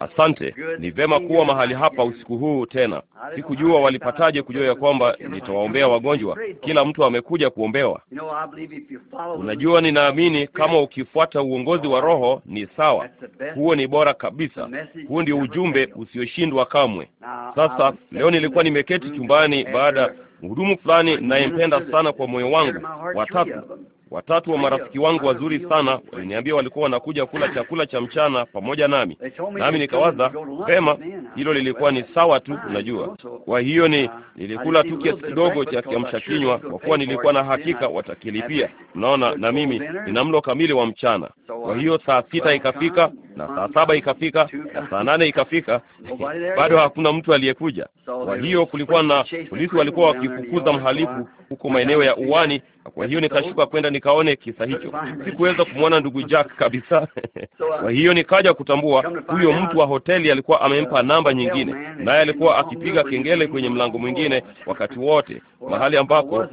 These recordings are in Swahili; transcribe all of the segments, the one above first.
Asante, ni vema kuwa mahali hapa usiku huu tena. Sikujua walipataje kujua ya kwamba nitawaombea wagonjwa. Kila mtu amekuja kuombewa. Unajua, ninaamini kama ukifuata uongozi wa Roho ni sawa, huo ni bora kabisa. Huu ndio ujumbe usioshindwa kamwe. Sasa leo nilikuwa nimeketi chumbani baada mhudumu fulani nayempenda sana kwa moyo wangu, watatu Watatu wa marafiki wangu wazuri sana waliniambia walikuwa wanakuja kula chakula cha mchana pamoja nami, nami nikawaza pema, hilo lilikuwa ni sawa tu, unajua. Kwa hiyo ni uh, nilikula tu kiasi kidogo cha kiamsha kinywa, kwa kuwa nilikuwa na hakika watakilipia. Unaona, na mimi nina mlo kamili wa mchana. Kwa uh, hiyo saa sita ikafika, uh, na saa saba ikafika na saa nane ikafika, bado hakuna mtu aliyekuja. Kwa hiyo kulikuwa na polisi walikuwa wakifukuza mhalifu huko maeneo ya uwani, na kwa hiyo nikashuka kwenda nikaone kisa hicho. Sikuweza kumwona ndugu Jack kabisa. Kwa hiyo nikaja kutambua huyo mtu wa hoteli alikuwa amempa namba nyingine, naye alikuwa akipiga kengele kwenye mlango mwingine wakati wote, mahali ambako uh,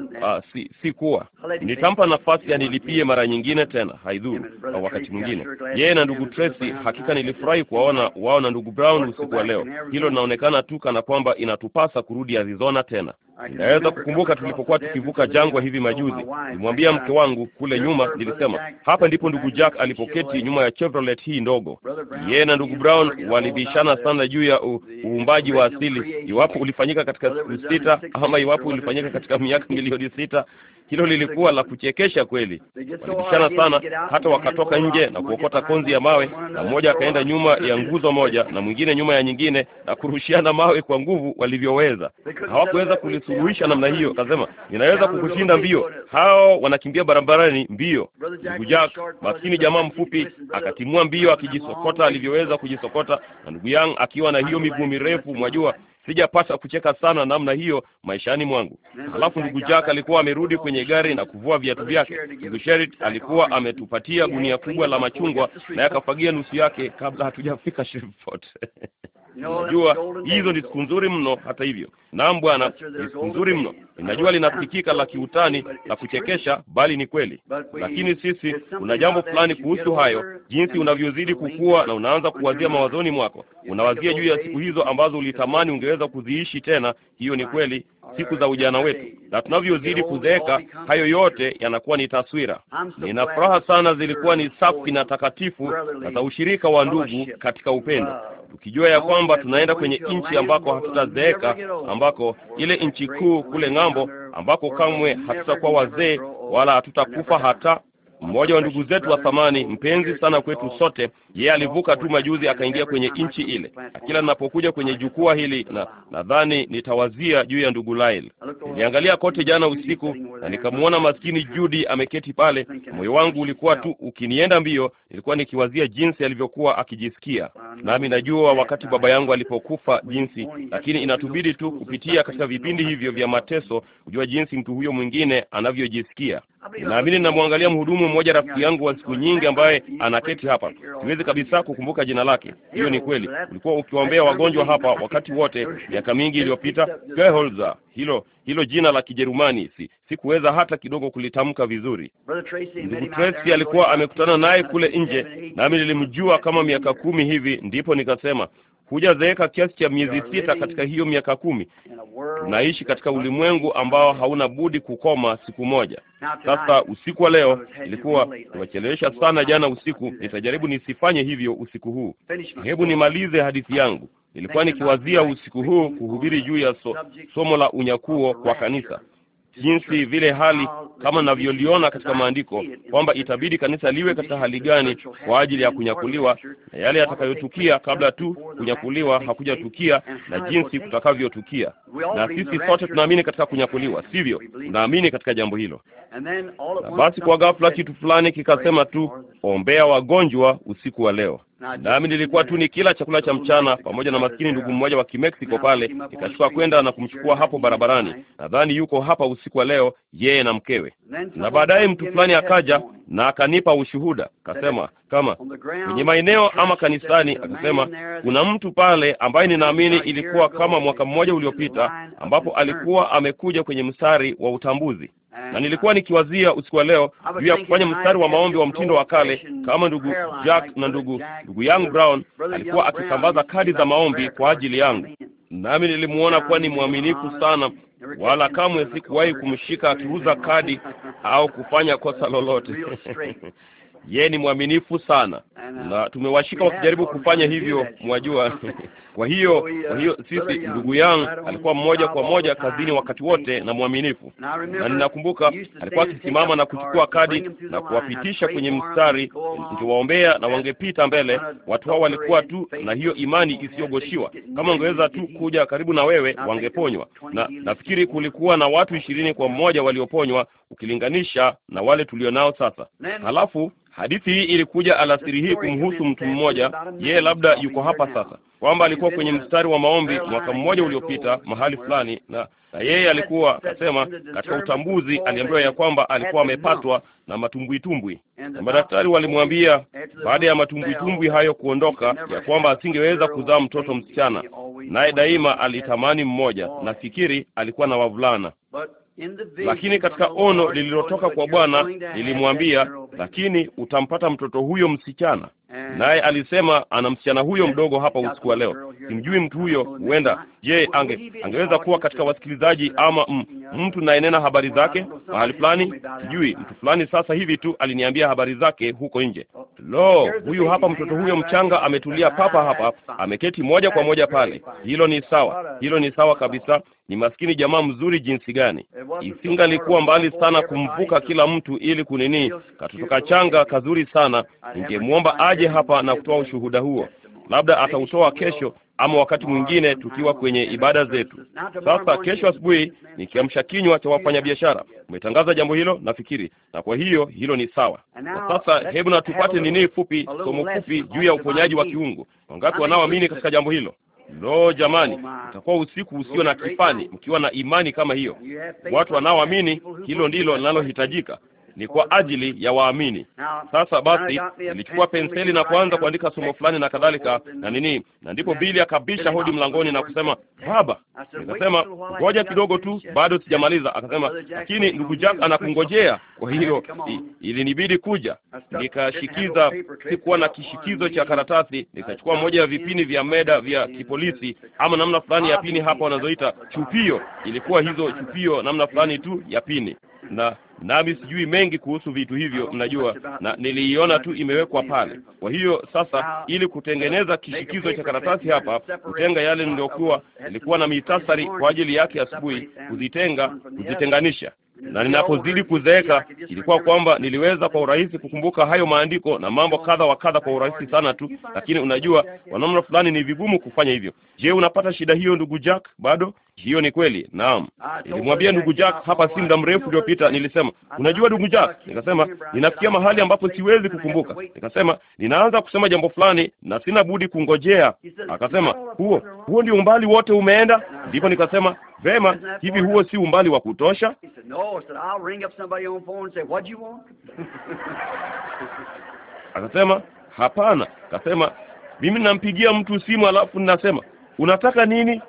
si, si kuwa nitampa nafasi ya nilipie mara nyingine tena, haidhuru, wakati mwingine yeye na ndugu Tracy hakika nilifurahi kuwaona wao na ndugu Brown usiku wa leo. Hilo linaonekana tu kana kwamba inatupasa kurudi Arizona tena. Naweza kukumbuka tulipokuwa tukivuka jangwa hivi majuzi, nilimwambia mke wangu kule nyuma, nilisema hapa ndipo ndugu Jack alipoketi nyuma ya Chevrolet hii ndogo. Yeye na ndugu Brown walibishana sana juu ya uumbaji wa asili, iwapo ulifanyika katika siku sita ama iwapo ulifanyika katika miaka milioni sita. Hilo lilikuwa la kuchekesha kweli. Walibishana sana hata wakatoka nje na kuokota konzi ya mawe na mmoja akaenda nyuma ya nguzo moja na mwingine nyuma ya nyingine, na kurushiana mawe kwa nguvu walivyoweza. Hawakuweza kulisuluhisha namna hiyo. Akasema, ninaweza kukushinda mbio. Hao wanakimbia barabarani mbio. Ndugu Jack, maskini jamaa mfupi, akatimua mbio akijisokota alivyoweza kujisokota, na ndugu Yang akiwa na hiyo miguu mirefu, mwajua sijapata kucheka sana namna hiyo maishani mwangu. Halafu ndugu Jack alikuwa amerudi kwenye gari na kuvua viatu vyake. Ndugu Sherit alikuwa ametupatia gunia kubwa la machungwa, na yakafagia nusu yake kabla hatujafika Shreveport Najua hizo ni siku nzuri mno. Hata hivyo, naam Bwana, ni siku nzuri mno. Ninajua linasikika la kiutani la kuchekesha, bali ni kweli. Lakini sisi, kuna jambo fulani kuhusu hayo, jinsi unavyozidi kukua na unaanza kuwazia mawazoni mwako, unawazia juu ya siku hizo ambazo ulitamani ungeweza kuziishi tena. Hiyo ni kweli, siku za ujana wetu, na tunavyozidi kuzeeka, hayo yote yanakuwa ni taswira. Nina furaha sana, zilikuwa ni safi na takatifu na za ushirika wa ndugu katika upendo, tukijua ya kwamba tunaenda kwenye nchi ambako hatutazeeka, ambako ile nchi kuu kule ng'ambo, ambako kamwe hatutakuwa wazee wala hatutakufa hata mmoja wa ndugu zetu wa thamani, mpenzi sana kwetu sote. Yeye alivuka tu majuzi akaingia kwenye nchi ile, akila kila ninapokuja kwenye jukwaa hili na nadhani nitawazia juu ya ndugu Lyle. Niliangalia kote jana usiku na nikamwona maskini Judy ameketi pale. Moyo wangu ulikuwa tu ukinienda mbio, nilikuwa nikiwazia jinsi alivyokuwa akijisikia, nami najua wakati baba yangu alipokufa jinsi, lakini inatubidi tu kupitia katika vipindi hivyo vya mateso kujua jinsi mtu huyo mwingine anavyojisikia naamini namwangalia mhudumu mmoja, rafiki yangu wa siku nyingi, ambaye anaketi hapa. Siwezi kabisa kukumbuka jina lake. Hiyo ni kweli, ulikuwa ukiwaombea wagonjwa hapa wakati wote miaka mingi iliyopita. Geholza, hilo hilo jina la Kijerumani si sikuweza hata kidogo kulitamka vizuri. Ndugu Tracy alikuwa amekutana naye kule nje, nami nilimjua kama miaka kumi hivi, ndipo nikasema hujazeeka kiasi cha miezi sita katika hiyo miaka kumi. Tunaishi katika ulimwengu ambao hauna budi kukoma siku moja. Sasa usiku wa leo ilikuwa nimechelewesha sana jana usiku, nitajaribu nisifanye hivyo usiku huu. Hebu nimalize hadithi yangu. Nilikuwa nikiwazia usiku huu kuhubiri juu ya so, somo la unyakuo kwa kanisa jinsi vile hali kama ninavyoliona katika maandiko kwamba itabidi kanisa liwe katika hali gani kwa ajili ya kunyakuliwa na yale yatakayotukia kabla tu kunyakuliwa hakujatukia na jinsi kutakavyotukia. Na sisi sote tunaamini katika kunyakuliwa, sivyo? Tunaamini katika jambo hilo. Na basi kwa ghafla kitu fulani kikasema tu kuombea wagonjwa usiku wa leo. Nami nilikuwa tu ni kila chakula cha mchana pamoja na maskini ndugu mmoja wa Kimexico pale, nikachukua kwenda na kumchukua hapo barabarani. Nadhani yuko hapa usiku wa leo, yeye na mkewe. Na baadaye mtu fulani akaja na akanipa ushuhuda, akasema kama kwenye maeneo ama kanisani, akasema kuna mtu pale ambaye ninaamini ilikuwa kama mwaka mmoja uliopita, ambapo alikuwa amekuja kwenye mstari wa utambuzi Eh, na nilikuwa nikiwazia usiku wa leo juu ya kufanya mstari wa maombi wa mtindo wa kale, kama ndugu Jack na ndugu ndugu Young Brown alikuwa akisambaza kadi za maombi kwa ajili yangu, nami nilimuona kuwa ni mwaminifu sana, wala kamwe sikuwahi kumshika akiuza kadi au kufanya kosa lolote. Yeye ni mwaminifu sana na tumewashika wakijaribu kufanya hivyo, mwajua. Kwa hiyo oh, kwa hiyo sisi, ndugu yangu alikuwa mmoja kwa moja kazini wakati wote na mwaminifu, na ninakumbuka alikuwa akisimama na kuchukua kadi na kuwapitisha kwenye mstari, nkiwaombea na wangepita mbele. Watu hao walikuwa tu na hiyo imani isiyogoshiwa, kama wangeweza tu kuja karibu na wewe wangeponywa. Na nafikiri kulikuwa na watu ishirini kwa mmoja walioponywa, ukilinganisha na wale tulionao sasa. Halafu hadithi hii ilikuja alasiri hii kumhusu mtu mmoja, yeye labda yuko hapa sasa, kwamba alikuwa kwenye mstari wa maombi mwaka mmoja uliopita mahali fulani, na na yeye alikuwa akasema, katika utambuzi aliambiwa ya kwamba alikuwa amepatwa na matumbwitumbwi, na madaktari walimwambia baada ya matumbwitumbwi hayo kuondoka ya kwamba asingeweza kuzaa mtoto msichana, naye daima alitamani mmoja. Nafikiri alikuwa na wavulana lakini katika ono lililotoka kwa Bwana lilimwambia, lakini utampata mtoto huyo msichana Eh. naye alisema ana msichana huyo mdogo hapa usiku wa leo. Simjui mtu huyo, huenda je, ange- angeweza kuwa katika wasikilizaji ama m, mm, uh, mtu nayenena habari zake mahali fulani, sijui. Mtu fulani sasa hivi tu aliniambia habari zake huko nje. Oh, Lo, huyu hapa mtoto huyo mchanga ametulia papa hapa, ameketi moja kwa moja pale. Hilo ni sawa, hilo ni sawa kabisa. Ni maskini jamaa mzuri jinsi gani! Isingalikuwa mbali sana kumvuka kila mtu ili kunini, katotoka changa kazuri sana, ningemwomba aje hapa na kutoa ushuhuda huo. Labda atautoa kesho ama wakati mwingine tukiwa kwenye ibada zetu. Sasa kesho asubuhi ni kiamsha kinywa cha wafanyabiashara. Umetangaza jambo hilo nafikiri, na kwa hiyo hilo ni sawa. Na sasa, hebu na tupate nini fupi, somo fupi juu ya uponyaji wa kiungu. Wangapi wanaoamini katika jambo hilo? Lo, jamani, utakuwa usiku usio na kifani mkiwa na imani kama hiyo. Watu wanaoamini, hilo ndilo linalohitajika ni kwa ajili ya waamini. Sasa basi, nilichukua penseli na kuanza kuandika somo fulani na kadhalika na nini, na ndipo Bili akabisha hodi mlangoni na kusema baba. Nikasema ngoja kidogo tu, bado sijamaliza. Akasema lakini ndugu Jack anakungojea. Kwa hiyo ilinibidi kuja, nikashikiza. Sikuwa na kishikizo cha karatasi, nikachukua moja ya vipini vya meda vya kipolisi ama namna fulani ya pini hapa wanazoita chupio. Ilikuwa hizo chupio, namna fulani tu ya pini na nami sijui mengi kuhusu vitu hivyo, mnajua, na niliiona tu imewekwa pale. Kwa hiyo sasa, ili kutengeneza kishikizo cha karatasi hapa, kutenga yale niliyokuwa nilikuwa na mitasari kwa ajili yake asubuhi, kuzitenga, kuzitenganisha na ninapozidi kuzeeka ilikuwa kwamba niliweza kwa urahisi kukumbuka hayo maandiko na mambo kadha wa kadha kwa urahisi sana tu, lakini unajua, kwa namna fulani ni vigumu kufanya hivyo. Je, unapata shida hiyo ndugu Jack? Bado hiyo ni kweli. Naam, ah, nilimwambia ndugu Jack hapa si muda mrefu uliopita. Nilisema, unajua ndugu Jack, nikasema ninafikia mahali ambapo siwezi kukumbuka. Nikasema ninaanza kusema jambo fulani na sina budi kungojea. Akasema, huo huo ndio umbali wote umeenda? Ndipo nikasema Vema, hivi huo si umbali wa kutosha? Akasema hapana. Akasema mimi nampigia mtu simu, alafu ninasema unataka nini?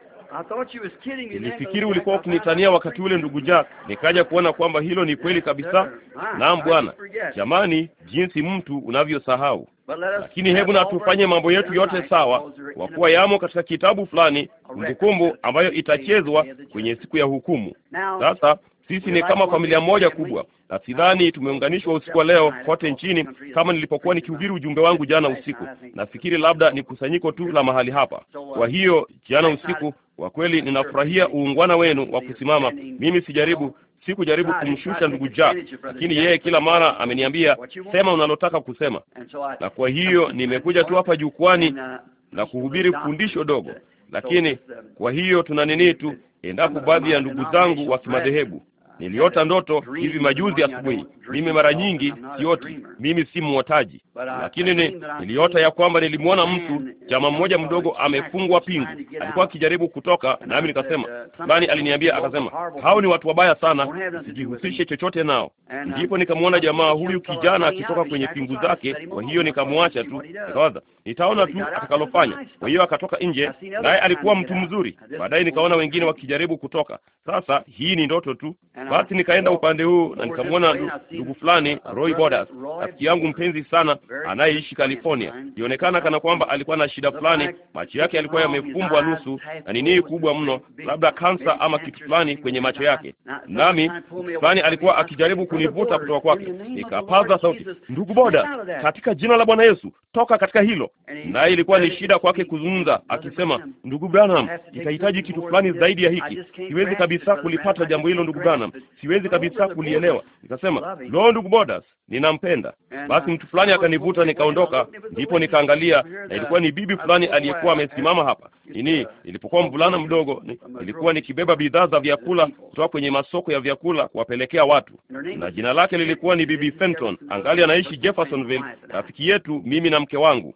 Nilifikiri ulikuwa ukinitania wakati ule, ndugu Jack. Nikaja kuona kwamba hilo ni kweli kabisa. Ah, Naam bwana. Jamani, jinsi mtu unavyosahau. Lakini hebu na tufanye mambo yetu yote sawa, kwa kuwa yamo katika kitabu fulani, kumbukumbu ambayo itachezwa kwenye siku ya hukumu. Sasa sisi ni kama familia moja kubwa, na sidhani tumeunganishwa usiku wa leo kote nchini kama nilipokuwa nikihubiri ujumbe wangu jana usiku. Nafikiri labda ni kusanyiko tu la mahali hapa. Uh, kwa hiyo jana usiku kwa kweli ninafurahia uungwana wenu wa kusimama. Mimi sijaribu sikujaribu kumshusha ndugu ja lakini yeye kila mara ameniambia sema unalotaka kusema, na kwa hiyo nimekuja tu hapa jukwani na kuhubiri fundisho dogo. Lakini kwa hiyo tuna nini tu, endapo baadhi ya ndugu zangu wa kimadhehebu Niliota ndoto hivi majuzi asubuhi. Mimi mara nyingi sioti, mimi si muotaji, lakini ni niliota ya kwamba nilimwona mtu chama mmoja mdogo amefungwa pingu, alikuwa akijaribu kutoka, nami nikasema, fulani uh, aliniambia akasema, hao ni watu wabaya sana, sijihusishe chochote nao. Uh, Ndipo nikamwona jamaa huyu kijana akitoka kwenye pingu zake, kwa hiyo nikamwacha tu, nikawaza nitaona tu atakalofanya. Kwa hiyo akatoka nje, naye alikuwa mtu mzuri. Baadaye nikaona wengine wakijaribu kutoka. Sasa hii ni ndoto tu. Basi nikaenda upande huu na nikamwona ndugu fulani Roy Borders, rafiki yangu mpenzi sana, anayeishi California. Ilionekana kana kwamba alikuwa na shida fulani, macho yake yalikuwa yamefumbwa nusu na nini kubwa mno, labda kansa ama kitu fulani kwenye macho yake, nami fulani alikuwa akijaribu kunivuta kutoka kwake. Nikapaza sauti, ndugu Boda, katika jina la Bwana Yesu, toka katika hilo naye ilikuwa ni shida kwake kuzungumza, akisema, ndugu Branham, nitahitaji kitu fulani zaidi ya hiki, siwezi kabisa kulipata jambo hilo, ndugu Branham, siwezi kabisa kulielewa. Nikasema, lo, ndugu Bodas, ninampenda. Basi uh, mtu fulani akanivuta, nikaondoka. Ndipo nikaangalia na ilikuwa ni bibi fulani aliyekuwa amesimama hapa nini. Uh, Nilipokuwa mvulana mdogo, nilikuwa nikibeba bidhaa za vyakula kutoka kwenye masoko ya vyakula kuwapelekea watu, na jina lake lilikuwa ni bibi Fenton, angali anaishi Jeffersonville, rafiki yetu mimi na mke wangu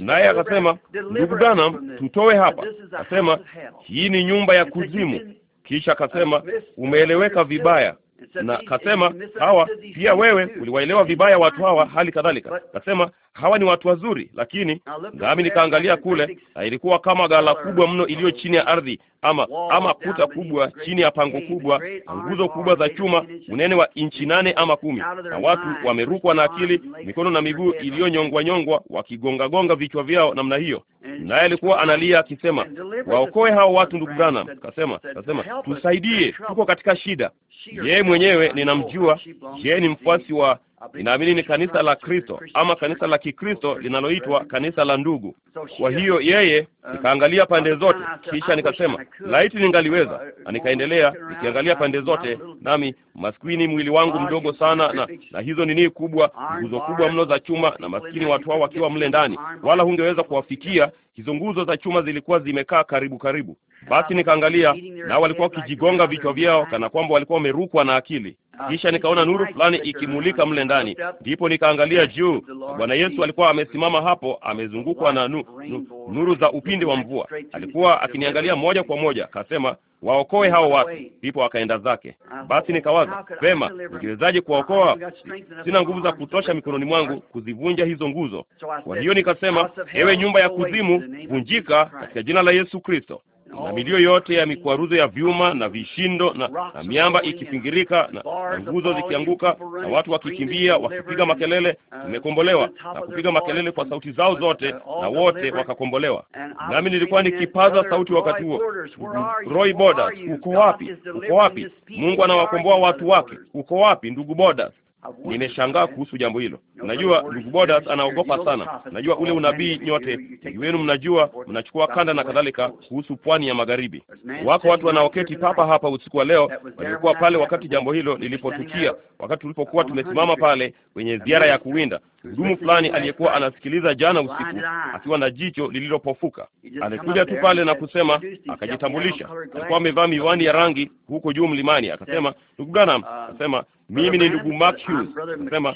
naye akasema, ndugu Branham, tutoe hapa. Akasema hii ni nyumba ya kuzimu. Kisha akasema umeeleweka vibaya, na akasema hawa pia, wewe uliwaelewa vibaya watu hawa, hali kadhalika. Akasema hawa ni watu wazuri, lakini ngami nikaangalia kule, na ilikuwa kama gala kubwa mno iliyo chini ya ardhi, ama ama kuta kubwa chini ya pango kubwa, nguzo kubwa za chuma, unene wa inchi nane ama kumi, na watu wamerukwa na akili, mikono na miguu iliyonyongwa nyongwa, wakigongagonga vichwa vyao namna hiyo. Naye alikuwa analia akisema, waokoe hao watu, ndugu Branham. Kasema, kasema tusaidie, tuko katika shida. Yeye mwenyewe ninamjua, yeye ni mfuasi wa Ninaamini ni kanisa la Kristo ama kanisa la Kikristo linaloitwa kanisa la ndugu. Kwa hiyo yeye, nikaangalia pande zote, kisha nikasema laiti ningaliweza, na nikaendelea nikiangalia pande zote, nami maskini mwili wangu mdogo sana, na, na hizo nini kubwa, nguzo kubwa mno za chuma, na maskini watu hao wakiwa mle ndani, wala hungeweza kuwafikia Hizo nguzo za chuma zilikuwa zimekaa karibu karibu. Basi nikaangalia, nao walikuwa wakijigonga vichwa vyao kana kwamba walikuwa wamerukwa na akili. Ah, Kisha nikaona nuru fulani ikimulika mle ndani, ndipo nikaangalia juu. Bwana Yesu alikuwa amesimama hapo, amezungukwa na nu, nu, nuru za upinde wa mvua. Alikuwa akiniangalia moja kwa moja, akasema waokoe hao watu. Ndipo akaenda zake. Basi nikawaza vema, ningewezaje kuwaokoa? Sina nguvu za kutosha mikononi mwangu kuzivunja hizo nguzo. Kwa hiyo nikasema, ewe nyumba ya kuzimu, vunjika katika jina la Yesu Kristo na milio yote ya mikwaruzo ya vyuma na vishindo na, na miamba ikipingirika na, na nguzo zikianguka na watu wakikimbia wakipiga makelele, uh, imekombolewa na kupiga makelele kwa sauti zao zote, uh, na wote wakakombolewa. Nami nilikuwa nikipaza sauti wakati huo, mhm. Roy Bodas, uko wapi? Uko wapi? Mungu anawakomboa watu wake. Uko wapi ndugu Bodas? Nimeshangaa kuhusu jambo hilo. Najua ndugu Bodas anaogopa sana. Najua ule unabii, nyote wengi wenu mnajua, mnachukua kanda na kadhalika kuhusu pwani ya magharibi. Wako watu wanaoketi papa hapa usiku wa leo, walikuwa pale wakati jambo hilo lilipotukia, wakati tulipokuwa tumesimama pale kwenye ziara ya kuwinda mdumu fulani aliyekuwa anasikiliza jana usiku akiwa na jicho lililopofuka alikuja tu pale na kusema, akajitambulisha. Alikuwa amevaa miwani ya rangi huko juu mlimani, akasema, ndugu Branham, uh, akasema mimi ni ndugu Mark Hughes. Akasema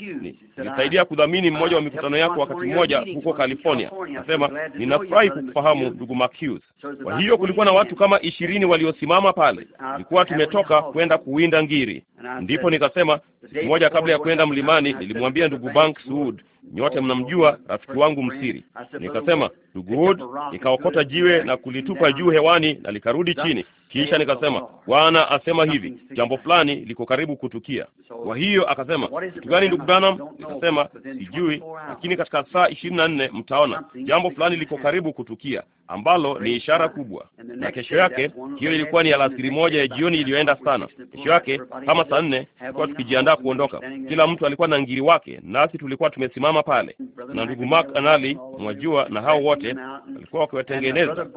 nilisaidia uh, kudhamini mmoja uh, wa mikutano yako wakati mmoja huko California. Akasema ninafurahi kukufahamu ndugu Mark Hughes. Kwa hiyo kulikuwa na watu kama ishirini waliosimama pale, tulikuwa tumetoka kwenda kuwinda ngiri. Ndipo nikasema siku moja kabla ya kwenda mlimani, nilimwambia ndugu Banks Wood nyote mnamjua rafiki wangu msiri. Nikasema, ndugu Hood, nikaokota jiwe na kulitupa juu hewani na likarudi chini. Kisha nikasema, Bwana asema hivi, jambo fulani liko karibu kutukia. Kwa hiyo akasema, kitu gani ndugu Branham? Nikasema sijui, lakini katika saa ishirini na nne mtaona jambo fulani liko karibu kutukia, ambalo ni ishara kubwa. Na kesho yake, hiyo ilikuwa ni alasiri moja ya jioni iliyoenda sana. Kesho yake kama saa nne tulikuwa tukijiandaa kuondoka, kila mtu alikuwa na ngiri wake, nasi tulikuwa tumesimama pale, na ndugu Mark Anali, mwajua, na hao wote walikuwa wakiwatengeneza na,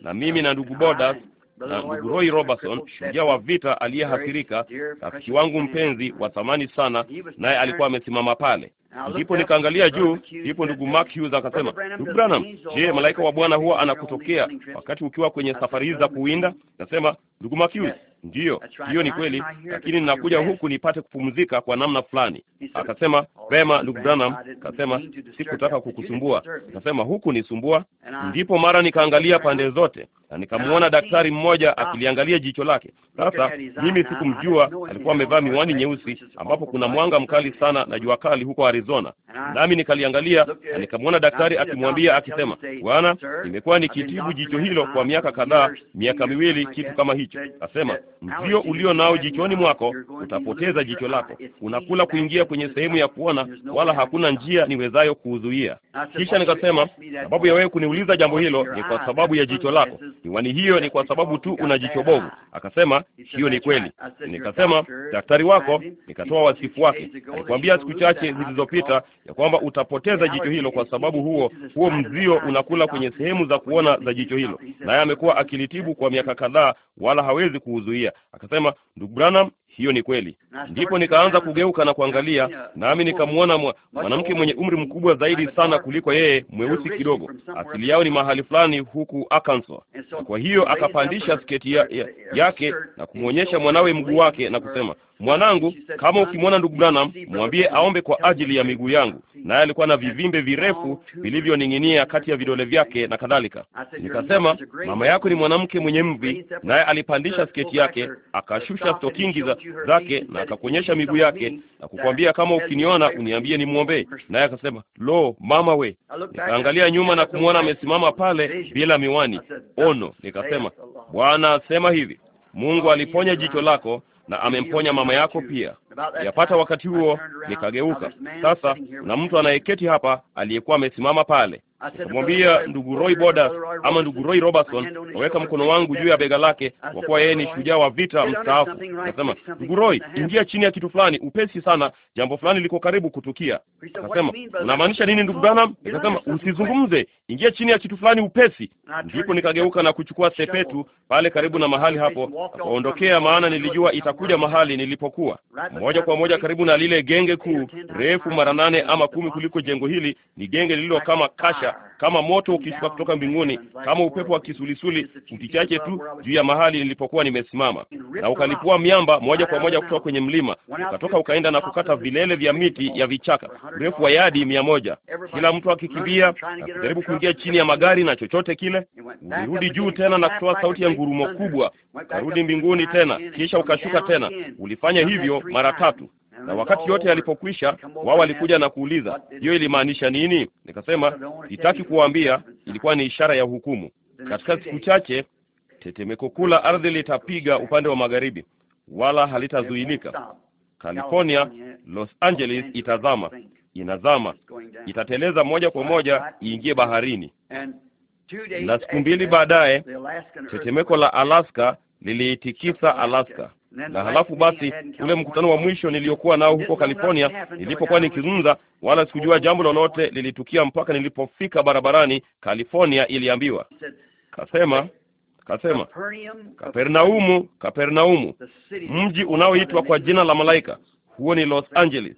na mimi na ndugu Bodas na ndugu Roy Robertson, shujaa wa vita aliyehathirika, rafiki wangu mpenzi wa uh, thamani sana, naye alikuwa amesimama pale. Ndipo nikaangalia juu, ndipo ndugu Mark Hughes akasema, ndugu Branham, je, malaika wa Bwana huwa anakutokea wakati ukiwa kwenye safari za kuwinda? Nasema, ndugu Mark Hughes, Ndiyo, hiyo ni kweli, lakini ninakuja huku nipate kupumzika kwa namna fulani. Akasema oh, vema, ndugu Branham. Akasema sikutaka kukusumbua. Akasema huku nisumbua. Ndipo mara nikaangalia pande zote na nikamwona daktari mmoja ah. akiliangalia jicho lake. Sasa mimi sikumjua, alikuwa amevaa miwani nyeusi, ambapo kuna mwanga mkali sana na jua kali huko Arizona, nami nikaliangalia na nikamwona daktari akimwambia akisema, bwana, nimekuwa nikitibu jicho hilo kwa miaka kadhaa, miaka miwili, kitu kama hicho. Akasema Mzio ulio nao jichoni mwako utapoteza jicho lako. Unakula kuingia kwenye sehemu ya kuona, wala hakuna njia niwezayo kuuzuia. Kisha nikasema, sababu ya wewe kuniuliza jambo hilo ni kwa sababu ya jicho lako. Miwani hiyo ni kwa sababu tu una jicho bovu. Akasema hiyo ni kweli. Nikasema daktari wako, nikatoa wasifu wake, alikwambia siku chache zilizopita ya kwamba utapoteza jicho hilo kwa sababu huo huo mzio unakula kwenye sehemu za kuona za jicho hilo, naye amekuwa akilitibu kwa miaka kadhaa, wala hawezi kuuzuia kuzuia. Akasema, ndugu Branham, hiyo ni kweli. Ndipo nikaanza kugeuka na kuangalia, nami nikamwona mwanamke mwenye umri mkubwa zaidi sana kuliko yeye, mweusi kidogo, asili yao ni mahali fulani huku Arkansas. Kwa hiyo akapandisha sketi ya, ya, yake na kumwonyesha mwanawe mguu wake na kusema mwanangu, kama ukimwona ndugu Branham mwambie aombe kwa ajili ya miguu yangu. Naye alikuwa na vivimbe virefu vilivyoning'inia kati ya vidole vyake na kadhalika. Nikasema, mama yako ni mwanamke mwenye mvi, naye alipandisha sketi yake akashusha stokingi za zake na akakuonyesha miguu yake na kukwambia, kama ukiniona uniambie nimwombee. Naye akasema, lo, mama we. Nikaangalia nyuma na kumwona amesimama pale bila miwani ono. Nikasema, Bwana asema hivi, Mungu aliponya jicho lako na amemponya mama yako pia. Yapata wakati huo nikageuka. Sasa kuna mtu anayeketi hapa aliyekuwa amesimama pale, kumwambia ndugu Roy Bodas ama ndugu Roy Robertson, naweka mkono wangu juu ya bega lake, kwa kuwa yeye ni shujaa wa vita mstaafu. Akasema, ndugu Roy, ingia chini ya kitu fulani upesi sana, jambo fulani liko karibu kutukia. Akasema, unamaanisha nini ndugu Branham? Nikasema, usizungumze, ingia chini ya kitu fulani upesi. Ndipo nikageuka na kuchukua sepetu pale karibu na mahali hapo, akaondokea, maana nilijua itakuja mahali nilipokuwa, moja kwa moja karibu na lile genge kuu refu mara nane ama kumi kuliko jengo hili. Ni genge lililo kama kasha kama moto ukishuka kutoka mbinguni, kama upepo wa kisulisuli, mtichache chache tu juu ya mahali nilipokuwa nimesimama, na ukalipua miamba moja kwa moja kutoka kwenye mlima, ukatoka ukaenda na kukata vilele vya miti ya vichaka, urefu wa yadi mia moja, kila mtu akikimbia na kujaribu kuingia chini ya magari na chochote kile. Ulirudi juu tena na kutoa sauti ya ngurumo kubwa, ukarudi mbinguni tena, kisha ukashuka tena. Ulifanya hivyo mara tatu na wakati yote yalipokwisha, wao walikuja na kuuliza hiyo ilimaanisha nini. Nikasema sitaki kuwaambia, ilikuwa ni ishara ya hukumu. Katika siku chache tetemeko kuu la ardhi litapiga upande wa magharibi, wala halitazuilika. California, Los Angeles itazama, inazama, itateleza moja kwa moja iingie baharini. Na siku mbili baadaye tetemeko la Alaska liliitikisa Alaska. Na halafu basi ule mkutano wa mwisho niliokuwa nao huko California, nilipokuwa nikizungumza, wala sikujua jambo lolote lilitukia mpaka nilipofika barabarani California, iliambiwa kasema kasema Kapernaumu, Kapernaumu, mji unaoitwa kwa jina la malaika, huo ni Los Angeles,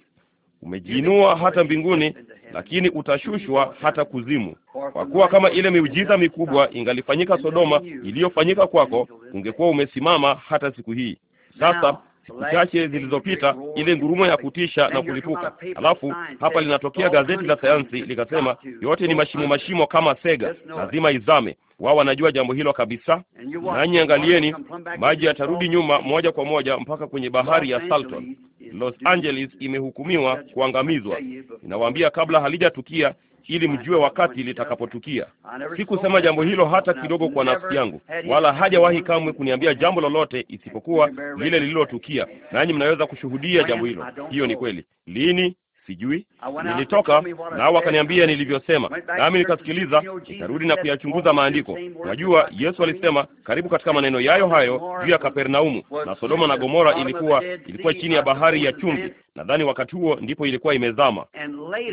umejiinua hata mbinguni, lakini utashushwa hata kuzimu. Kwa kuwa kama ile miujiza mikubwa ingalifanyika Sodoma iliyofanyika kwako, ungekuwa umesimama hata siku hii. Sasa siku chache zilizopita, ile ngurumo ya kutisha na kulipuka. Alafu hapa linatokea gazeti la sayansi likasema, yote ni mashimo mashimo kama sega, lazima izame. Wao wanajua jambo hilo kabisa. Nanyi angalieni, maji yatarudi nyuma moja kwa moja mpaka kwenye bahari ya Salton. Los Angeles imehukumiwa kuangamizwa. Ninawaambia kabla halijatukia ili mjue wakati litakapotukia. Sikusema jambo hilo hata kidogo kwa nafsi yangu, wala hajawahi kamwe kuniambia jambo lolote isipokuwa lile lililotukia, nanyi mnaweza kushuhudia jambo hilo. Hiyo ni kweli. Lini? Sijui. Nilitoka nao wakaniambia nilivyosema, nami nikasikiliza, nikarudi na kuyachunguza maandiko. Najua Yesu alisema karibu katika maneno yayo hayo juu ya Kapernaumu, na Sodoma na Gomora ilikuwa ilikuwa chini ya bahari ya chumvi, Nadhani wakati huo ndipo ilikuwa imezama,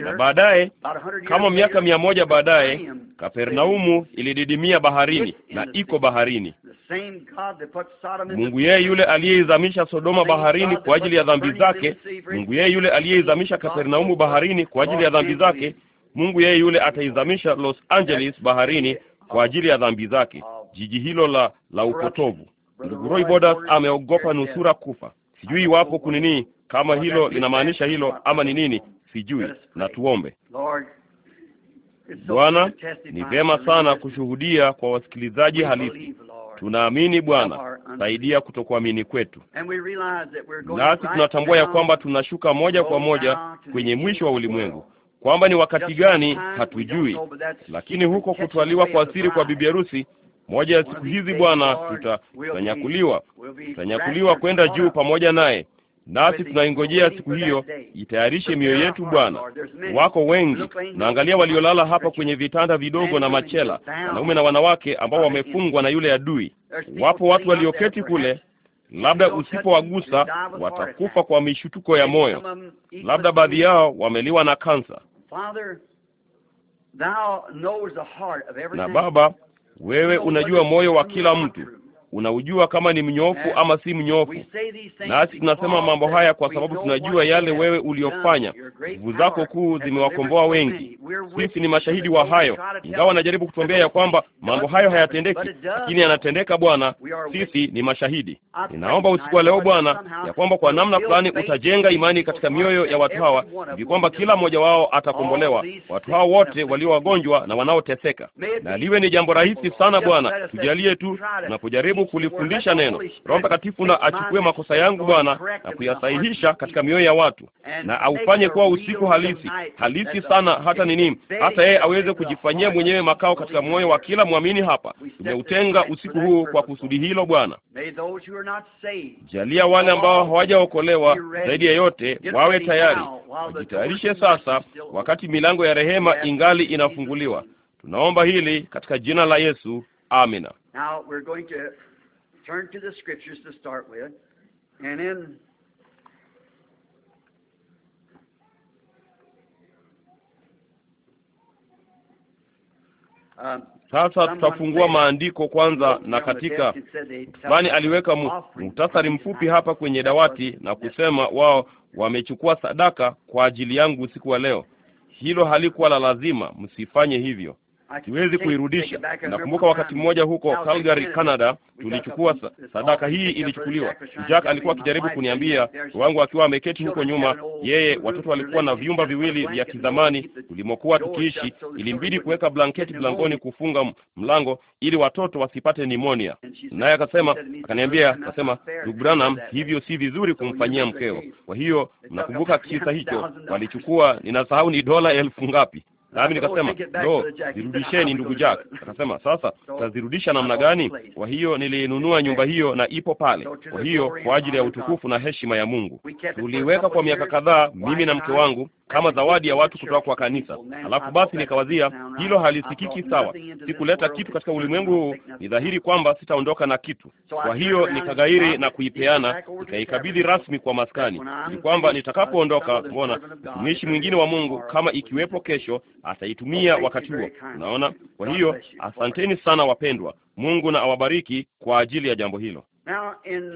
na baadaye kama miaka mia moja baadaye Kapernaumu ilididimia baharini na iko baharini. Mungu yeye yule aliyeizamisha Sodoma baharini kwa ajili ya dhambi zake, Mungu yeye yule aliyeizamisha Kapernaumu baharini kwa ajili ya dhambi zake, Mungu yeye yule ataizamisha Los Angeles baharini kwa ajili ya dhambi zake, jiji hilo la la upotovu. Ndugu Roy Bodas ameogopa nusura kufa. Sijui iwapo kunini kama hilo linamaanisha hilo ama ni nini sijui, na tuombe. Bwana, ni vema sana kushuhudia kwa wasikilizaji halisi. Tunaamini Bwana, saidia kutokuamini kwetu. Nasi tunatambua ya kwamba tunashuka moja kwa moja kwenye mwisho wa ulimwengu, kwamba ni wakati gani hatujui, lakini huko kutwaliwa kwa asiri kwa bibi harusi moja ya siku hizi Bwana, tutanyakuliwa, tutanyakuliwa kwenda juu pamoja naye nasi tunaingojea siku hiyo. Itayarishe mioyo yetu Bwana. Wako wengi, naangalia waliolala hapa kwenye vitanda vidogo na machela, wanaume na wanawake ambao wamefungwa na yule adui. Wapo watu walioketi kule labda usipowagusa watakufa kwa mishutuko ya moyo. Labda baadhi yao wameliwa na kansa. Na Baba, wewe unajua moyo wa kila mtu, unaujua kama ni mnyofu ama si mnyofu. Nasi tunasema mambo haya kwa sababu tunajua yale wewe uliyofanya. Nguvu zako kuu zimewakomboa wengi, sisi ni mashahidi wa hayo. Ingawa anajaribu kutuambia ya kwamba mambo hayo hayatendeki, lakini yanatendeka, Bwana. Sisi ni mashahidi. Ninaomba usiku wa leo Bwana, ya kwamba kwa namna fulani utajenga imani katika mioyo ya watu hawa, hivi kwamba kila mmoja wao atakombolewa, watu hao wote walio wagonjwa na wanaoteseka. Na liwe ni jambo rahisi sana Bwana, tujalie tu tunapojaribu kujaribu kulifundisha neno. Roho Mtakatifu na achukue makosa yangu Bwana na kuyasahihisha katika mioyo ya watu, na aufanye kuwa usiku halisi halisi sana, hata nini, hata yeye aweze kujifanyia mwenyewe makao katika moyo wa kila mwamini hapa. Tumeutenga usiku huu kwa kusudi hilo, Bwana. Jalia wale ambao hawajaokolewa zaidi ya yote wawe tayari, wajitayarishe sasa, wakati milango ya rehema ingali inafunguliwa. Tunaomba hili katika jina la Yesu. Amina. Now we're going to turn to the scriptures to start with, and in um, sasa tutafungua maandiko kwanza, na katika bani aliweka muhtasari mfupi hapa kwenye dawati na kusema wao wamechukua sadaka kwa ajili yangu usiku wa leo. Hilo halikuwa la lazima, msifanye hivyo siwezi kuirudisha. Nakumbuka wakati mmoja huko Calgary, Canada, tulichukua sadaka hii, ilichukuliwa. Jack alikuwa akijaribu kuniambia wangu, akiwa ameketi huko nyuma. Yeye watoto walikuwa na vyumba viwili vya kizamani tulimokuwa tukiishi, ilimbidi kuweka blanketi mlangoni, kufunga mlango ili watoto wasipate nimonia. Naye akasema, akaniambia, akasema, ndugu Branham, hivyo si vizuri kumfanyia mkeo. Kwa hiyo nakumbuka kisa hicho, walichukua, ninasahau ni dola elfu ngapi Nami nikasema no, zirudisheni ndugu Jack. Akasema sasa tazirudisha namna gani? Kwa hiyo nilinunua nyumba hiyo na ipo pale. Kwa hiyo kwa ajili ya utukufu na heshima ya Mungu tuliweka kwa miaka kadhaa, mimi na mke wangu kama zawadi ya watu kutoka kwa kanisa. Alafu basi nikawazia, hilo halisikiki sawa, sikuleta kitu katika ulimwengu huu, ni dhahiri kwamba sitaondoka na kitu. Kwa hiyo nikagairi na kuipeana, nikaikabidhi rasmi kwa maskani, ni kwamba nitakapoondoka, mbona mtumishi mwingine wa Mungu kama ikiwepo kesho ataitumia wakati huo. Unaona? Kwa hiyo asanteni sana wapendwa, Mungu na awabariki kwa ajili ya jambo hilo.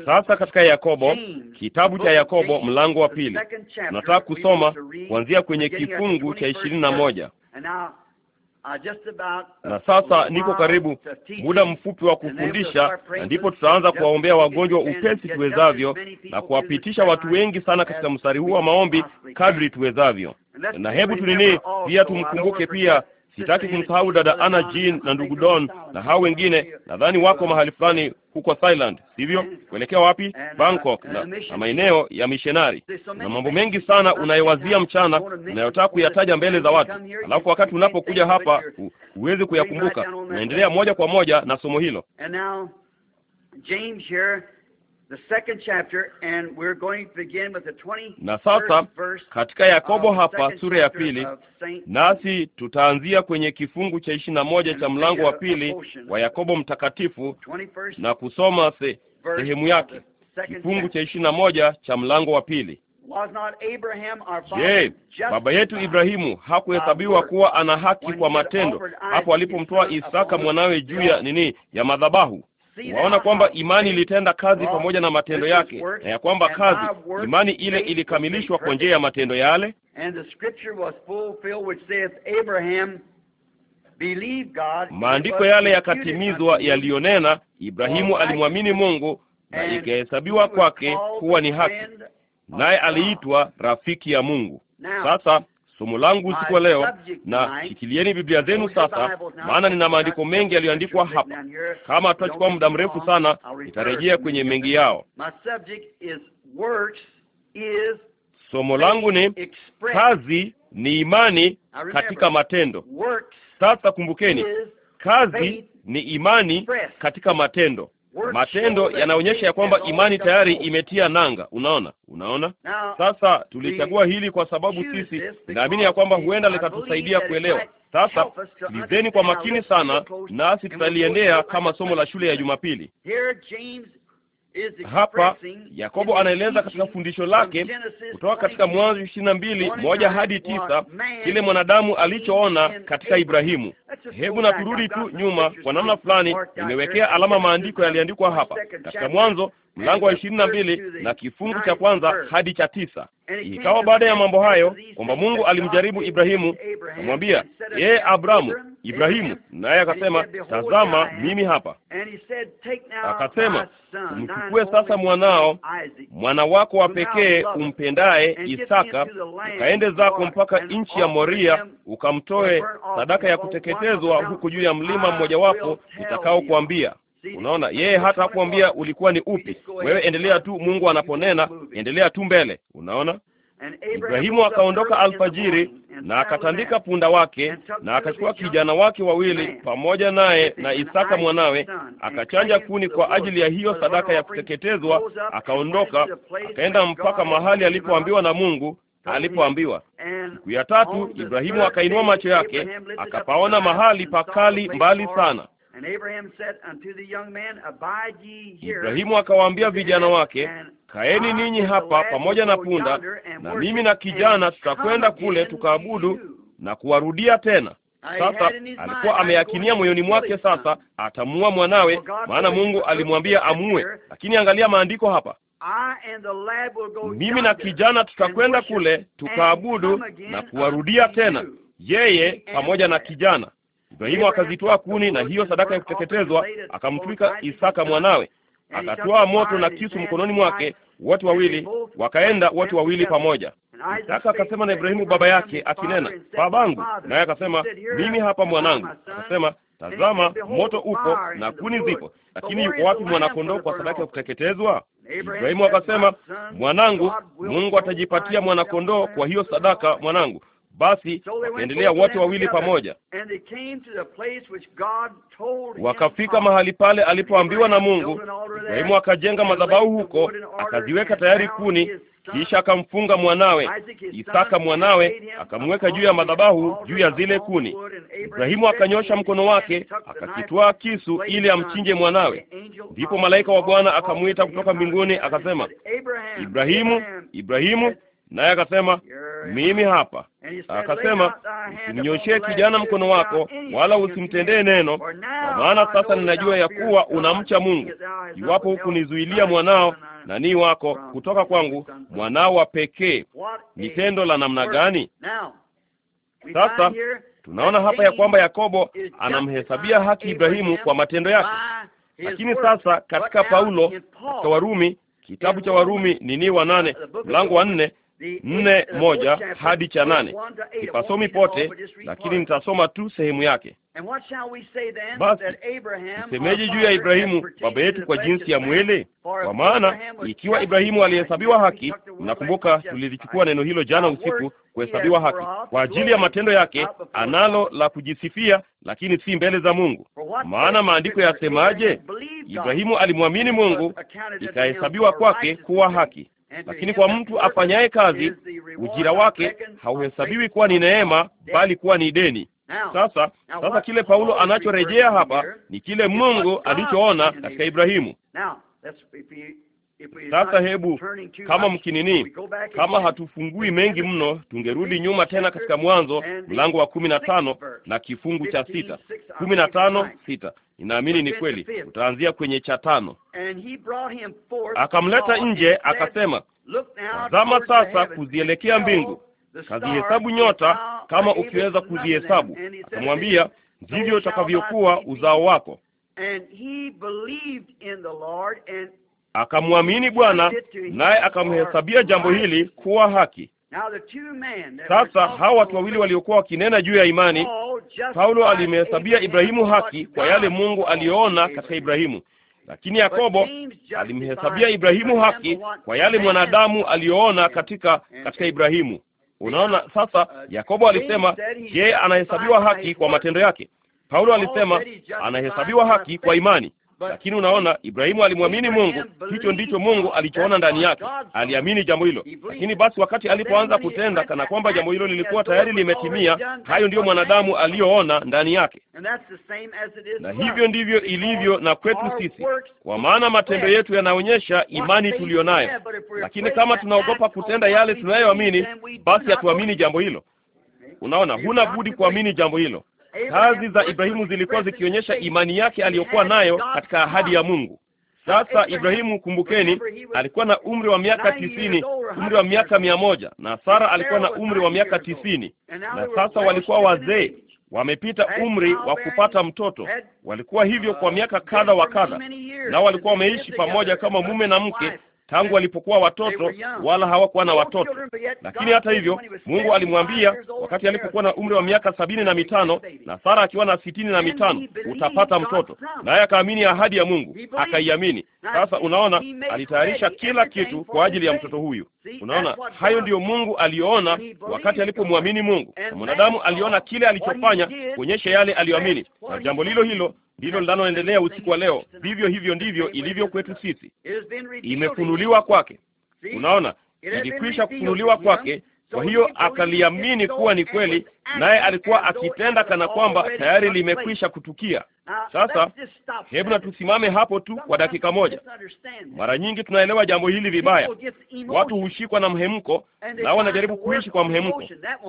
Sasa katika Yakobo, kitabu cha Yakobo mlango wa pili, nataka kusoma kuanzia kwenye kifungu cha ishirini na moja uh, uh, na sasa niko karibu muda mfupi wa kufundisha, na ndipo tutaanza kuwaombea wagonjwa upesi tuwezavyo na kuwapitisha watu wengi sana katika mstari huu wa maombi kadri tuwezavyo. Na hebu tunini pia tumkumbuke pia Sitaki kumsahau dada ana Jean na ndugu Don na hao wengine, nadhani wako mahali fulani huko Thailand, sivyo? Kuelekea wapi? Bangkok na, na maeneo ya mishonari. Na mambo mengi sana unayewazia mchana unayotaka kuyataja mbele za watu, alafu wakati unapokuja hapa huwezi kuyakumbuka. Unaendelea moja kwa moja na somo hilo na sasa katika Yakobo hapa sura ya pili, nasi tutaanzia kwenye kifungu cha ishirini na moja cha mlango wa pili wa Yakobo mtakatifu na kusoma se, sehemu yake kifungu cha ishirini na moja cha mlango wa pili. Je, baba yetu Ibrahimu hakuhesabiwa kuwa ana haki kwa matendo hapo alipomtoa Isaka mwanawe juu ya nini ya madhabahu Waona kwamba imani ilitenda kazi pamoja na matendo yake, na ya kwamba kazi, imani ile ilikamilishwa kwa njia ya matendo yale, maandiko yale yakatimizwa yaliyonena, Ibrahimu alimwamini Mungu na ikahesabiwa kwake kuwa ni haki, naye aliitwa rafiki ya Mungu. Sasa somo langu usiku wa leo, na shikilieni Biblia zenu sasa, maana nina maandiko mengi yaliyoandikwa hapa. Kama hatutachukua muda mrefu sana, nitarejea kwenye mengi yao. Somo langu ni kazi ni imani katika matendo. Sasa kumbukeni, kazi ni imani katika matendo. Matendo yanaonyesha ya kwamba imani tayari imetia nanga. Unaona, unaona. Sasa tulichagua hili kwa sababu sisi naamini ya kwamba huenda litatusaidia kuelewa. Sasa lizeni kwa makini sana, nasi tutaliendea kama somo la shule ya Jumapili. Hapa Yakobo anaeleza katika fundisho lake kutoka katika Mwanzo ishirini na mbili moja hadi tisa kile mwanadamu alichoona katika Ibrahimu. Hebu na turudi tu nyuma kwa namna fulani, nimewekea alama maandiko yaliandikwa hapa katika Mwanzo mlango wa ishirini na mbili na kifungu cha kwanza hadi cha tisa. Ikawa baada ya mambo hayo kwamba Mungu alimjaribu Ibrahimu, kumwambia yeye ee Abrahamu, Ibrahimu, naye akasema, tazama mimi hapa. Akasema, umchukue sasa mwanao, mwana wako wa pekee umpendaye, Isaka, ukaende zako mpaka nchi ya Moria, ukamtoe sadaka ya kuteketezwa huku juu ya mlima mmojawapo kuambia. Unaona, yeye hata hakuambia ulikuwa ni upi. Wewe endelea tu, Mungu anaponena, endelea tu mbele. Unaona, Ibrahimu akaondoka alfajiri na akatandika punda wake na akachukua kijana wake wawili pamoja naye na Isaka mwanawe, akachanja kuni kwa ajili ya hiyo sadaka ya kuteketezwa. Akaondoka akaenda mpaka mahali alipoambiwa na Mungu alipoambiwa. Siku ya tatu Ibrahimu akainua macho yake akapaona mahali pakali mbali sana. Ibrahimu akawaambia vijana wake, kaeni ninyi hapa pamoja na punda, na mimi na kijana tutakwenda kule tukaabudu na kuwarudia tena. Sasa alikuwa ameyakinia moyoni mwake, sasa atamua mwanawe, maana Mungu alimwambia amue. Lakini angalia maandiko hapa, mimi na kijana tutakwenda kule tukaabudu na kuwarudia tena, yeye pamoja na kijana ibrahimu akazitoa kuni na hiyo sadaka ya kuteketezwa, akamtwika Isaka mwanawe, akatoa moto na kisu mkononi mwake, wote wawili wakaenda, wote wawili pamoja. Isaka akasema na Ibrahimu baba yake akinena, babangu, naye akasema, mimi hapa mwanangu. Akasema, tazama, moto upo na kuni zipo, lakini yuko wapi mwanakondoo kwa sadaka ya kuteketezwa? Ibrahimu akasema, mwanangu, Mungu atajipatia mwanakondoo kwa hiyo sadaka, mwanangu. Basi wakaendelea wote wawili pamoja, wakafika mahali pale alipoambiwa na Mungu. Ibrahimu akajenga madhabahu huko, akaziweka tayari kuni, kisha akamfunga mwanawe Isaka, mwanawe akamweka juu ya madhabahu, juu ya zile kuni. Ibrahimu akanyosha mkono wake, akakitwaa kisu ili amchinje mwanawe. Ndipo malaika wa Bwana akamwita kutoka mbinguni akasema, Ibrahimu, Ibrahimu! naye akasema, mimi hapa. Akasema, usimnyoshee kijana mkono wako, wala usimtendee neno, kwa maana sasa ninajua ya kuwa unamcha Mungu, iwapo hukunizuilia mwanao nii wako kutoka kwangu, mwanao wa pekee. Ni tendo la namna gani? Sasa tunaona hapa ya kwamba Yakobo anamhesabia haki Ibrahimu kwa matendo yake, lakini sasa katika Paulo, katika Warumi, kitabu cha Warumi nini wa nane mlango wa nne nne moja hadi cha nane. Sipasomi pote, lakini nitasoma tu sehemu yake. Basi msemeje juu ya Ibrahimu baba yetu kwa jinsi ya mwili? Kwa maana ikiwa Ibrahimu alihesabiwa haki, mnakumbuka tulilichukua neno hilo jana usiku, kuhesabiwa haki kwa ajili ya matendo yake, analo la kujisifia, lakini si mbele za Mungu. Maana maandiko yasemaje? Ibrahimu alimwamini Mungu, ikahesabiwa kwake kuwa haki. Lakini kwa mtu afanyaye kazi, ujira wake hauhesabiwi kuwa ni neema, bali kuwa ni deni. Sasa sasa, kile Paulo anachorejea hapa ni kile Mungu alichoona katika Ibrahimu. Sasa hebu kama mkinini, kama hatufungui mengi mno, tungerudi nyuma tena katika Mwanzo mlango wa kumi na tano na kifungu cha sita, kumi na tano sita ninaamini ni kweli, utaanzia kwenye cha tano. Akamleta nje akasema, tazama sasa kuzielekea mbingu, kazihesabu nyota kama ukiweza kuzihesabu. Akamwambia, ndivyo utakavyokuwa uzao wako. Akamwamini Bwana, naye akamhesabia jambo hili kuwa haki. Sasa hawa watu wawili waliokuwa wakinena juu ya imani Paulo alimhesabia Ibrahimu haki kwa yale Mungu aliyoona katika Ibrahimu, lakini Yakobo alimhesabia Ibrahimu haki kwa yale mwanadamu aliyoona katika katika Ibrahimu. Unaona sasa, Yakobo alisema, je, anahesabiwa haki kwa matendo yake? Paulo alisema anahesabiwa haki kwa imani. Lakini unaona, Ibrahimu alimwamini Mungu, hicho ndicho Mungu alichoona ndani yake, aliamini jambo hilo. Lakini basi wakati alipoanza kutenda, kana kwamba jambo hilo lilikuwa tayari limetimia, hayo ndiyo mwanadamu aliyoona ndani yake, na hivyo ndivyo ilivyo na kwetu sisi, kwa maana matendo yetu yanaonyesha imani tuliyonayo. Lakini kama tunaogopa kutenda yale tunayoamini, basi hatuamini jambo hilo. Unaona, huna budi kuamini jambo hilo. Kazi za Ibrahimu zilikuwa zikionyesha imani yake aliyokuwa nayo katika ahadi ya Mungu. Sasa Ibrahimu, kumbukeni, alikuwa na umri wa miaka tisini, umri wa miaka mia moja, na Sara alikuwa na umri wa miaka tisini, na sasa walikuwa wazee wamepita umri wa kupata mtoto. Walikuwa hivyo kwa miaka kadha wa kadha, nao walikuwa wameishi pamoja kama mume na mke tangu walipokuwa watoto, wala hawakuwa na watoto. Lakini hata hivyo, Mungu alimwambia wakati alipokuwa na umri wa miaka sabini na mitano na Sara akiwa na sitini na mitano utapata mtoto, naye akaamini ahadi ya Mungu, akaiamini. Sasa unaona, alitayarisha kila kitu kwa ajili ya mtoto huyu. Unaona, hayo ndiyo Mungu aliyoona wakati alipomwamini Mungu, na mwanadamu aliona kile alichofanya kuonyesha yale aliyoamini, na jambo lilo hilo ndilo linaloendelea usiku wa leo. Vivyo hivyo ndivyo ilivyo kwetu sisi, imefunuliwa kwake. Unaona, ilikwisha kufunuliwa kwake kwa hiyo akaliamini kuwa ni kweli, naye alikuwa akitenda kana kwamba tayari limekwisha kutukia. Sasa hebu na tusimame hapo tu kwa dakika moja. Mara nyingi tunaelewa jambo hili vibaya. Watu hushikwa na mhemko, na wanajaribu kuishi kwa mhemko.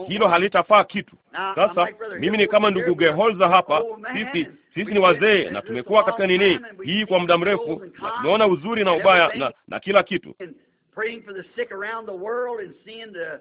Hilo halitafaa kitu. Sasa mimi ni kama ndugu Geholza hapa, sisi sisi ni wazee na tumekuwa katika nini hii kwa muda mrefu, na tumeona uzuri na ubaya na, na kila kitu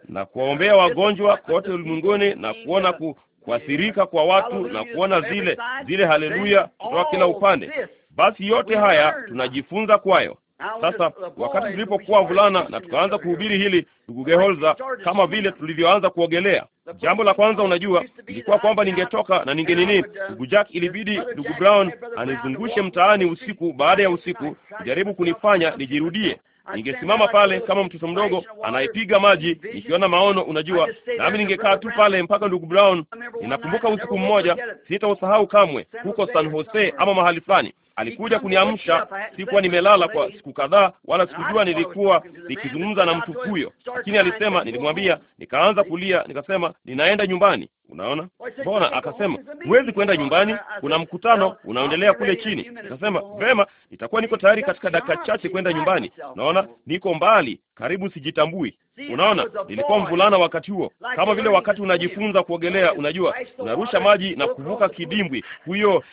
na kuwaombea uh, wagonjwa kote ulimwenguni na kuona ku, kuathirika kwa watu na kuona zile zile haleluya kutoka kila upande. Basi yote haya tunajifunza kwayo. Sasa wakati tulipokuwa vulana na tukaanza kuhubiri hili, ndugu Geholza, kama vile tulivyoanza kuogelea, jambo la kwanza, unajua, ilikuwa kwamba ningetoka na ninge nini, uh, ndugu Jack, ilibidi ndugu Brown anizungushe mtaani usiku baada ya usiku, jaribu kunifanya nijirudie ningesimama pale kama mtoto mdogo anayepiga maji nikiona maono, unajua, nami ningekaa tu pale mpaka ndugu Brown. Ninakumbuka usiku mmoja, sitausahau kamwe, huko San Jose ama mahali fulani Alikuja kuniamsha, sikuwa nimelala kwa siku kadhaa, wala sikujua nilikuwa nikizungumza na mtu huyo, lakini alisema, nilimwambia, nikaanza kulia, nikasema ninaenda nyumbani. Unaona mbona? Akasema huwezi kwenda nyumbani, kuna mkutano unaendelea kule chini. Nikasema vema, nitakuwa niko tayari katika dakika chache kwenda nyumbani. Unaona, niko mbali, karibu sijitambui. Unaona, nilikuwa mvulana wakati huo, kama vile wakati unajifunza kuogelea, unajua, unarusha maji na kuvuka kidimbwi, huyo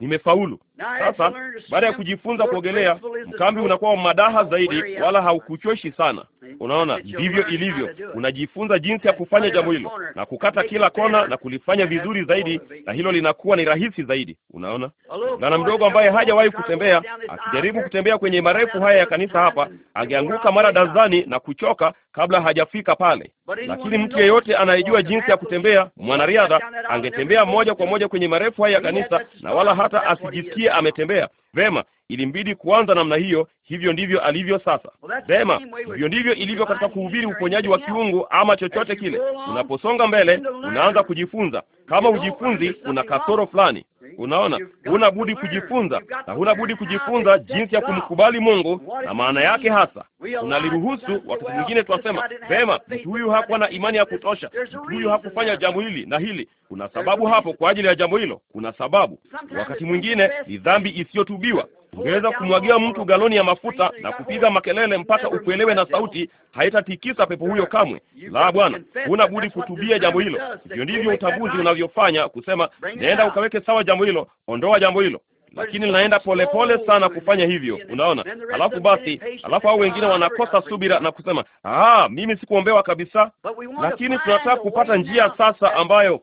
nimefaulu. Sasa baada ya kujifunza kuogelea, mkambi unakuwa madaha zaidi, wala haukuchoshi sana. Unaona, ndivyo ilivyo. Unajifunza jinsi ya kufanya jambo hilo na kukata kila kona na kulifanya vizuri zaidi, na hilo linakuwa ni rahisi zaidi. Unaona, mvulana mdogo ambaye hajawahi kutembea akijaribu kutembea kwenye marefu haya ya kanisa hapa, angeanguka mara dazani na kuchoka kabla hajafika pale. Lakini mtu yeyote anayejua jinsi ya kutembea, mwanariadha angetembea moja kwa moja kwenye marefu haya ya kanisa na wala hata asijisikie ametembea vema. Ilimbidi kuanza namna hiyo. Hivyo ndivyo alivyo sasa. Vema, hivyo ndivyo ilivyo katika kuhubiri uponyaji wa kiungu ama chochote kile. Unaposonga mbele, unaanza kujifunza. Kama hujifunzi, una kasoro fulani. Unaona, huna budi kujifunza na huna budi kujifunza jinsi ya kumkubali Mungu na maana yake hasa. Unaliruhusu. Wakati mwingine twasema vema, mtu huyu hakuwa na imani ya kutosha, mtu huyu hakufanya jambo hili na hili. Kuna sababu hapo kwa ajili ya jambo hilo, kuna sababu. Wakati mwingine ni dhambi isiyotubiwa. Ungeweza kumwagia mtu galoni ya mafuta na kupiga makelele mpaka ukuelewe, na sauti haitatikisa pepo huyo kamwe. La, Bwana, huna budi kutubia jambo hilo. Hivyo ndivyo utaguzi unavyofanya kusema, nenda ukaweke sawa jambo hilo, ondoa jambo hilo lakini linaenda polepole sana kufanya hivyo, unaona. Alafu basi, alafu hao wengine wanakosa subira na kusema ah, mimi sikuombewa kabisa. Lakini tunataka kupata njia sasa ambayo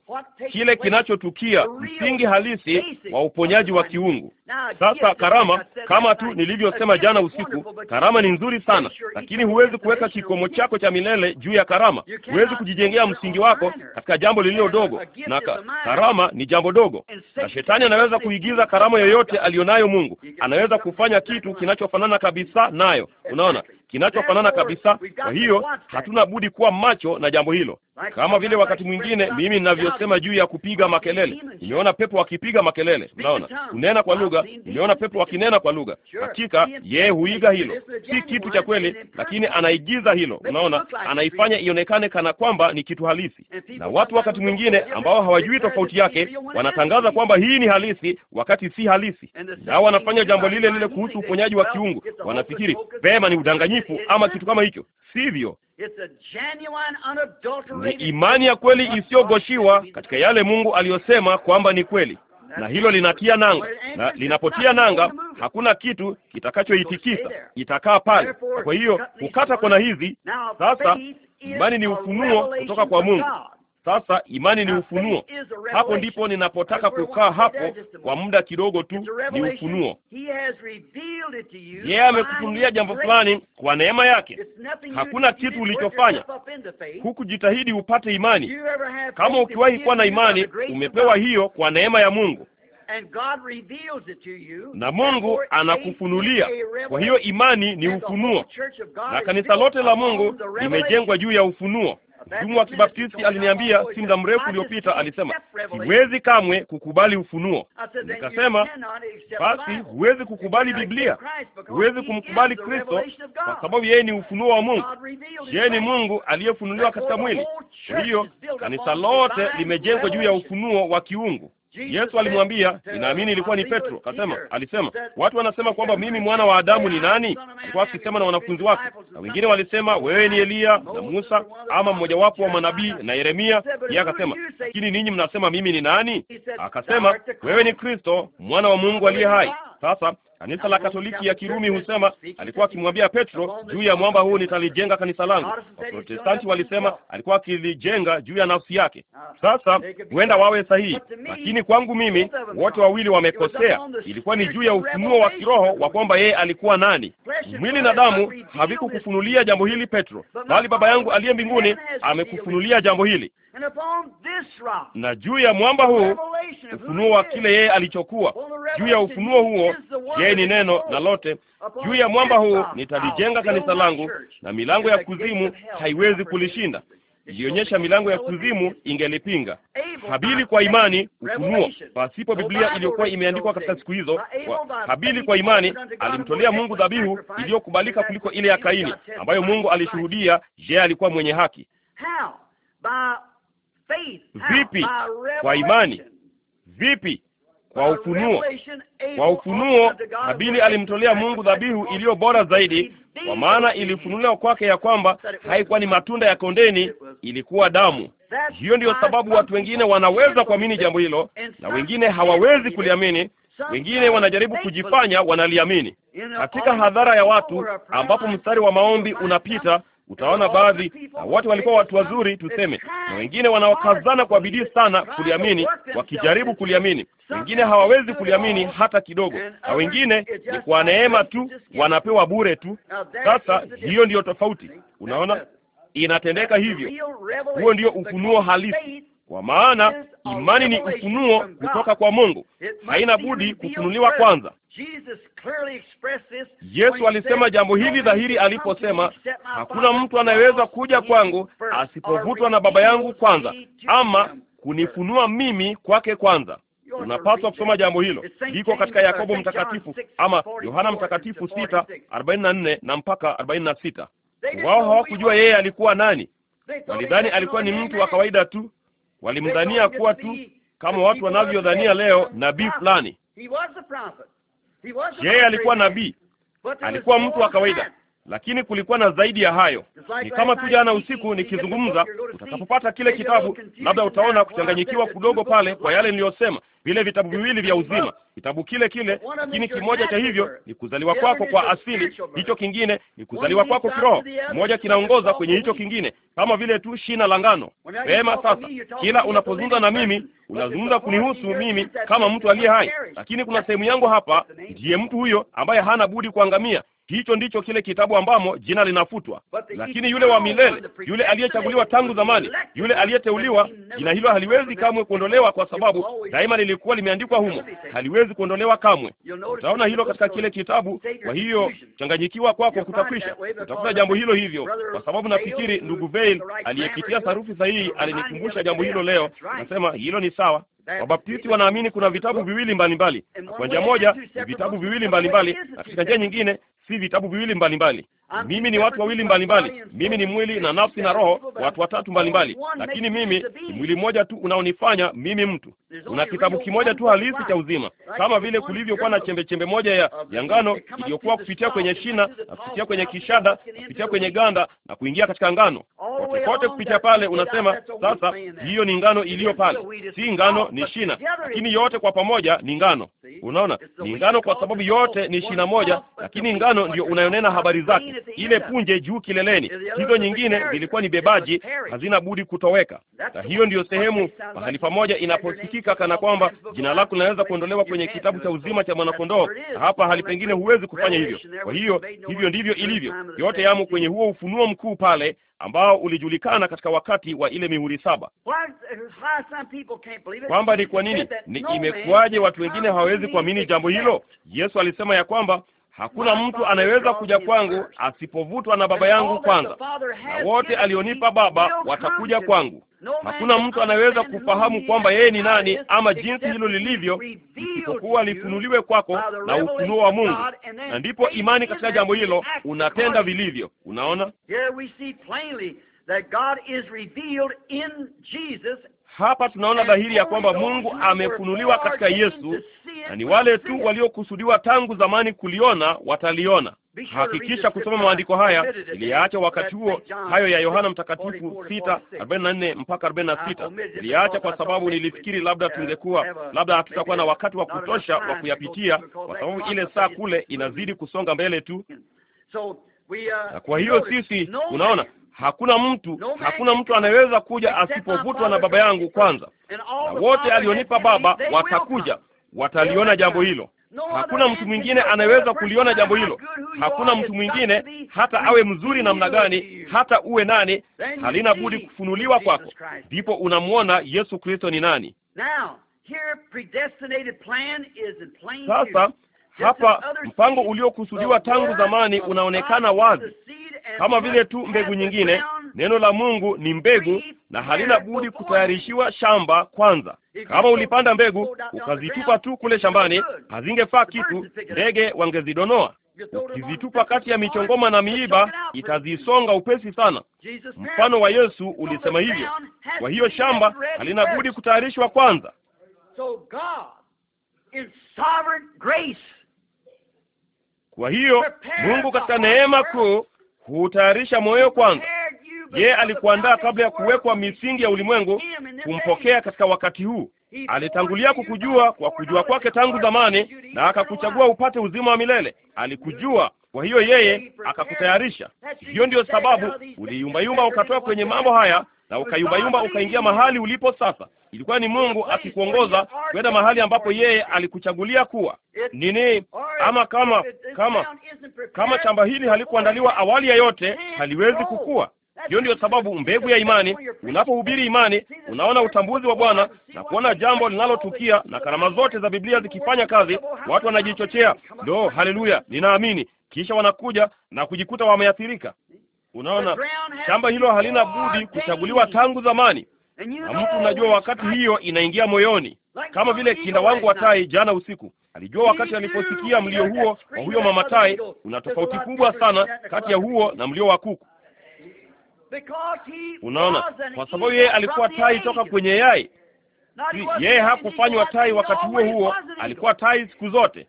kile kinachotukia, msingi halisi wa uponyaji wa kiungu sasa karama, kama tu nilivyosema jana usiku, karama ni nzuri sana, lakini huwezi kuweka kikomo chako cha milele juu ya karama. Huwezi kujijengea msingi wako katika jambo lililo dogo, na karama ni jambo dogo, na shetani anaweza kuigiza karama yoyote aliyonayo Mungu. Anaweza kufanya kitu kinachofanana kabisa nayo, unaona, kinachofanana kabisa. Kwa hiyo hatuna budi kuwa macho na jambo hilo, kama vile wakati mwingine mimi ninavyosema juu ya kupiga makelele. Nimeona pepo wakipiga makelele, unaona, kunena kwa lugha lugha, pepo wakinena kwa lugha. Hakika yeye huiga hilo, si kitu cha kweli, lakini anaigiza hilo. Unaona, anaifanya ionekane kana kwamba ni kitu halisi, na watu wakati mwingine ambao hawajui tofauti yake wanatangaza kwamba hii ni halisi, wakati si halisi, na wanafanya jambo lile lile kuhusu uponyaji wa kiungu. Wanafikiri vema, ni udanganyifu ama kitu kama hicho. Sivyo, ni imani ya kweli isiyogoshiwa katika yale Mungu aliyosema kwamba ni kweli na hilo linatia nanga, na linapotia nanga hakuna kitu kitakachoitikisa, itakaa pale. Kwa hiyo hukata kona hizi sasa. Imani ni ufunuo kutoka kwa Mungu. Sasa imani ni ufunuo. Hapo ndipo ninapotaka kukaa hapo kwa muda kidogo tu. Ni ufunuo. Yeye amekufunulia jambo fulani kwa neema yake. Hakuna kitu ulichofanya, hukujitahidi upate imani. Kama ukiwahi kuwa na imani, umepewa hiyo kwa neema ya Mungu na Mungu anakufunulia. Kwa hiyo imani ni ufunuo, na kanisa lote la Mungu limejengwa juu ya ufunuo. Mhudumu wa Kibaptisti aliniambia si muda mrefu uliopita, alisema siwezi kamwe kukubali ufunuo. Nikasema basi, huwezi kukubali Biblia, huwezi kumkubali Kristo kwa sababu yeye ni ufunuo wa Mungu. Yeye ni Mungu aliyefunuliwa katika mwili. Kwa hiyo kanisa lote limejengwa juu ya ufunuo wa kiungu. Yesu alimwambia, ninaamini ilikuwa ni Petro, akasema, alisema, watu wanasema kwamba mimi mwana wa Adamu ni nani? Alikuwa akisema na wanafunzi wake, na wengine walisema wewe ni Eliya na Musa ama mmojawapo wa manabii na Yeremia. Yeye akasema, lakini ninyi mnasema mimi ni nani? Akasema, wewe ni Kristo mwana wa Mungu aliye hai. Sasa kanisa la Katoliki ya Kirumi husema alikuwa akimwambia Petro, juu ya mwamba huu nitalijenga kanisa langu. Waprotestanti walisema alikuwa akilijenga juu ya nafsi yake. Sasa huenda wawe sahihi, lakini kwangu mimi wote wawili wamekosea. Ilikuwa ni juu ya ufunuo wa kiroho wa kwamba yeye alikuwa nani. Mwili na damu havikukufunulia jambo hili Petro, bali Baba yangu aliye mbinguni amekufunulia jambo hili na juu ya mwamba huu ufunuo wa kile yeye alichokuwa. Juu ya ufunuo huo yeye ni neno, na lote juu ya mwamba huu nitalijenga kanisa langu, na milango ya kuzimu haiwezi kulishinda. Ilionyesha milango ya kuzimu ingelipinga. Habili kwa imani ufunuo, pasipo Biblia iliyokuwa imeandikwa katika siku hizo. Habili kwa imani alimtolea Mungu dhabihu iliyokubalika kuliko ile ya Kaini, ambayo Mungu alishuhudia yeye alikuwa mwenye haki. Vipi kwa imani? Vipi kwa ufunuo? Kwa ufunuo, Habili alimtolea Mungu dhabihu iliyo bora zaidi, kwa maana ilifunuliwa kwake ya kwamba haikuwa ni matunda ya kondeni, ilikuwa damu. Hiyo ndiyo sababu watu wengine wanaweza kuamini jambo hilo na wengine hawawezi kuliamini. Wengine wanajaribu kujifanya wanaliamini. Katika hadhara ya watu, ambapo mstari wa maombi unapita Utaona baadhi na watu walikuwa watu wazuri tuseme, na wengine wanaokazana kwa bidii sana kuliamini, wakijaribu kuliamini. Wengine hawawezi kuliamini hata kidogo, na wengine ni kwa neema tu, wanapewa bure tu. Sasa hiyo ndiyo tofauti, unaona inatendeka hivyo. Huo ndio ufunuo halisi kwa maana imani ni ufunuo kutoka kwa Mungu, haina budi kufunuliwa kwanza. Yesu alisema jambo hili dhahiri aliposema, hakuna mtu anayeweza kuja kwangu asipovutwa na Baba yangu kwanza, ama kunifunua mimi kwake kwanza. Unapaswa kusoma jambo hilo, liko katika Yakobo mtakatifu ama Yohana mtakatifu sita arobaini na nne na mpaka arobaini na sita. Wao hawakujua yeye alikuwa nani, walidhani alikuwa ni mtu wa kawaida tu Walimdhania kuwa tu kama watu wanavyodhania leo nabii fulani. Yeye alikuwa nabii, alikuwa mtu wa kawaida, lakini kulikuwa na zaidi ya hayo. Ni kama tu jana usiku nikizungumza, utakapopata kile kitabu, labda utaona kuchanganyikiwa kudogo pale kwa yale niliyosema, vile vitabu viwili vya uzima, kitabu kile kile, lakini kimoja cha hivyo ni kuzaliwa kwako kwa asili, hicho kingine ni kuzaliwa kwako kiroho. Kimoja kinaongoza kwenye hicho kingine, kama vile tu shina la ngano. pema sasa kila unapozungumza na mimi, unazungumza kunihusu mimi kama mtu aliye hai, lakini kuna sehemu yangu hapa, ndiye mtu huyo ambaye hana budi kuangamia Hicho ndicho kile kitabu ambamo jina linafutwa, lakini yule wa milele, yule aliyechaguliwa tangu zamani, yule aliyeteuliwa, jina hilo haliwezi kamwe kuondolewa, kwa sababu daima lilikuwa limeandikwa humo, haliwezi kuondolewa kamwe. Utaona hilo katika kile kitabu. Kwa hiyo changanyikiwa kwako kutakwisha, utakuta jambo hilo hivyo, kwa sababu nafikiri ndugu Veil aliyekitia sarufi sahihi alinikumbusha jambo hilo leo. Nasema hilo ni sawa. Wabaptisti wanaamini kuna vitabu viwili mbalimbali, kwa njia moja ni vitabu viwili mbalimbali, na katika njia nyingine si vitabu viwili mbalimbali mbali. Mimi ni watu wawili mbalimbali mbali. Mimi ni mwili na nafsi na roho, watu watatu mbalimbali mbali. Lakini mimi ni mwili mmoja tu unaonifanya mimi mtu. Kuna kitabu kimoja tu halisi cha uzima, kama vile kulivyokuwa na chembe chembe moja ya, ya ngano iliyokuwa kupitia kwenye shina na kupitia kwenye kishada kupitia kwenye ganda na kuingia katika ngano, kote kote kupitia pale. Unasema sasa, hiyo ni ngano iliyo pale, si ngano oh, ni shina, lakini yote kwa pamoja ni ngano. Unaona, ni ngano kwa sababu yote ni shina moja, lakini ngano mfano ndio unayonena habari zake, ile punje juu kileleni. Hizo nyingine zilikuwa ni bebaji, hazina budi kutoweka. Na hiyo ndiyo sehemu mahali pamoja inaposikika kana kwamba jina lako linaweza kuondolewa kwenye kitabu cha uzima cha mwanakondoo, na hapa hali pengine huwezi kufanya hivyo. Kwa hiyo hivyo ndivyo ilivyo, yote yamo kwenye huo ufunuo mkuu pale ambao ulijulikana katika wakati wa ile mihuri saba. Kwamba ni kwa nini ni imekuwaje watu wengine hawawezi kuamini jambo hilo? Yesu alisema ya kwamba Hakuna mtu anayeweza kuja kwangu asipovutwa na Baba yangu kwanza, na wote alionipa Baba watakuja kwangu. Hakuna mtu anayeweza kufahamu kwamba yeye ni nani ama jinsi hilo lilivyo, isipokuwa lifunuliwe kwako na ufunuo wa Mungu, na ndipo imani katika jambo hilo unatenda vilivyo. Unaona, hapa tunaona dhahiri ya kwamba Mungu amefunuliwa katika Yesu, na ni wale tu waliokusudiwa tangu zamani kuliona wataliona. Hakikisha kusoma maandiko haya, iliyaacha wakati huo hayo ya Yohana Mtakatifu 6:44 mpaka 46. iliyaacha kwa sababu nilifikiri labda uh, tungekuwa labda hatutakuwa na wakati wa kutosha wa kuyapitia, kwa sababu ile saa kule inazidi kusonga mbele tu uh, na kwa hiyo sisi, unaona hakuna mtu, hakuna mtu anayeweza kuja asipovutwa na Baba yangu kwanza, na wote alionipa Baba watakuja, wataliona jambo hilo. Hakuna mtu mwingine anayeweza kuliona jambo hilo. Hakuna mtu mwingine, hata awe mzuri namna gani, hata uwe nani, halina budi kufunuliwa kwako, ndipo unamwona Yesu Kristo ni nani. Sasa hapa mpango uliokusudiwa tangu zamani unaonekana wazi, kama vile tu mbegu nyingine. Neno la Mungu ni mbegu na halina budi kutayarishiwa shamba kwanza. Kama ulipanda mbegu ukazitupa tu kule shambani, hazingefaa kitu, ndege wangezidonoa. Ukizitupa kati ya michongoma na miiba, itazisonga upesi sana. Mfano wa Yesu ulisema hivyo. Kwa hiyo shamba halina budi kutayarishwa kwanza. Kwa hiyo Mungu katika neema kuu hutayarisha moyo kwanza. Yeye alikuandaa kabla ya kuwekwa misingi ya ulimwengu kumpokea katika wakati huu. Alitangulia kukujua kwa kujua kwake tangu zamani, na akakuchagua upate uzima wa milele. Alikujua, kwa hiyo yeye akakutayarisha. Hiyo ndiyo sababu uliyumbayumba ukatoka kwenye mambo haya na ukayumbayumba ukaingia mahali ulipo sasa. Ilikuwa ni Mungu akikuongoza kwenda mahali ambapo yeye alikuchagulia kuwa nini. Ama kama kama kama shamba hili halikuandaliwa awali ya yote, haliwezi kukua. Hiyo ndio sababu mbegu ya imani, unapohubiri imani, unaona utambuzi wa Bwana na kuona jambo linalotukia na karama zote za Biblia zikifanya kazi, watu wanajichochea, ndio haleluya, ninaamini, kisha wanakuja na kujikuta wameathirika. Unaona, shamba hilo halina budi kuchaguliwa tangu zamani, na mtu unajua, wakati hiyo inaingia moyoni, kama vile kinda wangu wa tai jana usiku alijua wakati aliposikia mlio huo wa huyo mama tai. Kuna tofauti kubwa sana kati ya huo na mlio wa kuku. Unaona, kwa sababu yeye alikuwa tai toka kwenye yai. yeye hakufanywa tai wakati huo huo, alikuwa tai siku zote,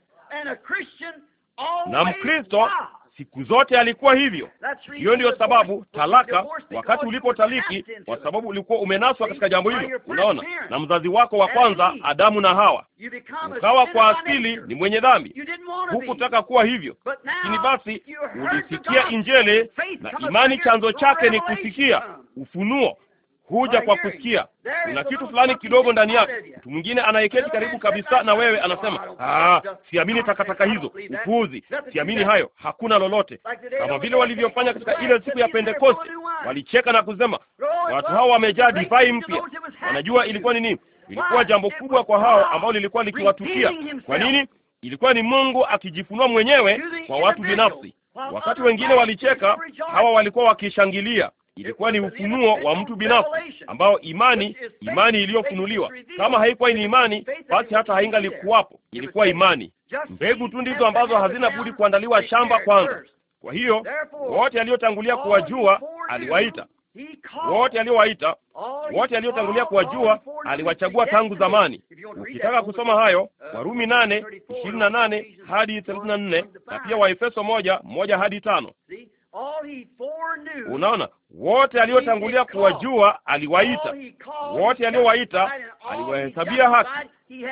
na Mkristo Siku zote alikuwa hivyo. Hiyo ndiyo sababu talaka, wakati ulipotaliki, kwa sababu ulikuwa umenaswa katika jambo hilo, unaona, na mzazi wako wa kwanza Adamu na Hawa, ukawa kwa asili ni mwenye dhambi. Hukutaka kuwa hivyo, lakini basi ulisikia Injili na imani chanzo chake ni kusikia ufunuo huja kwa kusikia. Kuna kitu fulani kidogo ndani yako. Mtu mwingine anayeketi karibu kabisa na wewe anasema ah, siamini takataka hizo, upuuzi, siamini hayo, hakuna lolote. Kama vile walivyofanya katika ile siku ya Pentekoste, walicheka na kusema watu hao wamejaa divai mpya. Wanajua ilikuwa ni nini? Ilikuwa jambo kubwa kwa hao ambao lilikuwa likiwatukia. Kwa nini? Ilikuwa ni Mungu akijifunua mwenyewe kwa watu binafsi. Wakati wengine walicheka, hawa walikuwa wakishangilia ilikuwa ni ufunuo wa mtu binafsi ambao imani, imani iliyofunuliwa. Kama haikuwa ni imani, basi hata haingalikuwapo. Ilikuwa imani. Mbegu tu ndizo ambazo hazina budi kuandaliwa shamba kwanza. Kwa hiyo wote aliyotangulia kuwajua aliwaita, wote aliyowaita, wote aliyotangulia kuwajua aliwachagua tangu zamani. Ukitaka kusoma hayo, uh, Warumi nane ishirini na nane hadi thelathini na nne na pia Waefeso moja moja hadi tano. Unaona, wote aliotangulia kuwajua aliwaita, wote aliowaita aliwahesabia haki,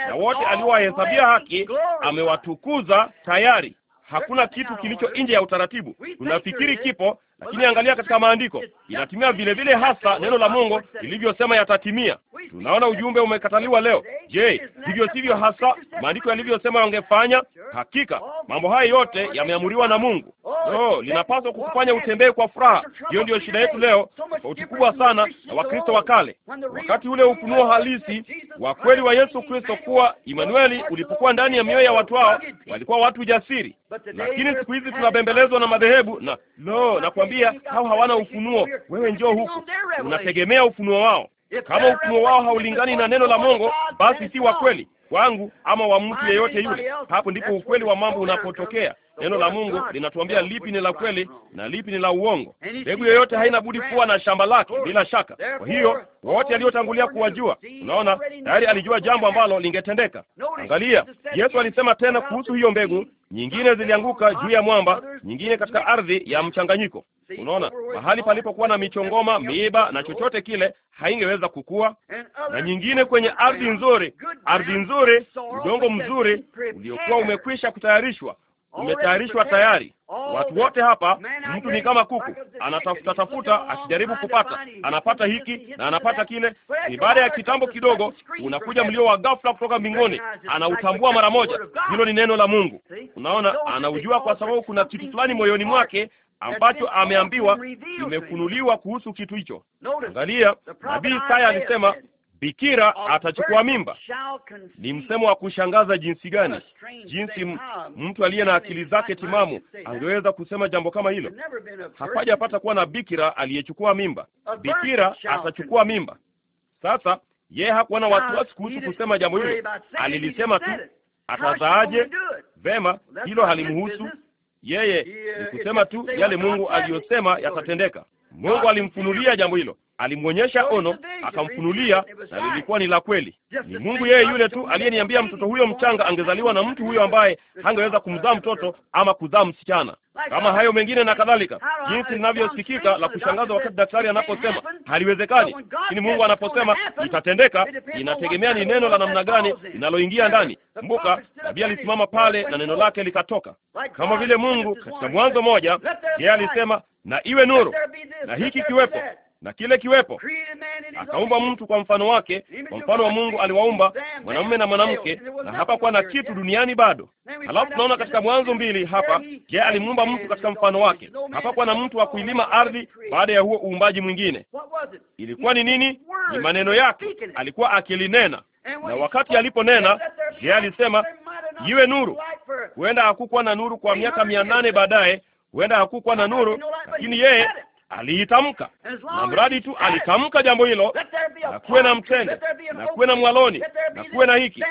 na wote aliowahesabia haki amewatukuza tayari. Hakuna kitu kilicho nje ya utaratibu. Tunafikiri kipo lakini angalia katika maandiko, inatimia vile vile hasa neno la Mungu lilivyosema yatatimia. Tunaona ujumbe umekataliwa leo. Je, hivyo sivyo hasa maandiko yalivyosema wangefanya? Hakika mambo haya yote yameamuriwa na Mungu. No, linapaswa kukufanya utembee kwa furaha. Hiyo ndiyo shida yetu leo, tofauti kubwa sana na Wakristo wa kale. Wakati ule ufunuo halisi wa kweli wa Yesu Kristo kuwa Imanueli ulipokuwa ndani ya mioyo ya watu hao, walikuwa watu jasiri, lakini siku hizi tunabembelezwa na madhehebu na na kwa kukwambia hao hawana ufunuo. Wewe njoo huku, unategemea ufunuo wao. Kama ufunuo wao haulingani na neno la Mungu, basi si wa kweli wangu ama wa mtu yeyote yule. Hapo ndipo ukweli wa mambo unapotokea. Neno la Mungu linatuambia lipi ni la kweli na lipi ni la uongo. Mbegu yoyote haina budi kuwa na shamba lake, bila shaka. Kwa hiyo oh, wote aliyotangulia kuwajua, unaona tayari alijua jambo ambalo lingetendeka. Angalia, Yesu alisema tena kuhusu hiyo mbegu nyingine zilianguka juu ya mwamba, nyingine katika ardhi ya mchanganyiko. Unaona, mahali palipokuwa na michongoma, miiba na chochote kile, haingeweza kukua, na nyingine kwenye ardhi nzuri, ardhi nzuri, udongo mzuri uliokuwa umekwisha kutayarishwa umetayarishwa tayari. Watu wote hapa, mtu ni kama kuku, anatafuta tafuta, akijaribu kupata, anapata hiki na anapata kile. Ni baada ya kitambo kidogo, unakuja mlio wa ghafla kutoka mbinguni, anautambua mara moja. Hilo ni neno la Mungu. Unaona, anaujua kwa sababu kuna kitu fulani moyoni mwake ambacho ameambiwa, imefunuliwa kuhusu kitu hicho. Angalia, nabii Isaya alisema bikira atachukua mimba. Ni msemo wa kushangaza jinsi gani, jinsi mtu aliye na akili zake timamu angeweza kusema jambo kama hilo. Hapajapata kuwa na bikira aliyechukua mimba. Bikira atachukua mimba. Sasa yeye hakuwa na wasiwasi kuhusu kusema jambo hilo, alilisema tu. Atazaaje? Vema, hilo halimhusu yeye, ni uh, kusema tu yale Mungu aliyosema yatatendeka. Mungu alimfunulia jambo hilo alimwonyesha ono, akamfunulia, na lilikuwa ni la kweli. Ni Mungu yeye yule tu aliyeniambia mtoto huyo mchanga angezaliwa na mtu huyo ambaye hangeweza kumzaa mtoto ama kuzaa msichana, kama hayo mengine na kadhalika. Jinsi linavyosikika la kushangaza wakati daktari anaposema haliwezekani, lakini Mungu anaposema itatendeka, inategemea ni neno la namna gani linaloingia ndani. Kumbuka, nabii alisimama pale na neno lake likatoka, kama vile Mungu katika Mwanzo moja yeye alisema na iwe nuru, na hiki kiwepo na kile kiwepo. Akaumba mtu kwa mfano wake, kwa mfano wa Mungu aliwaumba mwanamume na mwanamke, na hapakuwa na kitu duniani bado. alafu tunaona katika Mwanzo mbili hapa, je, alimuumba mtu katika mfano wake. Hapakuwa na mtu wa kuilima ardhi baada ya huo uumbaji mwingine. Ilikuwa ni nini? Ni maneno yake, alikuwa akilinena na wakati aliponena, je, alisema iwe nuru? Huenda hakukuwa na nuru kwa miaka mia nane baadaye, huenda hakukuwa na nuru, lakini yeye aliitamka, na mradi tu alitamka jambo hilo, na kuwe na mtende, na kuwe na mwaloni, na kuwe na hiki,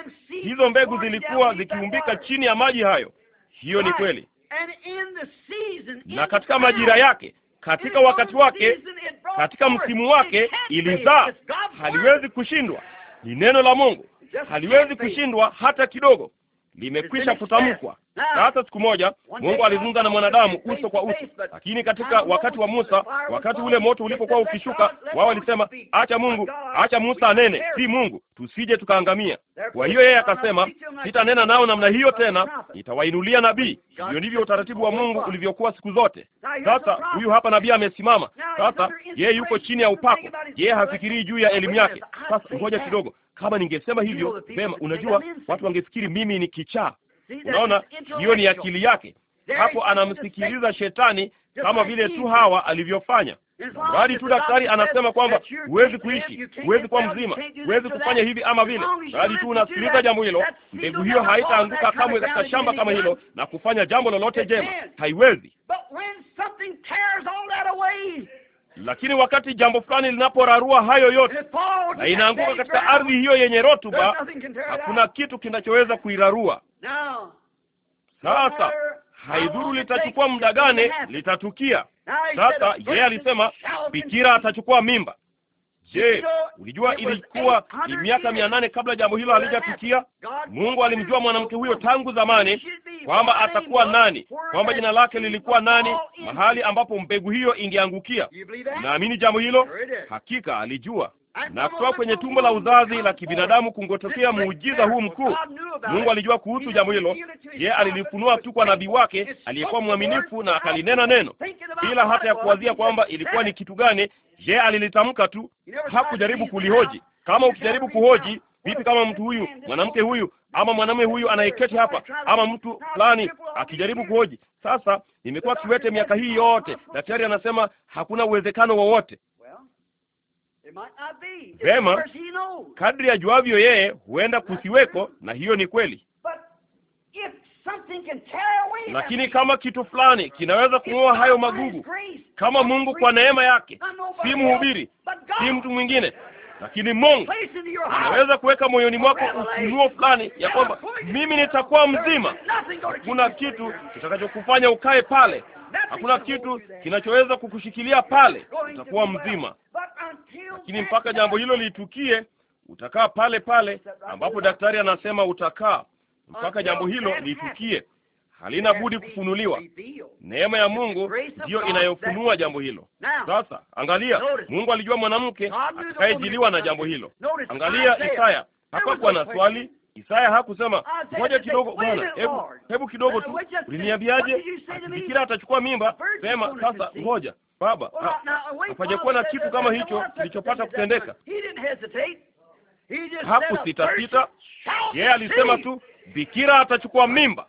hizo mbegu zilikuwa zikiumbika chini ya maji hayo. Hiyo ni kweli, na katika majira yake katika wakati wake, katika msimu wake ilizaa. Haliwezi kushindwa, ni neno la Mungu, haliwezi kushindwa hata kidogo. Limekwisha kutamkwa, sasa siku moja Mungu alizungumza na mwanadamu uso kwa uso, lakini katika wakati wa Musa, wakati ule moto ulipokuwa ukishuka, wao walisema acha Mungu, acha Musa anene, si Mungu, tusije tukaangamia. Kwa hiyo yeye akasema, sitanena nao namna hiyo tena, nitawainulia nabii. Hiyo ndivyo utaratibu wa Mungu ulivyokuwa siku zote. Sasa huyu hapa nabii amesimama sasa, yeye yuko chini ya upako, yeye hafikirii juu ya elimu yake. Sasa ngoja kidogo, kama ningesema hivyo vema, unajua watu wangefikiri mimi ni kichaa. Unaona, hiyo ni akili yake. Hapo anamsikiliza shetani kama vile tu Hawa alivyofanya. Mradi tu daktari anasema kwamba huwezi kuishi, huwezi kuwa mzima, huwezi kufanya hivi ama vile, mradi tu unasikiliza jambo hilo, mbegu hiyo haitaanguka kamwe katika shamba kama hilo na kufanya jambo lolote jema, haiwezi lakini wakati jambo fulani linaporarua hayo yote na inaanguka katika ardhi hiyo yenye rotuba, hakuna kitu kinachoweza kuirarua. Sasa haidhuru litachukua muda gani, litatukia. Sasa yeye alisema bikira atachukua mimba. Je, ulijua ilikuwa ni miaka mia nane kabla jambo hilo halijatukia? Mungu alimjua mwanamke huyo tangu zamani kwamba atakuwa nani, kwamba jina lake lilikuwa nani, mahali ambapo mbegu hiyo ingeangukia. Naamini jambo hilo, hakika alijua na kutoka kwenye tumbo la uzazi la kibinadamu kungotokea muujiza huu mkuu. Mungu alijua kuhusu jambo hilo. ye alilifunua tu kwa nabii wake aliyekuwa mwaminifu, na akalinena neno bila hata ya kuwazia kwamba ilikuwa ni kitu gani. ye alilitamka tu, hakujaribu kulihoji. Kama ukijaribu kuhoji vipi, kama mtu huyu mwanamke huyu ama mwanamume huyu anayeketi hapa ama mtu fulani akijaribu kuhoji, sasa nimekuwa kiwete miaka hii yote, daktari anasema hakuna uwezekano wowote Vema, kadri ya juavyo yeye, huenda kusiweko, na hiyo ni kweli. Lakini kama kitu fulani kinaweza kung'oa hayo magugu, kama Mungu kwa neema yake, si mhubiri, si mtu mwingine, lakini Mungu anaweza kuweka moyoni mwako ufunuo fulani ya kwamba mimi nitakuwa mzima, kuna kitu kitakachokufanya ukae pale Hakuna kitu kinachoweza kukushikilia pale, utakuwa mzima. Lakini mpaka jambo hilo litukie, utakaa pale pale ambapo daktari anasema utakaa, mpaka jambo hilo litukie. Halina budi kufunuliwa. Neema ya Mungu ndiyo inayofunua jambo hilo. Sasa angalia, Mungu alijua mwanamke akaejiliwa na jambo hilo. Angalia Isaya, hapakuwa na swali Isaya hakusema moja ah, kidogo Bwana, hebu hebu kidogo tu, uliniambiaje? Bikira atachukua mimba. Sema sasa, ngoja baba, hapajakuwa na kitu kama hicho kilichopata kutendeka. Hakusitasita, yeye alisema tu, bikira atachukua mimba.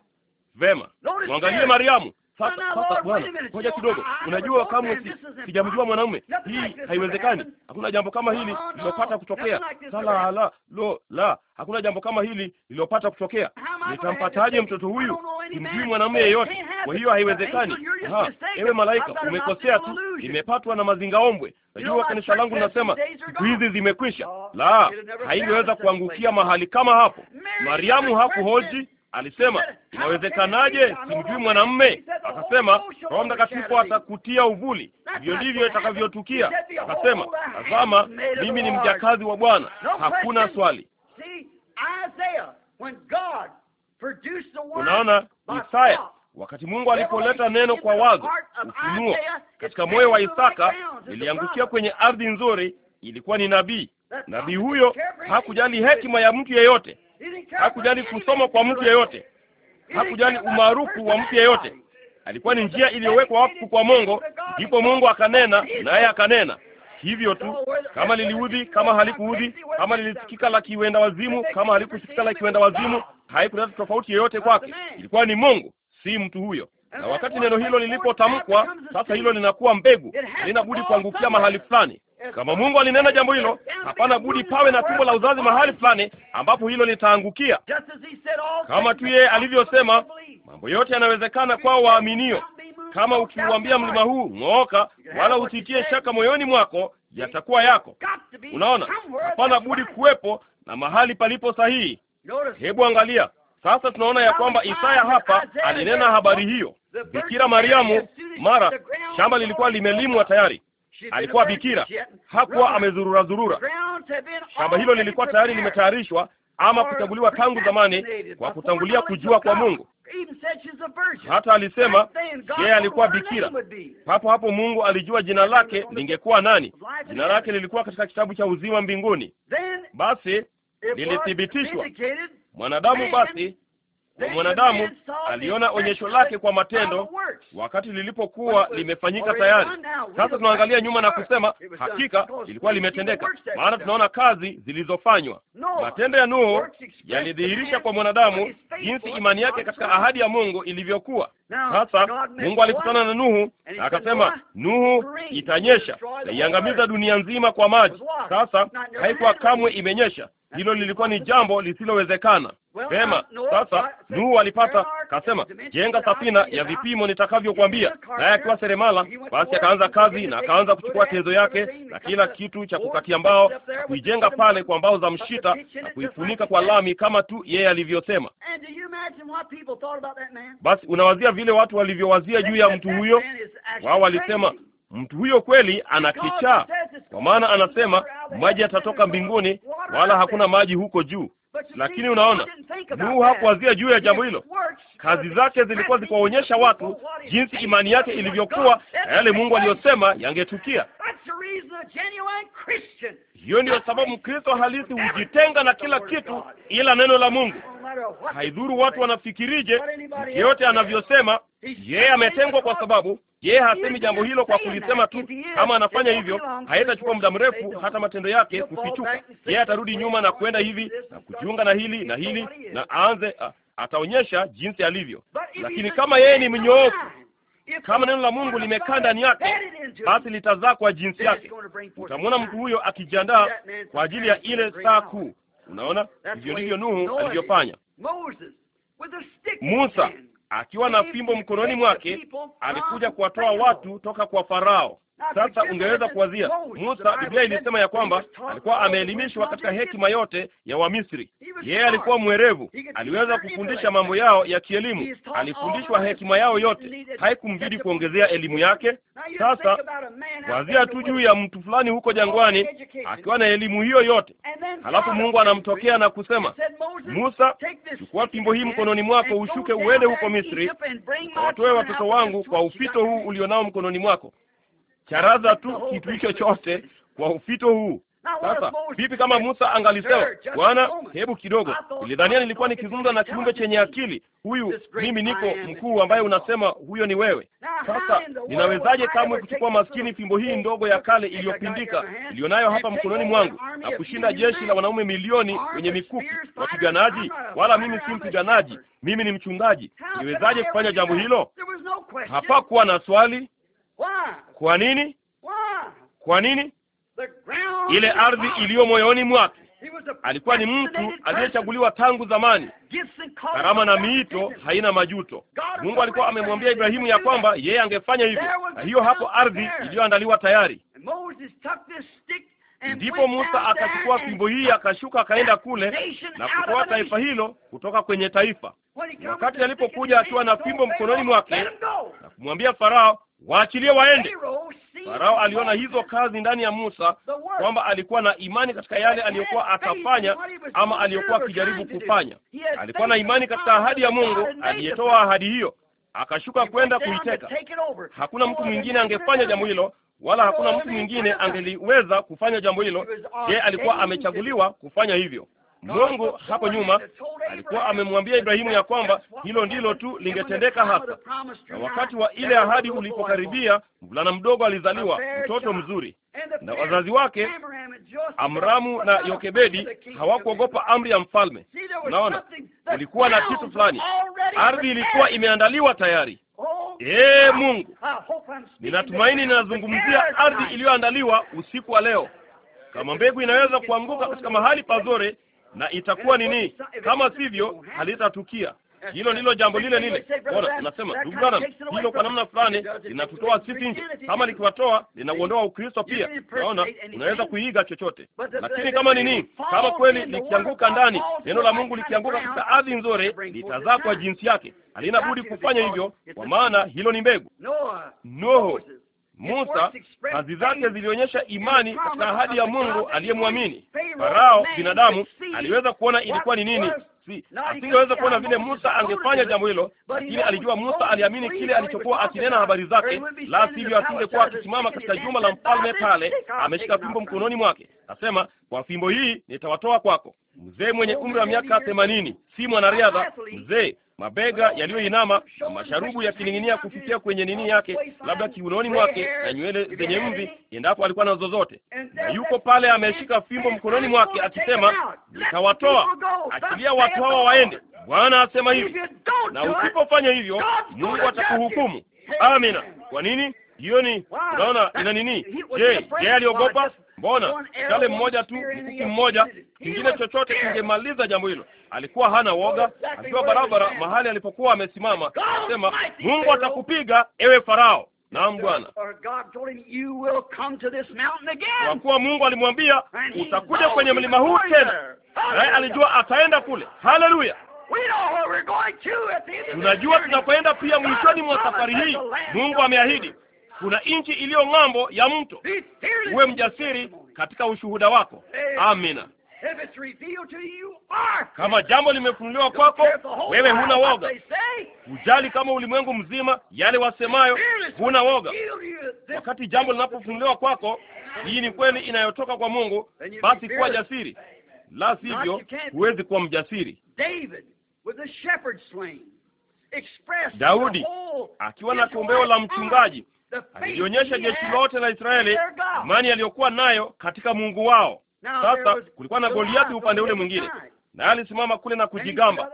Vema, mwangalie Mariamu sasa sasa, Bwana, ngoja kidogo. Unajua, kamwe sijamjua mwanamume, hii haiwezekani. Hakuna jambo kama hili lilopata kutokea. Sala la lo la, hakuna jambo kama hili lilopata kutokea. Nitampataje mtoto huyu? Simjui mwanamume yeyote, kwa hiyo haiwezekani. Ewe malaika, umekosea tu, imepatwa na mazingaombwe. Najua kanisa langu linasema siku hizi zimekwisha. Oh, la, haingeweza kuangukia mahali kama hapo. Mariamu hakuhoji Alisema, inawezekanaje? Simjui mwanamme. Akasema, Roho Mtakatifu atakutia uvuli, hivyo ndivyo itakavyotukia. Akasema, tazama, mimi ni mjakazi wa Bwana, hakuna swali. Unaona Isaya, wakati Mungu alipoleta neno kwa wazo, ufunuo katika moyo wa Isaka, iliangukia kwenye ardhi nzuri. Ilikuwa ni nabii. Nabii huyo hakujali hekima ya mtu yeyote hakujali kusoma kwa mtu yeyote, hakujali umaarufu wa mtu yeyote. Alikuwa ni njia iliyowekwa wakfu kwa Mungu, ndipo Mungu akanena naye akanena hivyo tu. Kama liliudhi, kama halikuudhi, kama lilisikika la kiwenda wazimu, kama halikusikika la kiwenda wazimu, haikuleta tofauti yoyote kwake. Ilikuwa ni Mungu, si mtu huyo. Na wakati neno hilo lilipotamkwa, sasa hilo linakuwa mbegu, linabudi kuangukia mahali fulani. Kama Mungu alinena jambo hilo, hapana budi pawe na tumbo la uzazi mahali fulani ambapo hilo litaangukia. Kama tu yeye alivyosema, mambo yote yanawezekana kwa waaminio. Kama ukiuambia mlima huu ng'ooka, wala usitie shaka moyoni mwako, yatakuwa yako. Unaona, hapana budi kuwepo na mahali palipo sahihi. Hebu angalia sasa, tunaona ya kwamba Isaya hapa alinena habari hiyo. Bikira Mariamu, mara shamba lilikuwa limelimwa tayari alikuwa bikira, hakuwa amezurura zurura. Shamba hilo lilikuwa tayari limetayarishwa ama kutanguliwa tangu zamani kwa kutangulia kujua kwa Mungu. Hata alisema yeye alikuwa bikira. Hapo hapo Mungu alijua jina lake lingekuwa nani. Jina lake lilikuwa katika kitabu cha uzima mbinguni, basi lilithibitishwa mwanadamu. Basi mwanadamu aliona onyesho lake kwa matendo wakati lilipokuwa limefanyika tayari. Sasa tunaangalia nyuma na kusema hakika lilikuwa limetendeka, maana tunaona kazi zilizofanywa. Matendo ya Nuhu yalidhihirisha kwa mwanadamu jinsi imani yake katika ahadi ya Mungu ilivyokuwa. Sasa Mungu alikutana na Nuhu na akasema, Nuhu, itanyesha na iangamiza dunia nzima kwa maji. Sasa haikuwa kamwe imenyesha. Hilo lilikuwa ni jambo lisilowezekana. Sema uh, sasa, Nuhu alipata kasema, jenga safina ya vipimo nitakavyokuambia, naye akiwa seremala, basi akaanza kazi na akaanza kuchukua tezo yake na kila kitu cha kukatia mbao kuijenga pale kwa mbao za mshita na kuifunika kwa lami kama tu yeye alivyosema. Basi unawazia vile watu walivyowazia juu ya mtu huyo. Wao walisema mtu huyo kweli ana kichaa, kwa maana anasema maji yatatoka mbinguni, wala hakuna maji huko juu. Lakini unaona, Nuhu hakuwazia juu ya jambo hilo. Kazi zake zilikuwa zikiwaonyesha watu jinsi imani yake ilivyokuwa na yale Mungu aliyosema yangetukia. Hiyo ndiyo sababu Mkristo halisi hujitenga na kila kitu ila neno la Mungu. Haidhuru watu wanafikirije, yeyote anavyosema, yeye ametengwa kwa sababu yeye hasemi jambo hilo kwa kulisema tu. Kama anafanya hivyo, haitachukua muda mrefu hata matendo yake kufichuka. Yeye atarudi nyuma na kwenda hivi na kujiunga na hili na hili na aanze, ataonyesha jinsi alivyo. Lakini kama yeye ni mnyoofu kama neno la Mungu limekaa ndani yake, basi litazaa kwa jinsi yake. Utamwona mtu huyo akijiandaa kwa ajili ya ile saa kuu. Unaona, hivyo ndivyo Nuhu alivyofanya. Musa akiwa na fimbo mkononi mwake alikuja kuwatoa watu toka kwa Farao. Sasa ungeweza kuwazia Musa, Biblia ilisema ya kwamba alikuwa ameelimishwa katika hekima yote ya Wamisri. Yeye alikuwa mwerevu, aliweza kufundisha mambo yao ya kielimu, alifundishwa hekima yao yote, haikumbidi kuongezea elimu yake. Sasa wazia tu juu ya mtu fulani huko jangwani akiwa na elimu hiyo yote, halafu Mungu anamtokea na kusema, Musa, chukua fimbo hii mkononi mwako, ushuke uende huko Misri, watoe watoto wangu kwa ufito huu ulionao mkononi mwako charaza tu kitu hicho chote kwa ufito huu. Sasa vipi kama Musa angalisema, Bwana, hebu kidogo, nilidhania nilikuwa nikizungumza na kiumbe chenye akili, huyu mimi niko mkuu, ambaye unasema huyo ni wewe. Sasa ninawezaje kamwe kuchukua maskini fimbo hii ndogo ya kale iliyopindika iliyonayo hapa mkononi mwangu na kushinda jeshi la wanaume milioni wenye mikuki wapiganaji? Wala mimi si mpiganaji, mimi ni mchungaji. Niwezaje kufanya jambo hilo? Hapakuwa na swali. Kwa nini? Kwa nini? Ile ardhi iliyo moyoni mwake, alikuwa ni mtu aliyechaguliwa tangu zamani. Karama na miito haina majuto. Mungu alikuwa amemwambia Ibrahimu ya kwamba yeye angefanya hivyo, na hiyo hapo ardhi iliyoandaliwa tayari. Ndipo Musa akachukua fimbo hii akashuka akaenda kule na kutoa taifa hilo kutoka kwenye taifa. Wakati alipokuja akiwa na fimbo mkononi mwake na kumwambia Farao, waachilie waende. Farao aliona hizo kazi ndani ya Musa, kwamba alikuwa na imani katika yale aliyokuwa akafanya ama aliyokuwa akijaribu kufanya. Alikuwa na imani katika ahadi ya Mungu aliyetoa ahadi hiyo, akashuka kwenda kuiteka. Hakuna mtu mwingine angefanya jambo hilo, wala hakuna mtu mwingine angeliweza kufanya jambo hilo. Yeye alikuwa amechaguliwa kufanya hivyo. Mungu hapo nyuma alikuwa amemwambia Ibrahimu ya kwamba hilo ndilo tu lingetendeka hapa, na wakati wa ile ahadi ulipokaribia, mvulana mdogo alizaliwa, mtoto mzuri, na wazazi wake Amramu na Yokebedi hawakuogopa amri ya mfalme. Unaona, ilikuwa na kitu fulani, ardhi ilikuwa imeandaliwa tayari. Ee Mungu, ninatumaini ninazungumzia ardhi iliyoandaliwa usiku wa leo. Kama mbegu inaweza kuanguka katika mahali pazuri na itakuwa nini? Kama sivyo, halitatukia. Hilo ndilo jambo lile lile. Bora unasema ndugu bwana, hilo kwa namna fulani linatutoa sisi nje, kama likiwatoa linauondoa Ukristo pia. Unaona, unaweza kuiga chochote, lakini kama nini, kama kweli likianguka ndani, neno la Mungu likianguka katika ardhi nzuri, litazaa kwa jinsi yake. Halina budi kufanya hivyo, kwa maana hilo ni mbegu. Noho Musa, kazi zake zilionyesha imani katika ahadi ya Mungu aliyemwamini. Farao binadamu aliweza kuona ilikuwa ni nini, si asingeweza kuona vile Musa angefanya jambo hilo, lakini alijua Musa aliamini kile alichokuwa akinena habari zake, la sivyo asingekuwa akisimama katika jumba la mfalme pale ameshika fimbo mkononi mwake. Nasema, kwa fimbo hii nitawatoa kwako mzee mwenye umri wa miaka themanini, si mwanariadha mzee, mabega yaliyoinama na masharubu yakining'inia kufikia kwenye nini yake, labda kiunoni mwake, na nywele zenye mvi, endapo alikuwa na zozote, na yuko pale ameshika fimbo mkononi mwake akisema, nitawatoa, achilia watu hawa waende, Bwana asema hivi. Na usipofanya hivyo, Mungu atakuhukumu. Amina. Kwa nini? Hiyo ni unaona, ina nini? Je, je, aliogopa? Mbona jale mmoja tu mkuki mmoja, kingine chochote kingemaliza jambo hilo. Alikuwa hana woga, akiwa barabara mahali alipokuwa amesimama, akasema, Mungu atakupiga ewe Farao. Naam Bwana, kwa kuwa Mungu alimwambia utakuja kwenye mlima huu tena, naye alijua ataenda kule. Haleluya! Tunajua tunakwenda pia mwishoni mwa safari hii. Mungu ameahidi kuna nchi iliyo ng'ambo ya mto. Uwe mjasiri katika ushuhuda wako. Amina. Kama jambo limefunuliwa kwako, wewe huna woga, hujali kama ulimwengu mzima yale wasemayo, huna woga. Wakati jambo linapofunuliwa kwako, hii ni kweli inayotoka kwa Mungu, basi kuwa jasiri, la sivyo huwezi kuwa mjasiri. Daudi akiwa na kombeo la mchungaji alionyesha jeshi lote la Israeli imani aliyokuwa nayo katika Mungu wao. Sasa kulikuwa na Goliathi upande ule mwingine, naye alisimama kule na kujigamba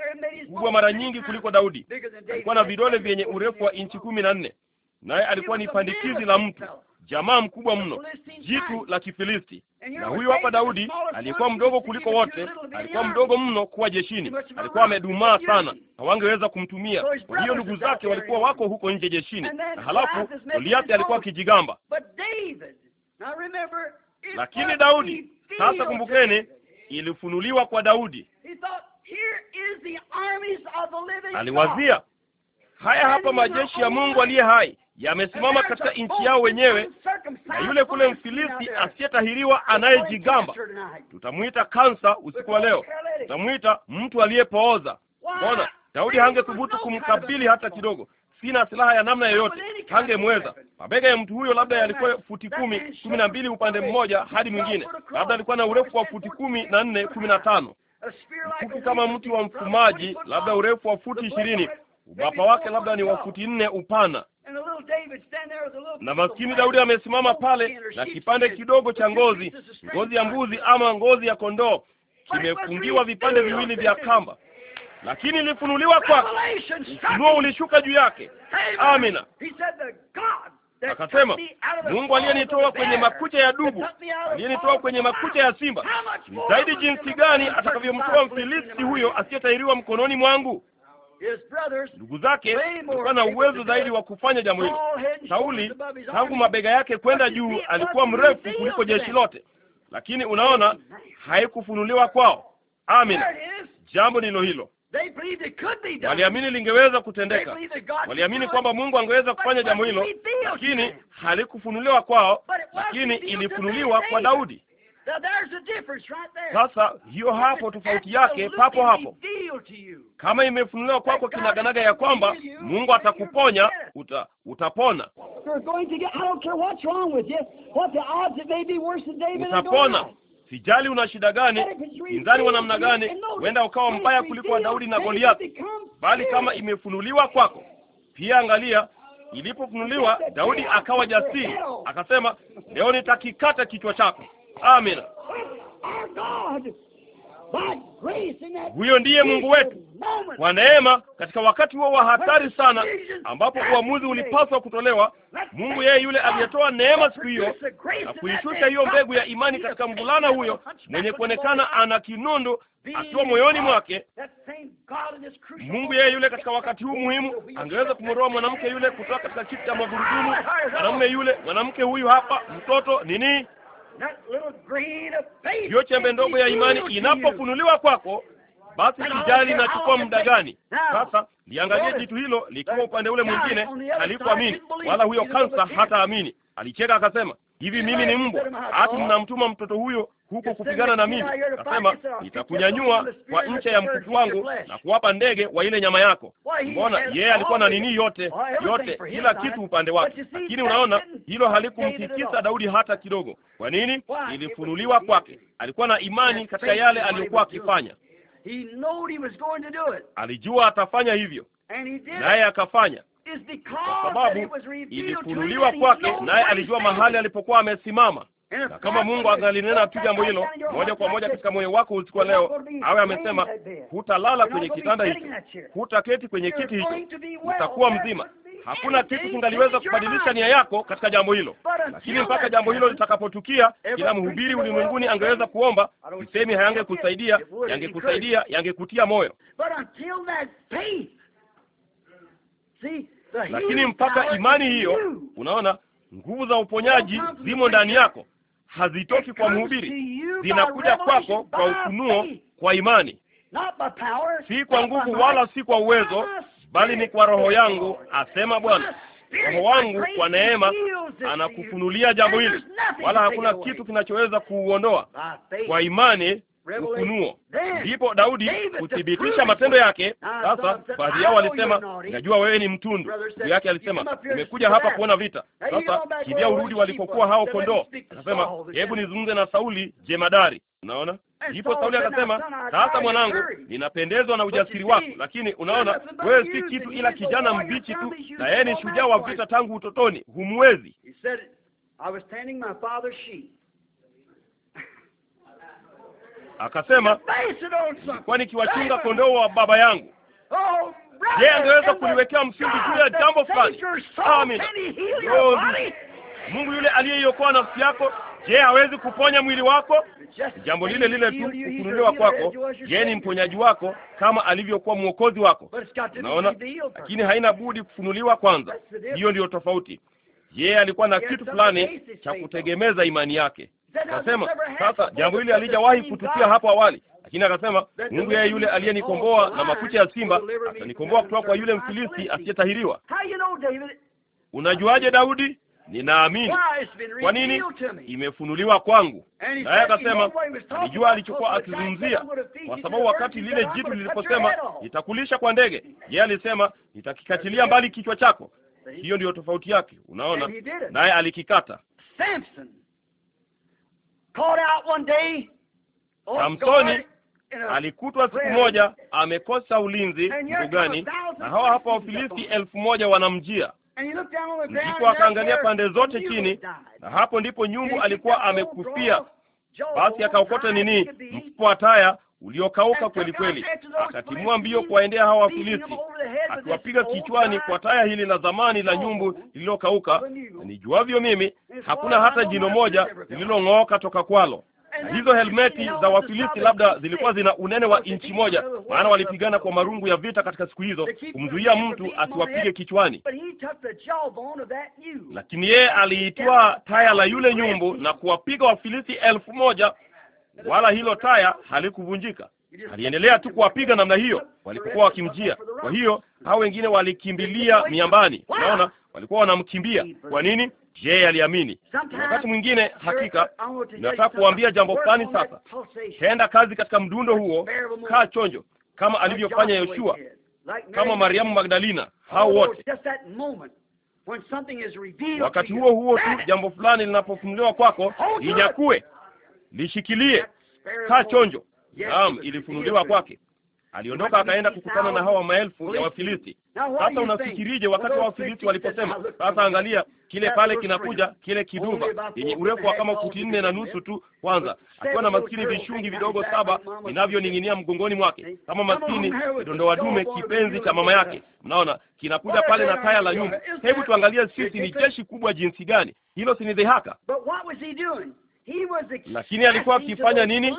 kubwa mara nyingi kuliko Daudi. Alikuwa na vidole vyenye urefu wa inchi kumi na nne, naye alikuwa ni pandikizi la mtu jamaa mkubwa mno, jitu la Kifilisti. Na huyu hapa Daudi aliyekuwa mdogo kuliko wote, alikuwa mdogo mno kuwa jeshini, alikuwa amedumaa sana, hawangeweza kumtumia. Kwa hiyo ndugu zake walikuwa wako huko nje jeshini, na halafu Goliathi alikuwa kijigamba Lakini Daudi sasa, kumbukeni, ilifunuliwa kwa Daudi, aliwazia haya hapa majeshi ya oh Mungu aliye hai yamesimama katika nchi yao wenyewe, na yule kule Mfilisti asiyetahiriwa anayejigamba, tutamwita kansa usiku wa leo, tutamwita mtu aliyepooza. Mbona Daudi hangethubutu kumkabili hata kidogo? Sina silaha ya namna yoyote, hangemweza. Mabega ya mtu huyo labda yalikuwa futi kumi kumi na mbili upande mmoja hadi mwingine, labda alikuwa na urefu wa futi kumi na nne kumi na tano mfupi kama mti wa mfumaji, labda urefu wa futi ishirini ubapa wake labda ni wa futi nne upana na maskini Daudi amesimama pale na kipande kidogo cha ngozi, ngozi ya mbuzi ama ngozi ya kondoo, kimefungiwa vipande viwili vya kamba, lakini ilifunuliwa kwake, ufunuo ulishuka juu yake. Amina. Akasema, Mungu aliyenitoa kwenye makucha ya dubu, aliyenitoa kwenye makucha ya simba, ni zaidi jinsi gani atakavyomtoa Mfilisti huyo asiyetahiriwa mkononi mwangu ndugu zake alikuwa na uwezo zaidi wa kufanya jambo hilo. Sauli tangu mabega yake kwenda juu alikuwa mrefu kuliko jeshi lote, lakini unaona, haikufunuliwa kwao. Amina, jambo nilo hilo. Waliamini lingeweza kutendeka, waliamini kwamba Mungu angeweza kufanya jambo hilo, lakini halikufunuliwa kwao, lakini ilifunuliwa kwa Daudi. Sasa hiyo hapo tofauti yake papo hapo, kama imefunuliwa kwako kwa kinaganaga ya kwamba Mungu atakuponya uta, utapona utapona. Sijali una shida gani, pinzani wa namna gani, huenda ukawa mbaya kuliko wa Daudi na Goliathi, bali kama imefunuliwa kwako pia. Angalia, ilipofunuliwa Daudi akawa jasiri, akasema leo nitakikata kichwa chako. Amina. Huyo ndiye Mungu wetu wa neema. Katika wakati huo wa hatari sana, ambapo uamuzi ulipaswa kutolewa, Mungu yeye yule aliyetoa neema siku hiyo na kuishusha hiyo mbegu ya imani katika mvulana huyo mwenye kuonekana ana kinundu akiwa moyoni mwake. Mungu yeye yule katika wakati huu muhimu angeweza kumwondoa mwanamke yule kutoka katika kiti cha magurudumu, mwanamume yule, mwanamke huyu hapa, mtoto nini hiyo chembe ndogo ya imani inapofunuliwa kwako, basi sijali inachukua muda gani. Sasa liangalie jitu hilo likiwa upande ule mwingine, alikuamini wala huyo kansa hata amini Alicheka akasema, hivi mimi ni mbwa, hata mnamtuma mtoto huyo huko kupigana na mimi? Nasema nitakunyanyua kwa ncha ya mkuki wangu na kuwapa ndege wa ile nyama yako. Mbona yeye yeah, alikuwa na nini yote yote, kila kitu upande wake, lakini unaona hilo halikumtikisa Daudi hata kidogo. Kwa nini? Ilifunuliwa kwake, alikuwa na imani katika yale aliyokuwa akifanya. Alijua atafanya hivyo, naye akafanya kwa sababu ilifunuliwa kwake, naye alijua mahali alipokuwa amesimama. Na kama Mungu angalinena tu jambo hilo moja kwa moja katika moyo wako usiku leo, awe amesema, hutalala kwenye kitanda hicho, hutaketi kwenye kiti hicho, utakuwa mzima. Hakuna kitu kingaliweza kubadilisha nia yako katika jambo hilo, lakini mpaka jambo hilo litakapotukia, kila mhubiri ulimwenguni angeweza kuomba. Sisemi hayangekusaidia, yangekusaidia, yangekutia moyo lakini mpaka imani hiyo, unaona, nguvu za uponyaji zimo ndani yako, hazitoki kwa mhubiri, zinakuja kwako kwa ufunuo, kwa imani, si kwa nguvu wala si kwa uwezo, bali ni kwa roho yangu, asema Bwana. Roho wangu kwa neema anakufunulia jambo hili, wala hakuna kitu kinachoweza kuuondoa. Kwa imani Ufunuo. Ndipo Daudi kuthibitisha matendo yake. Sasa baadhi yao walisema, najua wewe ni mtundu. Ndugu yake alisema, nimekuja hapa kuona vita. Sasa kivya urudi walipokuwa hao kondoo. Akasema, hebu nizungumze na Sauli jemadari. Unaona, ndipo Sauli akasema, sasa mwanangu, ninapendezwa na ujasiri wako, lakini unaona wewe si kitu ila kijana mbichi tu, na yeye ni shujaa wa vita tangu utotoni, humwezi Akasema, kwani kiwachunga kondoo wa baba yangu. Je, oh, angeweza kuliwekea msingi juu ya jambo fulani? Amina. Mungu yule aliyeiokoa nafsi yako, je, hawezi kuponya mwili wako? Jambo lile lile tu, kufunuliwa kwako. Yeye ni mponyaji wako kama alivyokuwa mwokozi wako, unaona. Lakini haina budi kufunuliwa kwanza. Hiyo ndiyo tofauti. Yeye alikuwa na kitu fulani cha kutegemeza imani yake. Akasema, sasa jambo hili halijawahi kutukia hapo awali, lakini akasema, Mungu yeye yule aliyenikomboa na makucha ya simba atanikomboa kutoka kwa yule Mfilisti asiyetahiriwa. Unajuaje, Daudi? Ninaamini. Kwa nini? Imefunuliwa kwangu. Naye akasema alijua alichokuwa akizungumzia, kwa sababu wakati lile jitu liliposema nitakulisha kwa ndege, yeye alisema nitakikatilia mbali kichwa chako. Hiyo ndiyo tofauti yake, unaona. Naye alikikata. Oh, Samsoni alikutwa siku moja amekosa ulinzi mbugani, na hawa hapa Wafilisti elfu moja wanamjia ndipo akaangalia pande zote chini, na hapo ndipo nyumbu alikuwa amekufia. Basi akaokota nini, mfuko wa taya uliokauka kweli kweli, akatimua mbio kuwaendea hawa Wafilisti, akiwapiga kichwani kwa taya hili la zamani la nyumbu lililokauka, nijuavyo mimi hakuna hata jino moja lililong'ooka toka kwalo. Na hizo helmeti za Wafilisti labda zilikuwa zina unene wa inchi moja, maana walipigana kwa marungu ya vita katika siku hizo kumzuia mtu asiwapige kichwani. Lakini yeye aliitwaa taya la yule nyumbu na kuwapiga Wafilisti elfu moja wala hilo taya halikuvunjika. Aliendelea tu kuwapiga namna hiyo walipokuwa wakimjia. Kwa hiyo hao wengine walikimbilia miambani, unaona, walikuwa wanamkimbia. Kwa nini? Je, aliamini? Wakati mwingine hakika, nataka kuambia jambo fulani sasa. Tenda kazi katika mdundo huo, kaa chonjo, kama alivyofanya Yoshua, kama Mariamu Magdalena, hao wote wakati huo huo tu jambo fulani linapofunuliwa kwako, inyakue lishikilie, kaa chonjo. Naam, ilifunuliwa kwake. Aliondoka akaenda kukutana na hawa maelfu ya Wafilisti. Sasa unafikirije wakati wa Wafilisti waliposema, sasa angalia kile pale kinakuja, kile kiduva yenye urefu wa kama futi nne na nusu tu, kwanza akiwa na oh maskini vishungi vidogo saba vinavyoning'inia mgongoni mwake kama maskini dondoa dume kipenzi cha mama yake. Mnaona kinakuja pale na taya la nyumba. Hebu tuangalie sisi ni jeshi kubwa jinsi gani! Hilo si ni dhihaka? Lakini alikuwa akifanya nini?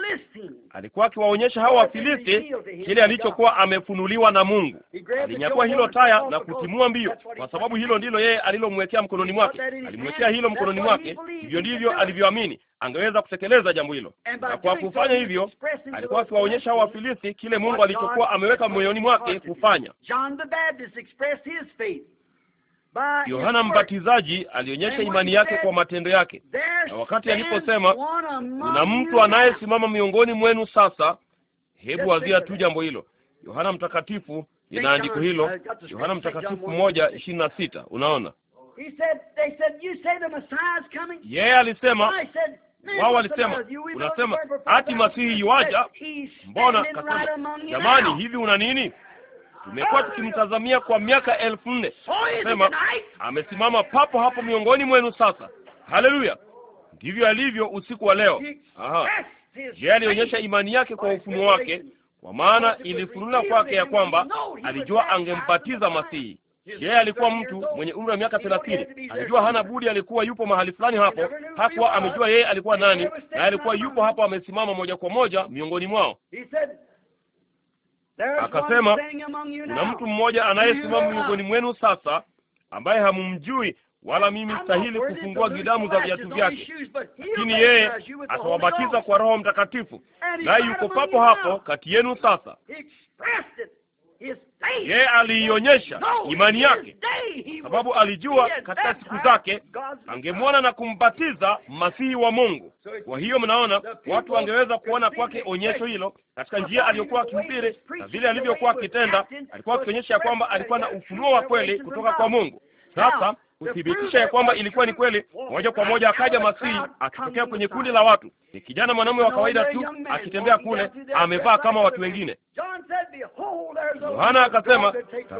Alikuwa akiwaonyesha hawa Wafilisti kile alichokuwa amefunuliwa na Mungu. Alinyakua hilo taya na kutimua mbio, kwa sababu hilo ndilo yeye alilomwekea mkononi mwake. Alimwekea hilo mkononi mwake, hivyo ndivyo alivyoamini angeweza kutekeleza jambo hilo, na kwa kufanya hivyo alikuwa akiwaonyesha hawa Wafilisti kile Mungu alichokuwa ameweka moyoni mwake kufanya. Yohana Mbatizaji alionyesha imani yake kwa matendo yake, na wakati aliposema kuna mtu anayesimama miongoni mwenu sasa, hebu wazia tu jambo hilo. Yohana Mtakatifu lina andiko hilo, Yohana Mtakatifu moja ishirini na sita. Unaona yeye yeah, alisema wao walisema, unasema ati masihi yuaja, mbona jamani, hivi una nini? Tumekuwa tukimtazamia kwa miaka elfu nne. Sema amesimama papo hapo miongoni mwenu sasa. Haleluya! Ndivyo alivyo usiku wa leo. Aha, je, alionyesha imani yake kwa ufunuo wake, kwa maana ilifunula kwake ya kwamba alijua angembatiza Masihi. yeye alikuwa mtu mwenye umri wa miaka thelathini? Alijua hana budi, alikuwa yupo mahali fulani hapo. Hakuwa amejua yeye alikuwa nani, na alikuwa yupo hapo amesimama moja kwa moja miongoni mwao. Akasema, kuna mtu mmoja anayesimama miongoni mwenu sasa, ambaye hamumjui wala mimi stahili kufungua gidamu za viatu vyake, lakini yeye atawabatiza kwa Roho Mtakatifu, naye yuko papo hapo kati yenu sasa yeye aliionyesha imani yake, sababu alijua katika siku zake angemwona na kumbatiza masihi wa Mungu. Kwa hiyo mnaona, watu wangeweza kuona kwake onyesho hilo katika njia aliyokuwa akihubiri na vile alivyokuwa akitenda. Alikuwa akionyesha ya kwamba alikuwa na ufunuo wa kweli kutoka kwa Mungu. Sasa kuthibitisha ya kwamba ilikuwa ni kweli, moja kwa moja akaja Masihi akitokea kwenye kundi la watu. Ni kijana mwanamume wa kawaida tu akitembea kule, amevaa kama watu wengine. Yohana akasema,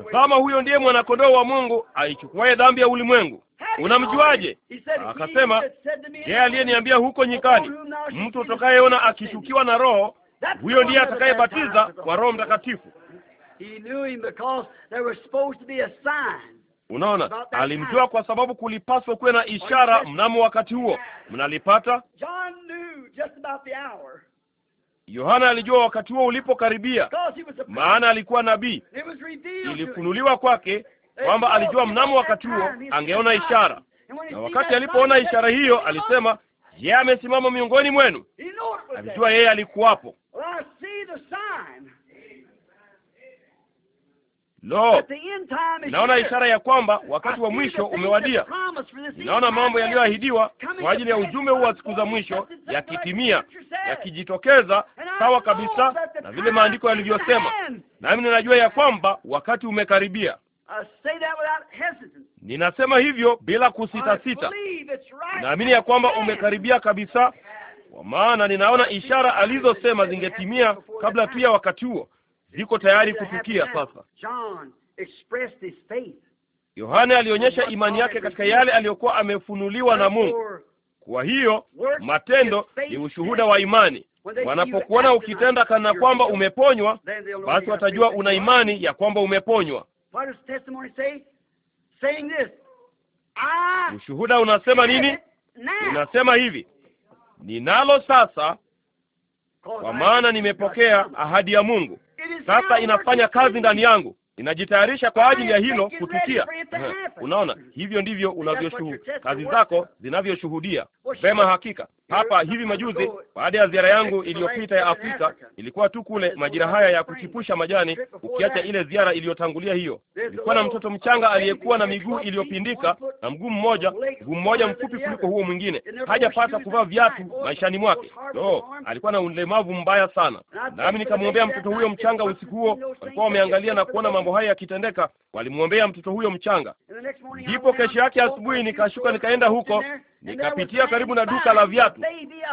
tazama, huyo ndiye mwanakondoo wa Mungu aichukuaye dhambi ya ulimwengu. Unamjuaje? Akasema, yeye aliyeniambia huko nyikani, mtu utakayeona akishukiwa na Roho, huyo ndiye atakayebatiza kwa Roho Mtakatifu. Unaona, alimjua kwa sababu kulipaswa kuwe na ishara mnamo wakati huo. Mnalipata? Yohana alijua wakati huo ulipokaribia, maana alikuwa nabii. Ilifunuliwa kwake kwamba alijua mnamo wakati huo angeona ishara, na wakati alipoona ishara hiyo alisema, yeye amesimama miongoni mwenu. Alijua yeye alikuwapo. Lo, naona ishara ya kwamba wakati wa mwisho umewadia. Naona mambo yaliyoahidiwa kwa ajili ya ujumbe huu wa siku za mwisho yakitimia, yakijitokeza sawa kabisa na vile maandiko yalivyosema, nami ninajua ya kwamba wakati umekaribia. Ninasema hivyo bila kusitasita. Naamini ya kwamba umekaribia kabisa, kwa maana ninaona ishara alizosema zingetimia kabla tu ya wakati huo ziko tayari kufikia sasa. Yohane alionyesha imani yake katika yale aliyokuwa amefunuliwa na Mungu. Kwa hiyo matendo ni ushuhuda wa imani. Wanapokuona ukitenda kana kwamba umeponywa, basi watajua una imani ya kwamba umeponywa. Ushuhuda unasema nini? Unasema hivi, ninalo sasa, kwa maana nimepokea ahadi ya Mungu sasa inafanya kazi ndani yangu, inajitayarisha kwa ajili ya hilo kutukia. Unaona, hivyo ndivyo unavyoshuhudia kazi zako zinavyoshuhudia vema. Hakika hapa hivi majuzi, baada ya ziara yangu iliyopita ya Afrika, ilikuwa tu kule majira haya ya kuchipusha majani, ukiacha ile ziara iliyotangulia hiyo. Ilikuwa na mtoto mchanga aliyekuwa na miguu iliyopindika na mguu mmoja, mguu mmoja mfupi kuliko huo mwingine. Hajapata kuvaa viatu maishani mwake. No, alikuwa na ulemavu mbaya sana, nami nikamwombea mtoto huyo mchanga. Usiku huo walikuwa wameangalia na kuona mambo haya yakitendeka, walimwombea mtoto huyo mchanga. Ndipo kesho yake asubuhi nikashuka nikaenda huko nikapitia karibu na duka la viatu,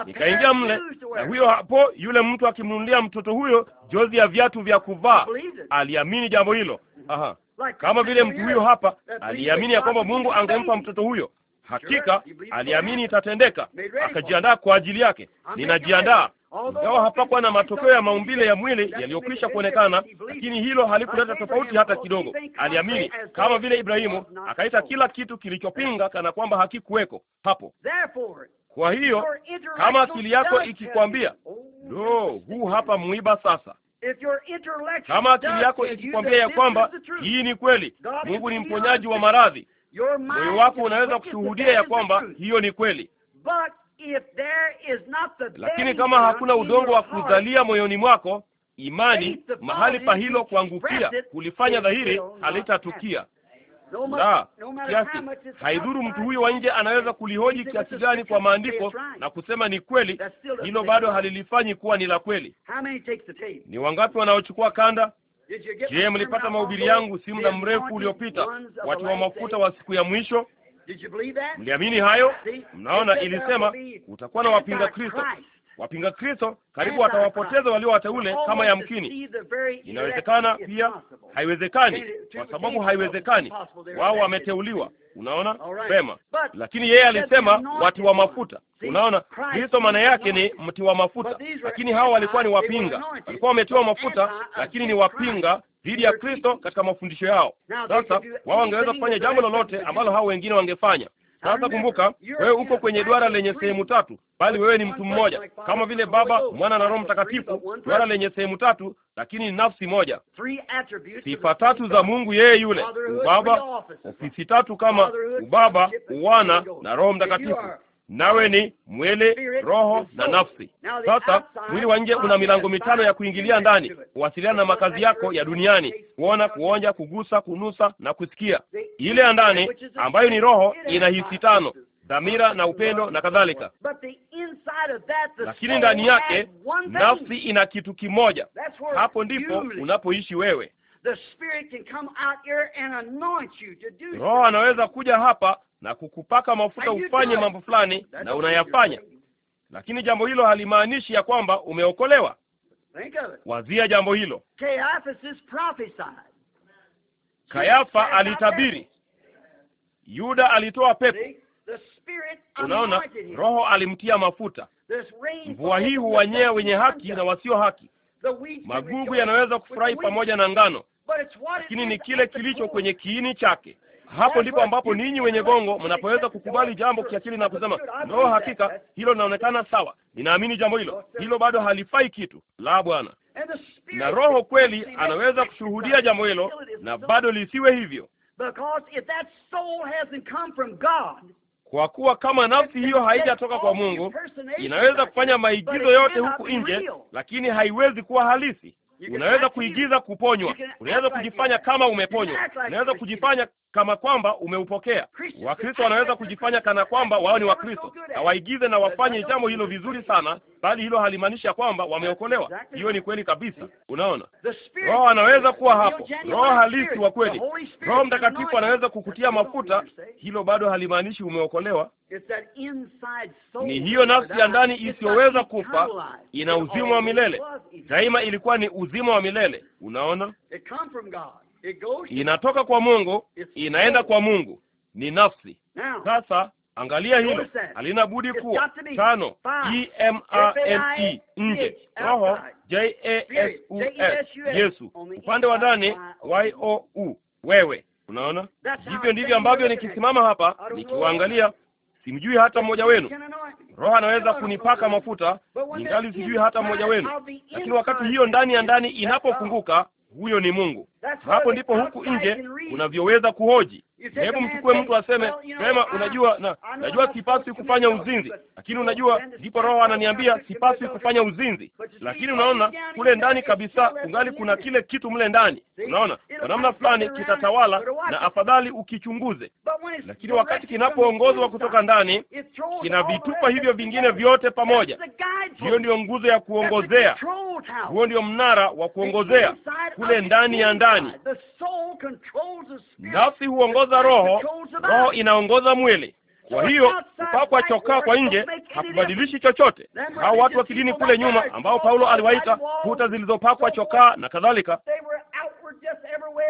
nikaingia mle, na huyo hapo yule mtu akimnunulia mtoto huyo jozi ya viatu vya kuvaa. Aliamini jambo hilo, aha, kama vile mtu huyo hapa aliamini ya kwamba Mungu angempa mtoto huyo. Hakika aliamini itatendeka, akajiandaa kwa ajili yake. Ninajiandaa, ingawa hapakuwa na matokeo ya maumbile ya mwili yaliyokwisha kuonekana, lakini hilo halikuleta tofauti hata kidogo. Aliamini kama vile Ibrahimu, akaita kila kitu kilichopinga kana kwamba hakikuweko hapo. Kwa hiyo kama akili yako ikikwambia no, huu hapa mwiba sasa kama akili yako ikikwambia ya kwamba hii ni kweli, Mungu ni mponyaji wa maradhi, moyo wako unaweza kushuhudia ya kwamba hiyo ni kweli, lakini kama hakuna udongo wa kuzalia moyoni mwako, imani mahali pa hilo kuangukia, kulifanya dhahiri, halitatukia. La, kiasi haidhuru mtu huyo wa nje anaweza kulihoji kiasi gani kwa maandiko na kusema ni kweli, hilo bado halilifanyi kuwa ni la kweli. Ni wangapi wanaochukua kanda? Je, mlipata mahubiri yangu si muda mrefu uliopita, watu wa mafuta wa siku ya mwisho? Mliamini hayo? Mnaona, ilisema utakuwa na wapinga Kristo Wapinga Kristo karibu watawapoteza walio wateule kama yamkini. Inawezekana pia haiwezekani, kwa sababu haiwezekani, wao wameteuliwa. Unaona vema, lakini yeye alisema watu wa mafuta. Unaona, Kristo maana yake ni mti wa mafuta, lakini hao walikuwa ni wapinga, walikuwa wametiwa mafuta, lakini ni wapinga dhidi ya Kristo katika mafundisho yao. Sasa wao wangeweza kufanya jambo lolote ambalo hao wengine wangefanya sasa kumbuka, wewe uko kwenye duara lenye sehemu tatu, bali wewe ni mtu mmoja, kama vile Baba, Mwana na Roho Mtakatifu, duara lenye sehemu tatu, lakini ni nafsi moja. Sifa tatu za Mungu yeye yule, ubaba, ofisi tatu kama ubaba, uwana na Roho Mtakatifu nawe ni mwili, roho na nafsi. Sasa mwili wa nje una milango mitano ya kuingilia ndani, kuwasiliana na makazi yako ya duniani: kuona, kuonja, kugusa, kunusa na kusikia. Ile ya ndani ambayo ni roho ina hisi tano dhamira na upendo na kadhalika, lakini ndani yake nafsi ina kitu kimoja. Hapo ndipo unapoishi wewe. Roho anaweza kuja hapa na kukupaka mafuta ufanye mambo fulani na unayafanya, lakini jambo hilo halimaanishi ya kwamba umeokolewa. Wazia jambo hilo. Kayafa alitabiri, Yuda alitoa pepo. Unaona, Roho alimtia mafuta. Mvua hii huwanyea wenye haki na wasio haki. Magugu yanaweza kufurahi pamoja na ngano, lakini ni kile kilicho kwenye kiini chake hapo ndipo ambapo ninyi wenye gongo mnapoweza kukubali jambo kiakili na kusema no, hakika hilo linaonekana sawa, ninaamini jambo hilo. Hilo bado halifai kitu la Bwana, na Roho kweli anaweza kushuhudia jambo hilo na bado lisiwe hivyo, kwa kuwa kama nafsi hiyo haijatoka kwa Mungu, inaweza kufanya maigizo yote huku nje, lakini haiwezi kuwa halisi. Unaweza kuigiza kuponywa, unaweza kujifanya kama umeponywa, unaweza kujifanya kama kwamba umeupokea. Wakristo wanaweza kujifanya kana kwamba wao ni Wakristo na waigize na wafanye jambo hilo vizuri sana, bali hilo halimaanishi kwamba wameokolewa. Hiyo ni kweli kabisa. Unaona, Roho anaweza kuwa hapo, Roho halisi wa kweli, Roho Mtakatifu anaweza kukutia mafuta. Hilo bado halimaanishi umeokolewa. Ni hiyo nafsi ya ndani isiyoweza kufa, ina uzima wa milele. Daima ilikuwa ni uzima wa milele. Unaona, inatoka kwa Mungu, inaenda kwa Mungu, ni nafsi. Sasa angalia hilo, halina budi kuwa tano e m a n e nje, roho j a s u s e Yesu, upande wa ndani y o u wewe. Unaona, hivyo ndivyo ambavyo nikisimama hapa nikiwaangalia Simjui hata mmoja wenu. Roho anaweza kunipaka mafuta, ningali sijui hata mmoja wenu, lakini wakati hiyo ndani ya ndani inapofunguka, huyo ni Mungu hapo ndipo huku nje unavyoweza kuhoji. Hebu mchukue mtu aseme sema, unajua na, najua sipaswi kufanya uzinzi, lakini unajua, ndipo Roho ananiambia sipaswi kufanya uzinzi, lakini unaona kule ndani kabisa ungali kuna kile kitu mle ndani, unaona kwa namna fulani kitatawala, na afadhali ukichunguze. Lakini wakati kinapoongozwa kutoka ndani, kinavitupa hivyo vingine vyote pamoja. Hiyo ndiyo nguzo ya kuongozea, huo ndio mnara wa kuongozea kule ndani ya ndani ndani. Nafsi huongoza roho, roho inaongoza mwili. Kwa hiyo kupakwa chokaa kwa nje hakubadilishi chochote. Hao watu wa kidini kule nyuma ambao Paulo aliwaita kuta zilizopakwa chokaa na kadhalika,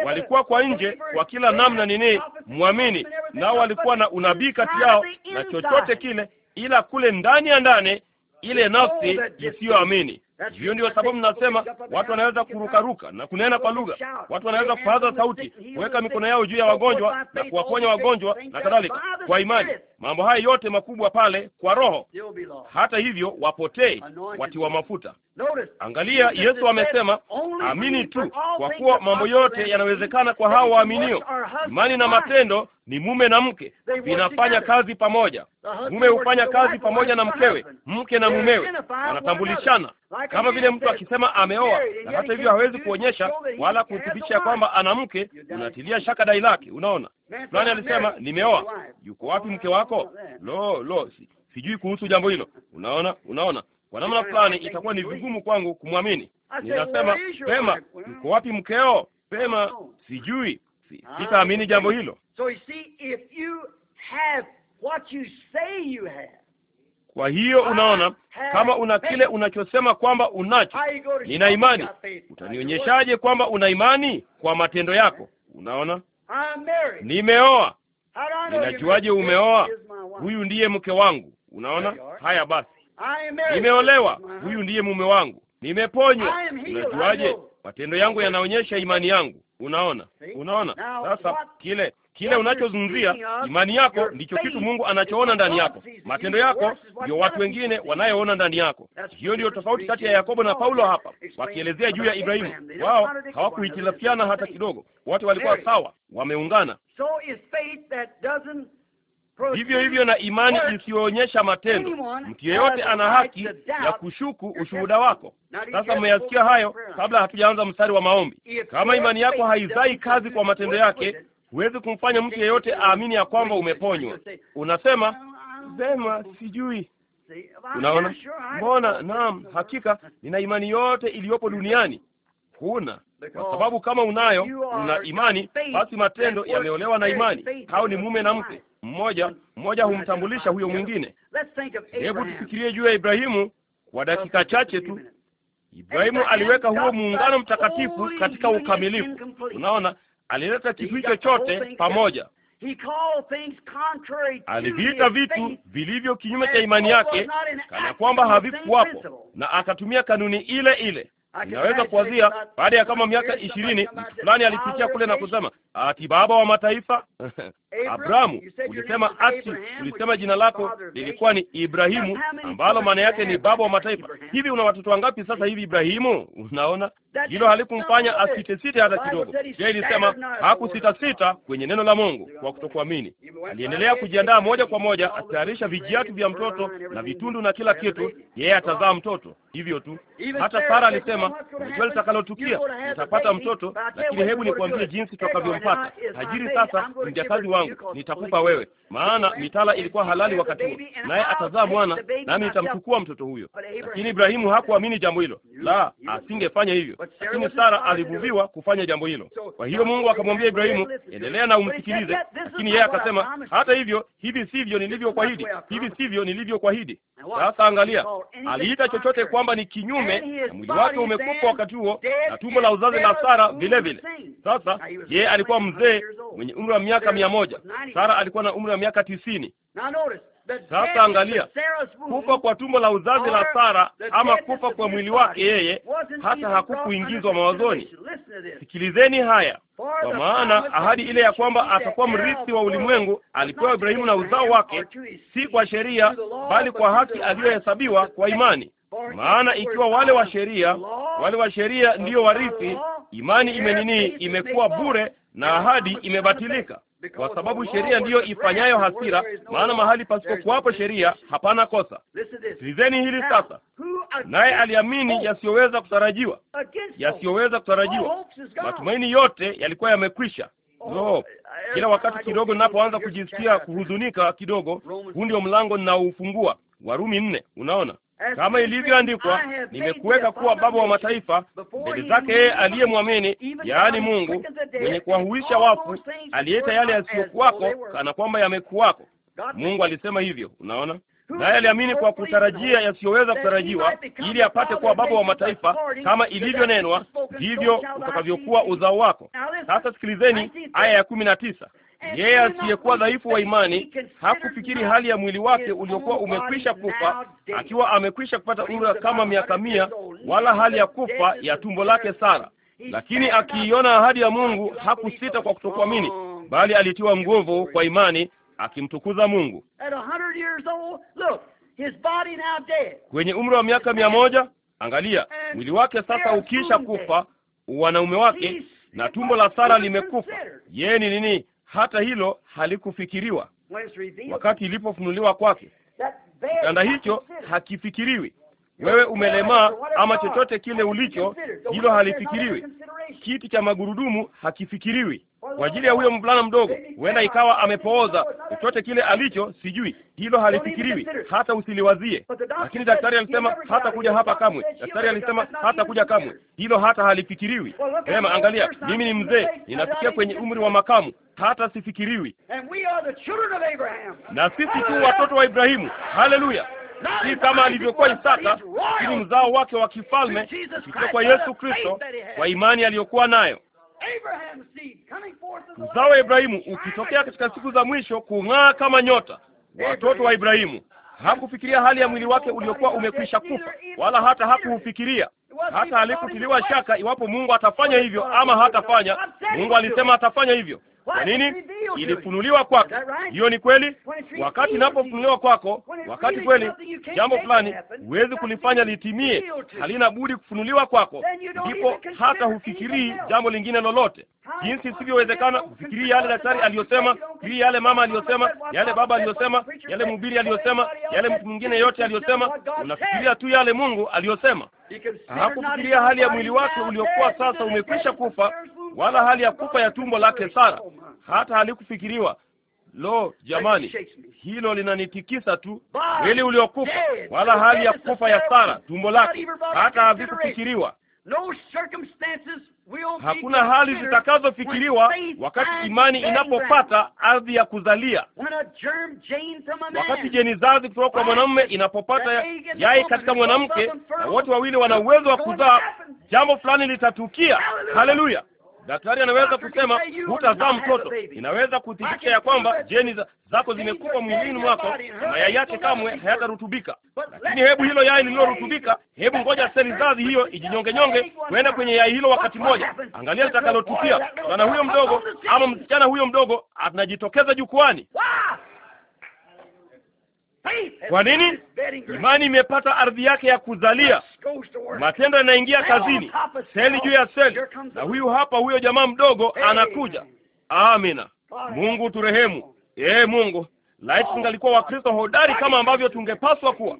walikuwa kwa nje kwa kila namna nini, mwamini nao, walikuwa na unabii kati yao na chochote kile, ila kule ndani ya ndani ile nafsi isiyoamini hiyo ndio sababu mnasema watu wanaweza kurukaruka na kunena kwa lugha, watu wanaweza kupaza sauti, kuweka mikono yao juu ya wagonjwa na kuwaponya wagonjwa na kadhalika, kwa imani. Mambo haya yote makubwa pale kwa Roho. Hata hivyo, wapotee watiwa mafuta. Angalia, Yesu amesema amini tu, kwa kuwa mambo yote yanawezekana kwa hao waaminio. Imani na matendo ni mume na mke vinafanya kazi pamoja. Mume hufanya kazi pamoja na mkewe, mke na mumewe wanatambulishana, kama vile mtu akisema ameoa na hata hivyo hawezi kuonyesha wala kuthibitisha kwamba ana mke, unatilia shaka dai lake. Unaona, fulani alisema nimeoa, yuko wapi mke wako? Lo, lo, sijui kuhusu jambo hilo. Unaona, unaona kwa namna fulani itakuwa ni vigumu kwangu kumwamini. Ninasema pema, yuko wapi mkeo? Pema, sijui, ah, sitaamini jambo hilo. Kwa hiyo unaona, kama una kile unachosema kwamba unacho, nina imani, utanionyeshaje kwamba una imani? Kwa matendo yako. Unaona, nimeoa. Ninajuaje umeoa? Huyu ndiye mke wangu. Unaona, haya basi, nimeolewa. Huyu ndiye mume wangu. Nimeponywa. Unajuaje? Matendo yangu yanaonyesha imani yangu. Unaona, unaona sasa kile Kile unachozungumzia imani yako ndicho kitu Mungu anachoona ndani yako. Matendo yako ndio watu wengine wanayoona ndani yako. Hiyo ndiyo tofauti kati ya Yakobo na Paulo hapa wakielezea juu ya Ibrahimu. Wao hawakuhitilafiana hata kidogo, wote walikuwa sawa, wameungana. Hivyo hivyo na imani isiyoonyesha matendo, mtu yeyote ana haki ya kushuku ushuhuda wako. Sasa mmeyasikia hayo kabla hatujaanza mstari wa maombi. Kama imani yako haizai kazi kwa matendo yake, Huwezi kumfanya mtu yeyote aamini ya kwamba umeponywa. Unasema sema, sijui. Unaona, mbona? Naam, hakika nina imani yote iliyopo duniani. Huna, kwa sababu kama unayo, una imani, basi matendo yameolewa na imani. Hao ni mume na mke, mmoja mmoja humtambulisha huyo mwingine. Hebu tufikirie juu ya Ibrahimu kwa dakika chache tu. Ibrahimu aliweka huo muungano mtakatifu katika ukamilifu. Unaona, alileta kitu chochote pamoja. Aliviita vitu vilivyo kinyume cha imani yake kana kwamba havikuwapo, na akatumia kanuni ile ile. Inaweza kuwazia baada ya kama miaka ishirini mtu fulani alipitia kule na kusema ati baba wa mataifa? Abrahamu, ulisema ati, ulisema jina lako lilikuwa ni Ibrahimu, ambalo maana yake ni baba wa mataifa. Hivi una watoto wangapi sasa hivi Ibrahimu? Unaona, hilo halikumfanya sita hata kidogo. Je, ilisema hakusitasita kwenye neno la Mungu kwa kutokuamini. Aliendelea kujiandaa moja kwa moja, atayarisha vijiatu vya mtoto na vitundu na kila kitu, yeye atazaa mtoto, hivyo tu. Hata Sara alisema, unajua litakalotukia, utapata mtoto, lakini hebu nikwambie jinsi tutakavyom niliyopata. Tajiri sasa mjakazi wangu, nitakupa wewe, maana mitala ilikuwa halali wakati huo, naye atazaa mwana, nami nitamchukua mtoto huyo. Lakini Ibrahimu hakuamini jambo hilo, la asingefanya hivyo, lakini Sara alivuviwa kufanya jambo hilo. Kwa hiyo Mungu akamwambia Ibrahimu, endelea na umsikilize, lakini yeye akasema, hata hivyo, hivi sivyo nilivyokuahidi, hivi sivyo nilivyokuahidi. Sasa angalia, aliita chochote kwamba ni kinyume, na mwili wake umekufa wakati huo, na tumbo la uzazi la Sara vile vile. Sasa yeye alikuwa mzee mwenye umri wa miaka mia moja. Sara alikuwa na umri wa miaka tisini. Sasa angalia, kufa kwa tumbo la uzazi la Sara ama kufa kwa mwili wake yeye, hata hakukuingizwa mawazoni. Sikilizeni haya, kwa maana ahadi ile ya kwamba atakuwa mrithi wa ulimwengu alipewa Ibrahimu na uzao wake, si kwa sheria, bali kwa haki aliyohesabiwa kwa imani. Maana ikiwa wale wa sheria, wale wa sheria ndiyo warithi, imani imenini, imekuwa bure na ahadi imebatilika, kwa sababu sheria ndiyo ifanyayo hasira, maana mahali pasipokuwapo sheria hapana kosa. Sikilizeni hili sasa. Naye aliamini yasiyoweza kutarajiwa, yasiyoweza kutarajiwa. Matumaini yote yalikuwa yamekwisha. Oh, no, kila wakati kidogo ninapoanza kujisikia kuhuzunika kidogo, huu ndio mlango ninaoufungua. Warumi nne. Unaona, kama ilivyoandikwa, nimekuweka kuwa baba wa mataifa mbele zake yeye aliyemwamini, yaani Mungu mwenye kuwahuisha wafu, aliyeta yale yasiyokuwako kana kwamba yamekuwako. Mungu alisema hivyo, unaona naye aliamini kwa kutarajia yasiyoweza kutarajiwa, ili apate kuwa baba wa mataifa, kama ilivyonenwa, ndivyo utakavyokuwa uzao wako. Sasa sikilizeni aya ya kumi na tisa. Yeye asiyekuwa dhaifu wa imani hakufikiri hali ya mwili wake uliokuwa umekwisha kufa, akiwa amekwisha kupata umri kama miaka mia, wala hali ya kufa ya tumbo lake Sara, lakini akiiona ahadi ya Mungu hakusita kwa kutokuamini, bali alitiwa nguvu kwa imani, akimtukuza Mungu. Kwenye umri wa miaka mia moja, angalia mwili wake sasa ukisha kufa, wanaume wake na tumbo la Sara limekufa. Yeye ni nini? hata hilo halikufikiriwa wakati ilipofunuliwa kwake. Kitanda hicho hakifikiriwi wewe umelemaa ama chochote kile ulicho, hilo halifikiriwi. Kiti cha magurudumu hakifikiriwi. Kwa ajili ya huyo mvulana mdogo, huenda ikawa amepooza, chochote kile alicho, sijui, hilo halifikiriwi, hata usiliwazie. Lakini daktari alisema hata kuja hapa kamwe, daktari alisema hata kuja kamwe, hilo hata halifikiriwi. Sema, angalia, mimi ni mzee, ninafikia kwenye umri wa makamu, hata sifikiriwi. Na sisi tu watoto wa Ibrahimu. Haleluya! si kama alivyokuwa Isaka, lakini mzao wake wa kifalme kupitia kwa Yesu Kristo, kwa imani aliyokuwa nayo mzao wa Ibrahimu ukitokea katika siku za mwisho kung'aa kama nyota. Watoto wa Ibrahimu hakufikiria hali ya mwili wake uliokuwa umekwisha kufa, wala hata hakuufikiria, hata alikutiliwa shaka iwapo Mungu atafanya hivyo ama hatafanya. Mungu alisema atafanya hivyo, kwa nini? Ilifunuliwa kwake. Hiyo ni kweli. Wakati inapofunuliwa kwako, wakati kweli jambo fulani huwezi kulifanya litimie, halina budi kufunuliwa kwako, ndipo hata hufikirii jambo lingine lolote. Jinsi isivyowezekana kufikiria yale daktari aliyosema, kufikiria yale mama aliyosema, yale baba aliyosema, yale mhubiri aliyosema, yale mtu mwingine yote aliyosema, unafikiria tu yale Mungu aliyosema. Hakufikiria hali ya mwili wake uliokuwa sasa umekwisha kufa wala hali ya kufa ya tumbo lake Sara hata halikufikiriwa. Lo, jamani, hilo linanitikisa tu. Mwili uliokufa wala hali ya kufa ya Sara tumbo lake hata havikufikiriwa. Hakuna hali zitakazofikiriwa wakati imani inapopata ardhi ya kuzalia, wakati jeni zazi kutoka kwa mwanamume inapopata yai katika mwanamke, na wote wawili wana uwezo wa kuzaa, jambo fulani litatukia. Haleluya! Daktari anaweza kusema hutazaa mtoto. Inaweza kuthibitisha ya kwamba jeni zako zimekufa mwilini mwako, mayai yake kamwe hayatarutubika. Lakini hebu hilo yai lililorutubika, hebu ngoja seli zazi hiyo ijinyongenyonge kwenda kwenye yai hilo wakati mmoja. Angalia litakalotukia. Bwana huyo mdogo ama msichana huyo mdogo anajitokeza jukwani. Kwa nini? Imani imepata ardhi yake ya kuzalia, matendo yanaingia kazini, seli juu ya seli, na huyu hapa, huyo jamaa mdogo anakuja. Amina. Mungu turehemu. Ee Mungu, laiti oh, tungalikuwa Wakristo hodari kama ambavyo tungepaswa kuwa,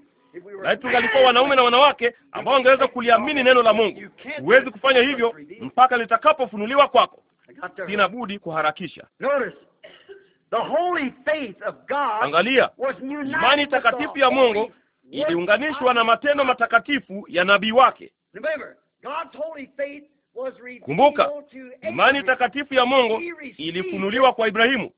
laiti tungalikuwa wanaume na wanawake ambao wangeweza kuliamini neno la Mungu. Huwezi kufanya hivyo mpaka litakapofunuliwa kwako. Sina budi kuharakisha. Angalia, imani takatifu ya Mungu iliunganishwa na matendo matakatifu ya nabii wake. Kumbuka, imani takatifu ya Mungu ilifunuliwa kwa Ibrahimu.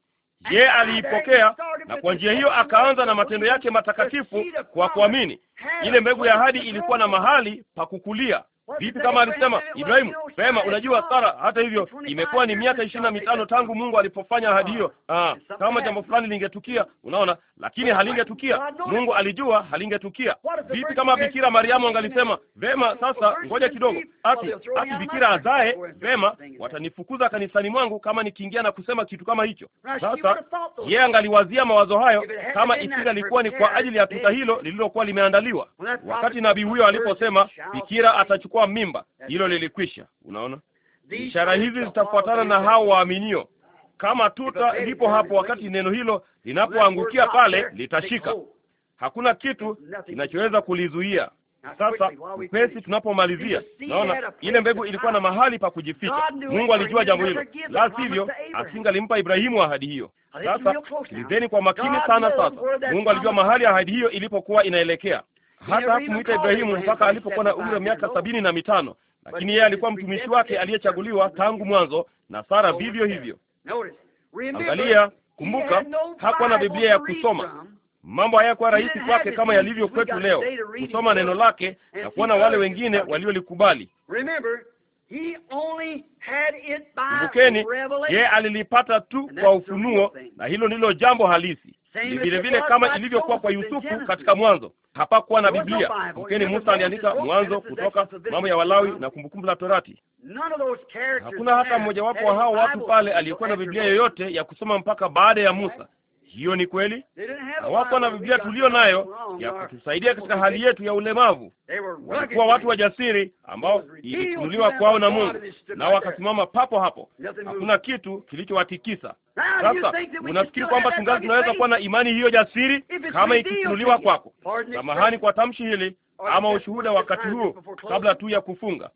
Ye aliipokea na kwa njia hiyo akaanza na matendo yake matakatifu kwa kuamini. Ile mbegu ya ahadi ilikuwa na mahali pa kukulia. Vipi kama alisema Ibrahimu, sema unajua Sara, hata hivyo imekuwa ni miaka ishirini na mitano tangu Mungu alipofanya ahadi hiyo. Ah, ah kama jambo fulani lingetukia, unaona, lakini halingetukia. Mungu alijua halingetukia. Vipi kama Bikira Mariamu angalisema, vema, sasa ngoja kidogo, ati ati Bikira azae, vema, watanifukuza kanisani mwangu kama nikiingia na kusema kitu kama hicho. Sasa yeye angaliwazia mawazo hayo, kama isingalikuwa ni kwa ajili ya tuta hilo lililokuwa limeandaliwa, wakati nabii huyo aliposema Bikira atachukua kuchukua mimba, hilo lilikwisha. Unaona, ishara hizi zitafuatana na hao waaminio. Kama tuta ndipo hapo, wakati neno hilo linapoangukia pale, litashika. Hakuna kitu kinachoweza kulizuia. Sasa upesi, tunapomalizia, naona ile mbegu ilikuwa na mahali pa kujificha. Mungu alijua jambo hilo, la sivyo asingalimpa Ibrahimu ahadi hiyo. Sasa sikilizeni kwa makini sana. Sasa Mungu alijua mahali ahadi hiyo ilipokuwa inaelekea hata hakumwita Ibrahimu mpaka alipokuwa na umri wa miaka sabini na mitano, lakini yeye alikuwa mtumishi wake aliyechaguliwa tangu mwanzo, na Sara vivyo hivyo. Angalia, kumbuka, hakuwa na Biblia ya kusoma. Mambo hayakuwa rahisi kwake kama yalivyo kwetu leo, kusoma neno lake na kuona wale wengine waliolikubali. Kumbukeni, yeye alilipata tu kwa ufunuo, na hilo ndilo jambo halisi. Ni vile vile kama ilivyokuwa kwa Yusufu katika Mwanzo. Hapakuwa na Biblia. Mkeni Musa aliandika Mwanzo, Kutoka, Mambo ya Walawi na Kumbukumbu la Torati. Hakuna hata mmojawapo wa hao watu pale aliyekuwa na Biblia yoyote ya kusoma mpaka baada ya Musa. Hiyo ni kweli. Hawakuwa na Biblia tulio nayo ya kutusaidia katika hali yetu ya ulemavu. Walikuwa watu wa jasiri ambao ilitunuliwa kwao na Mungu, na wakasimama papo hapo, hakuna kitu kilichowatikisa. Sasa unafikiri kwamba tungali tunaweza kuwa na imani hiyo jasiri kama ikitunuliwa kwako? Samahani kwa tamshi hili ama ushuhuda wakati huu kabla tu ya kufunga.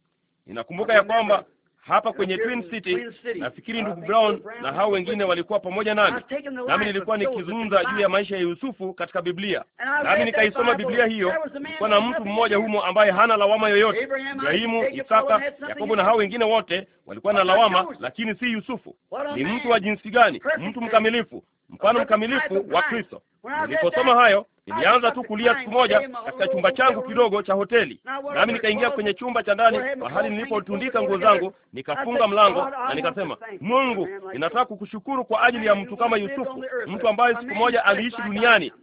Ninakumbuka ya kwamba hapa kwenye Twin City. Nafikiri ndugu Brown na hao wengine walikuwa pamoja nami, nami nilikuwa nikizungumza juu ya maisha ya Yusufu katika Biblia, nami nikaisoma Biblia hiyo. Kulikuwa na mtu mmoja humo ambaye hana lawama yoyote. Ibrahimu, Isaka, Yakobo na hao wengine wote walikuwa na lawama, lakini si Yusufu. Ni mtu wa jinsi gani? Mtu mkamilifu, mfano mkamilifu wa Kristo. Niliposoma hayo Nilianza tu kulia siku moja katika oh, chumba oh, changu oh, kidogo cha hoteli, nami nikaingia kwenye chumba cha ndani, mahali nilipotundika nguo zangu, nikafunga mlango na nikasema, Mungu, ninataka kukushukuru kwa ajili ya mtu kama Yusufu, mtu ambaye siku moja aliishi duniani,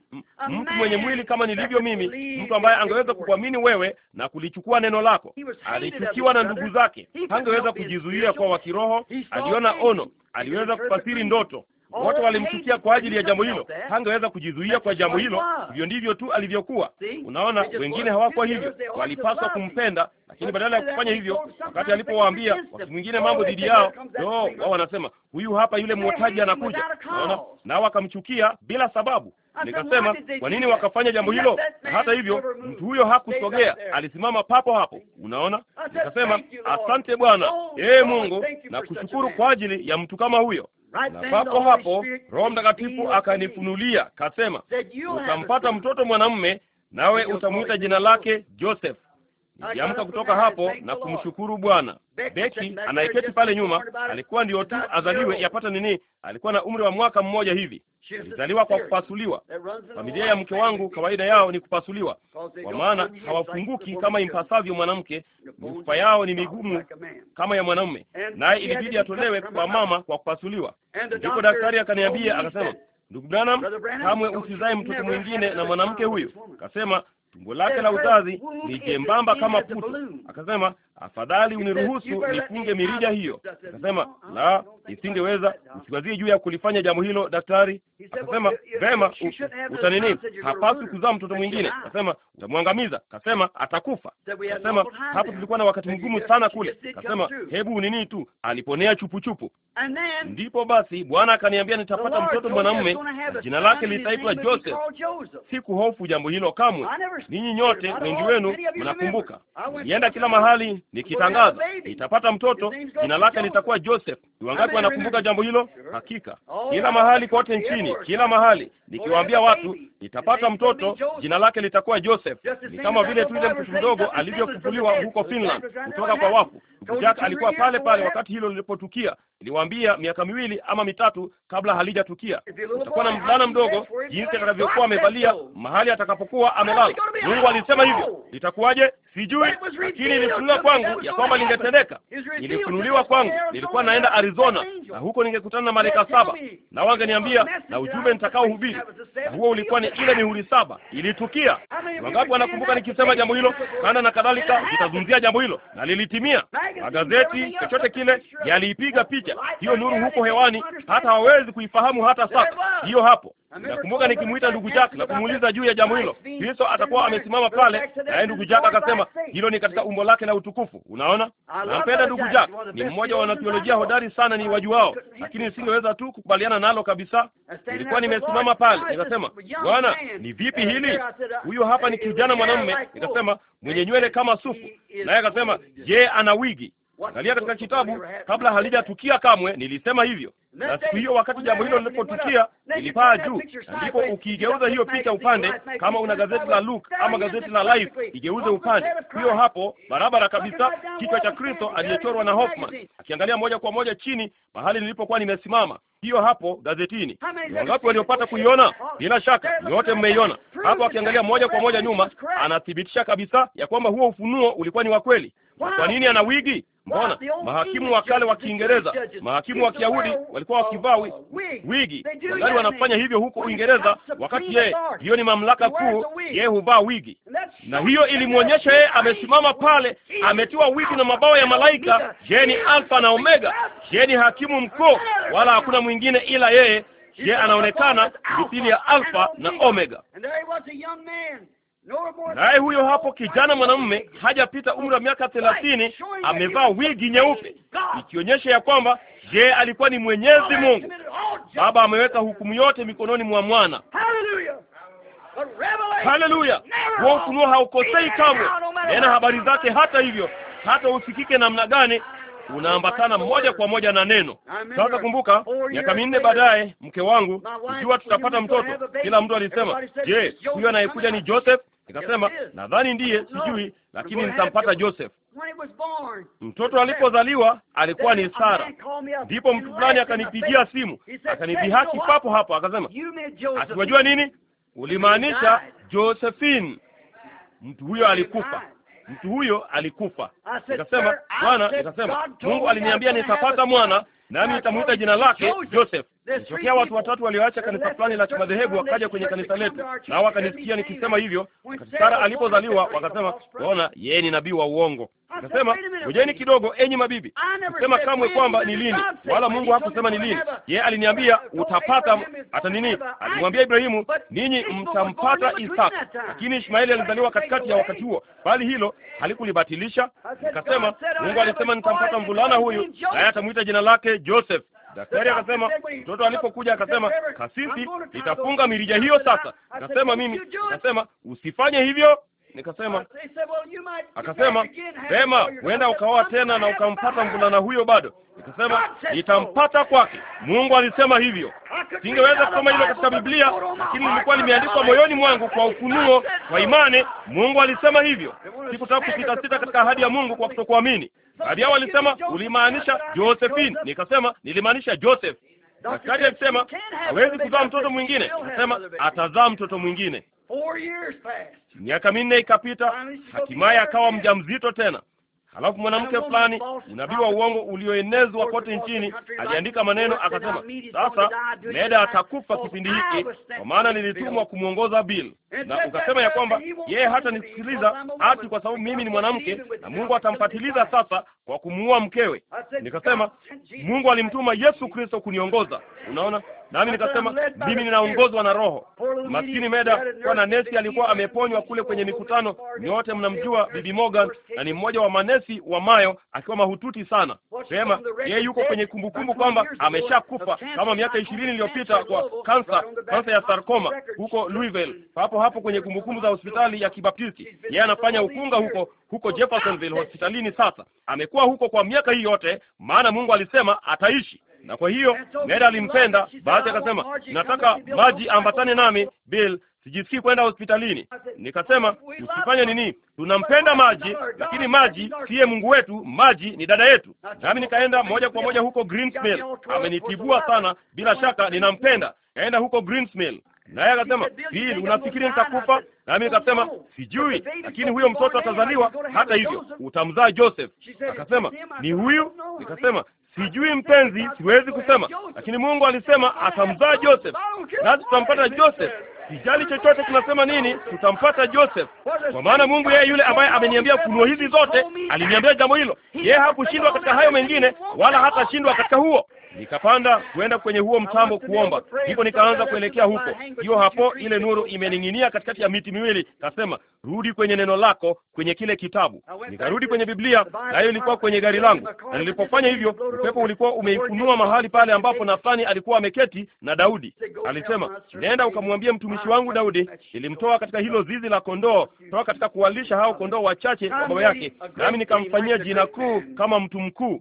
mtu mwenye mwili kama nilivyo mimi, mtu ambaye angeweza kukuamini wewe na kulichukua neno lako. Alichukiwa na ndugu zake, hangeweza kujizuia kwa wa kiroho, aliona ono, aliweza kufasiri ndoto Oh, Wote walimchukia kwa ajili ya jambo hilo, hangeweza kujizuia kwa jambo hilo. Hivyo ndivyo tu alivyokuwa. Unaona, wengine hawakuwa hivyo, walipaswa kumpenda, lakini badala ya kufanya hivyo, wakati alipowaambia wakati mwingine mambo oh, dhidi yao, no, wao wanasema huyu hapa yule mwotaji anakuja. Unaona, na wakamchukia bila sababu. Nikasema, kwa nini wakafanya jambo hilo? Na hata hivyo mtu huyo hakusogea, alisimama papo hapo. Unaona, nikasema asante Bwana, oh, ee Mungu, na kushukuru kwa ajili ya mtu kama huyo na papo hapo Roho Mtakatifu akanifunulia kasema, utampata mtoto mwanamume nawe utamwita jina lake Joseph Niliamka kutoka hapo na kumshukuru Bwana. Beki anayeketi pale nyuma alikuwa ndio tu azaliwe, yapata nini, alikuwa na umri wa mwaka mmoja hivi. Alizaliwa kwa kupasuliwa. Familia ya mke wangu kawaida yao ni kupasuliwa, kwa maana hawafunguki kama impasavyo mwanamke. Mifupa yao ni migumu kama ya mwanamume, naye ilibidi atolewe kwa mama kwa kupasuliwa. Ndipo daktari akaniambia, akasema Ndugu Branham, kamwe usizae mtoto mwingine na mwanamke huyu. Kasema tumbo lake la uzazi ni jembamba kama puto. Akasema afadhali uniruhusu nifunge mirija hiyo. Akasema, la, isingeweza. Usiwazie juu ya kulifanya jambo hilo, daktari. Akasema, vema, utanini, hapaswi kuzaa mtoto mwingine. Akasema, utamwangamiza. Akasema, atakufa. Akasema, hapo tulikuwa na wakati mgumu sana kule. Akasema, hebu unini tu, aliponea chupuchupu. Ndipo basi Bwana akaniambia nitapata mtoto mwanamume, jina lake litaitwa Joseph. Sikuhofu jambo hilo kamwe. Ninyi nyote wengi wenu mnakumbuka, nienda kila mahali nikitangaza nitapata mtoto, jina lake litakuwa Joseph. Ni wangapi wanakumbuka jambo hilo? Hakika oh, kila mahali kote oh, nchini, kila mahali nikiwaambia watu nitapata mtoto, jina lake litakuwa Joseph. Ni kama vile tu ile mtoto mdogo alivyofufuliwa huko Finland kutoka kwa wafu. Jack alikuwa pale pale wakati hilo lilipotukia, Niliwaambia miaka miwili ama mitatu kabla halijatukia, utakuwa na mvulana mdogo, jinsi atakavyokuwa amevalia, mahali atakapokuwa amelala. Mungu alisema hivyo. Litakuwaje sijui, lakini ilifunuliwa kwangu ya kwamba lingetendeka. Ilifunuliwa kwangu, nilikuwa naenda Arizona na huko ningekutana na malaika saba, na wangeniambia na ujumbe nitakao hubiri, na huo ulikuwa ni ile mihuri saba. Ilitukia. Wangapi wanakumbuka nikisema jambo hilo? Kana na kadhalika, vitazungumzia jambo hilo na lilitimia. Magazeti, chochote kile, yaliipiga picha moja. Hiyo nuru huko hewani, hata hawezi kuifahamu hata sasa. Hiyo hapo. Nakumbuka nikimwita ndugu Jack na kumuuliza juu ya jambo hilo. Kristo atakuwa amesimama pale, naye ndugu Jack akasema hilo ni katika umbo lake na utukufu. Unaona, nampenda ndugu Jack, ni mmoja wa wanatheolojia hodari sana ni wajuao, lakini singeweza tu kukubaliana nalo kabisa. Nilikuwa nimesimama pale nikasema, Bwana, ni vipi hili? Uh, huyo hapa ni kijana mwanamume, nikasema mwenye nywele kama sufu, naye akasema, je, ana wigi? Angalia katika kitabu, kabla halijatukia kamwe, nilisema hivyo. Na siku hiyo, wakati jambo hilo lilipotukia, nilipaa juu, ndipo ukiigeuza hiyo picha upande, kama una gazeti la Luke ama gazeti la Life, igeuze upande, hiyo hapo barabara kabisa, kichwa cha Kristo aliyechorwa na Hoffman, akiangalia moja kwa moja chini, mahali nilipokuwa nimesimama. Hiyo hapo gazetini. Wangapi waliopata kuiona? Oh, Bila shaka nyote mmeiona hapo. Akiangalia moja kwa moja nyuma, anathibitisha kabisa ya kwamba huo ufunuo ulikuwa ni wa kweli. Kwa nini ana wigi? Mbona mahakimu wa kale wa Kiingereza, mahakimu wa Kiyahudi walikuwa wakivaa uh, wigi, wangali wanafanya hivyo huko Uingereza, wakati yeye, hiyo ni mamlaka kuu, yeye huvaa wigi, na hiyo ilimwonyesha yeye amesimama pale, ametiwa wigi na mabawa ya malaika. Je, ni alfa na omega? Je, ni hakimu mkuu? Wala hakuna mwingine ila yeye. Je, anaonekana mithili ya alfa na omega naye huyo hapo kijana mwanamume hajapita umri wa miaka thelathini, amevaa wigi nyeupe ikionyesha ya kwamba je, alikuwa ni Mwenyezi Mungu. Baba ameweka hukumu yote mikononi mwa mwana. Haleluya! Huo ufunuo haukosei kamwe, tena habari zake, hata hivyo, hata usikike namna gani, unaambatana moja kwa moja na neno. Sasa kumbuka, miaka minne baadaye, mke wangu, ikiwa tutapata mtoto, kila mtu alisema, je, huyo anayekuja ni Joseph? Nikasema nadhani ndiye, sijui, lakini nitampata Joseph. Mtoto alipozaliwa alikuwa ni Sara. Ndipo mtu fulani akanipigia simu akanidhihaki papo hapo, akasema akiwajua nini, ulimaanisha Josephine. Mtu huyo alikufa, mtu huyo alikufa. Nikasema Bwana, nikasema Mungu aliniambia nitapata mwana, nami nitamwita jina lake Joseph. Nitokea watu watatu walioacha kanisa fulani la kimadhehebu wakaja kwenye kanisa letu, na wakanisikia nikisema hivyo. Wakati Sara alipozaliwa wakasema, waona, yeye ni nabii wa uongo. Nasema, ngojeni kidogo, enyi mabibi. Sema kamwe kwamba ni lini, wala Mungu hakusema ni lini. Yeye aliniambia utapata hata nini, alimwambia Ibrahimu, ninyi mtampata Isaka, lakini Ishmaeli alizaliwa katikati ya wakati huo, bali hilo halikulibatilisha. Nikasema Mungu alisema nitampata mvulana huyu, naye atamwita jina lake Joseph. Daktari akasema, mtoto alipokuja akasema, kasisi, nitafunga mirija hiyo sasa. Akasema mimi, akasema, usifanye hivyo. Nikasema, akasema sema huenda ukaoa tena na ukampata mvulana huyo bado. Nikasema nitampata kwake, Mungu alisema hivyo. Singeweza kusoma hilo katika Biblia, lakini nilikuwa limeandikwa moyoni mwangu kwa ufunuo, kwa imani. Mungu alisema hivyo, sikutaka kusitasita katika ahadi ya Mungu kwa kutokuamini. Baadhi yao walisema ulimaanisha Josephine, nikasema nilimaanisha Joseph. Daktari alisema hawezi kuzaa mtoto mwingine, nikasema atazaa mtoto mwingine miaka minne ikapita, hatimaye akawa mja mzito tena. Halafu mwanamke fulani, unabii wa uongo ulioenezwa kote nchini, aliandika maneno akasema, sasa Meda atakufa kipindi hiki, kwa maana nilitumwa kumwongoza Bill, na ukasema ya kwamba yeye hata nisikiliza ati kwa sababu mimi ni mwanamke na Mungu atamfatiliza sasa kwa kumuua mkewe. Nikasema Mungu alimtuma Yesu Kristo kuniongoza. Unaona, Nami nikasema mimi ninaongozwa na Roho. Maskini Meda, bwana nesi alikuwa ameponywa kule kwenye mikutano. Nyote mnamjua Bibi Morgan, na ni mmoja wa manesi wa Mayo, akiwa mahututi sana. Sema yeye yuko kwenye kumbukumbu kwamba ameshakufa kama miaka ishirini iliyopita kwa kansa, kansa ya sarkoma huko Louisville, papo hapo kwenye kumbukumbu za hospitali ya Kibaptisti. Yeye anafanya ukunga huko huko Jeffersonville hospitalini. Sasa amekuwa huko kwa miaka hii yote, maana Mungu alisema ataishi na kwa hiyo Ned alimpenda basi, akasema nataka maji, ambatane nami Bill, sijisikii kwenda hospitalini. Nikasema usifanye nini, tunampenda maji, lakini maji siye Mungu wetu, maji ni dada yetu. Nami nikaenda moja kwa moja huko Greensmill. Amenitibua sana, bila shaka ninampenda. Kaenda huko Greensmill naye akasema Bill, unafikiri nitakufa? Nami nikasema sijui, lakini huyo mtoto atazaliwa, hata hivyo utamzaa Joseph. Akasema ni huyu? Nikasema Sijui mpenzi, siwezi kusema, lakini Mungu alisema atamzaa Joseph, nasi tutampata Joseph. kijali chochote tunasema nini, tutampata Joseph, kwa maana Mungu yeye yule ambaye ameniambia funuo hizi zote aliniambia jambo hilo. Yeye hakushindwa katika hayo mengine, wala hatashindwa katika huo. Nikapanda kwenda kwenye huo mtambo kuomba, ndipo nikaanza kuelekea huko. Hiyo hapo, ile nuru imening'inia katikati ya miti miwili. Kasema, rudi kwenye neno lako, kwenye kile kitabu. Nikarudi kwenye Biblia, na hiyo ilikuwa kwenye gari langu, na nilipofanya hivyo, upepo ulikuwa umeifunua mahali pale ambapo Nathani alikuwa ameketi na Daudi. Alisema, nenda ukamwambie mtumishi wangu Daudi, nilimtoa katika hilo zizi la kondoo, toka katika kuwalisha hao kondoo wachache wa baba yake, nami nikamfanyia jina kuu kama mtu mkuu,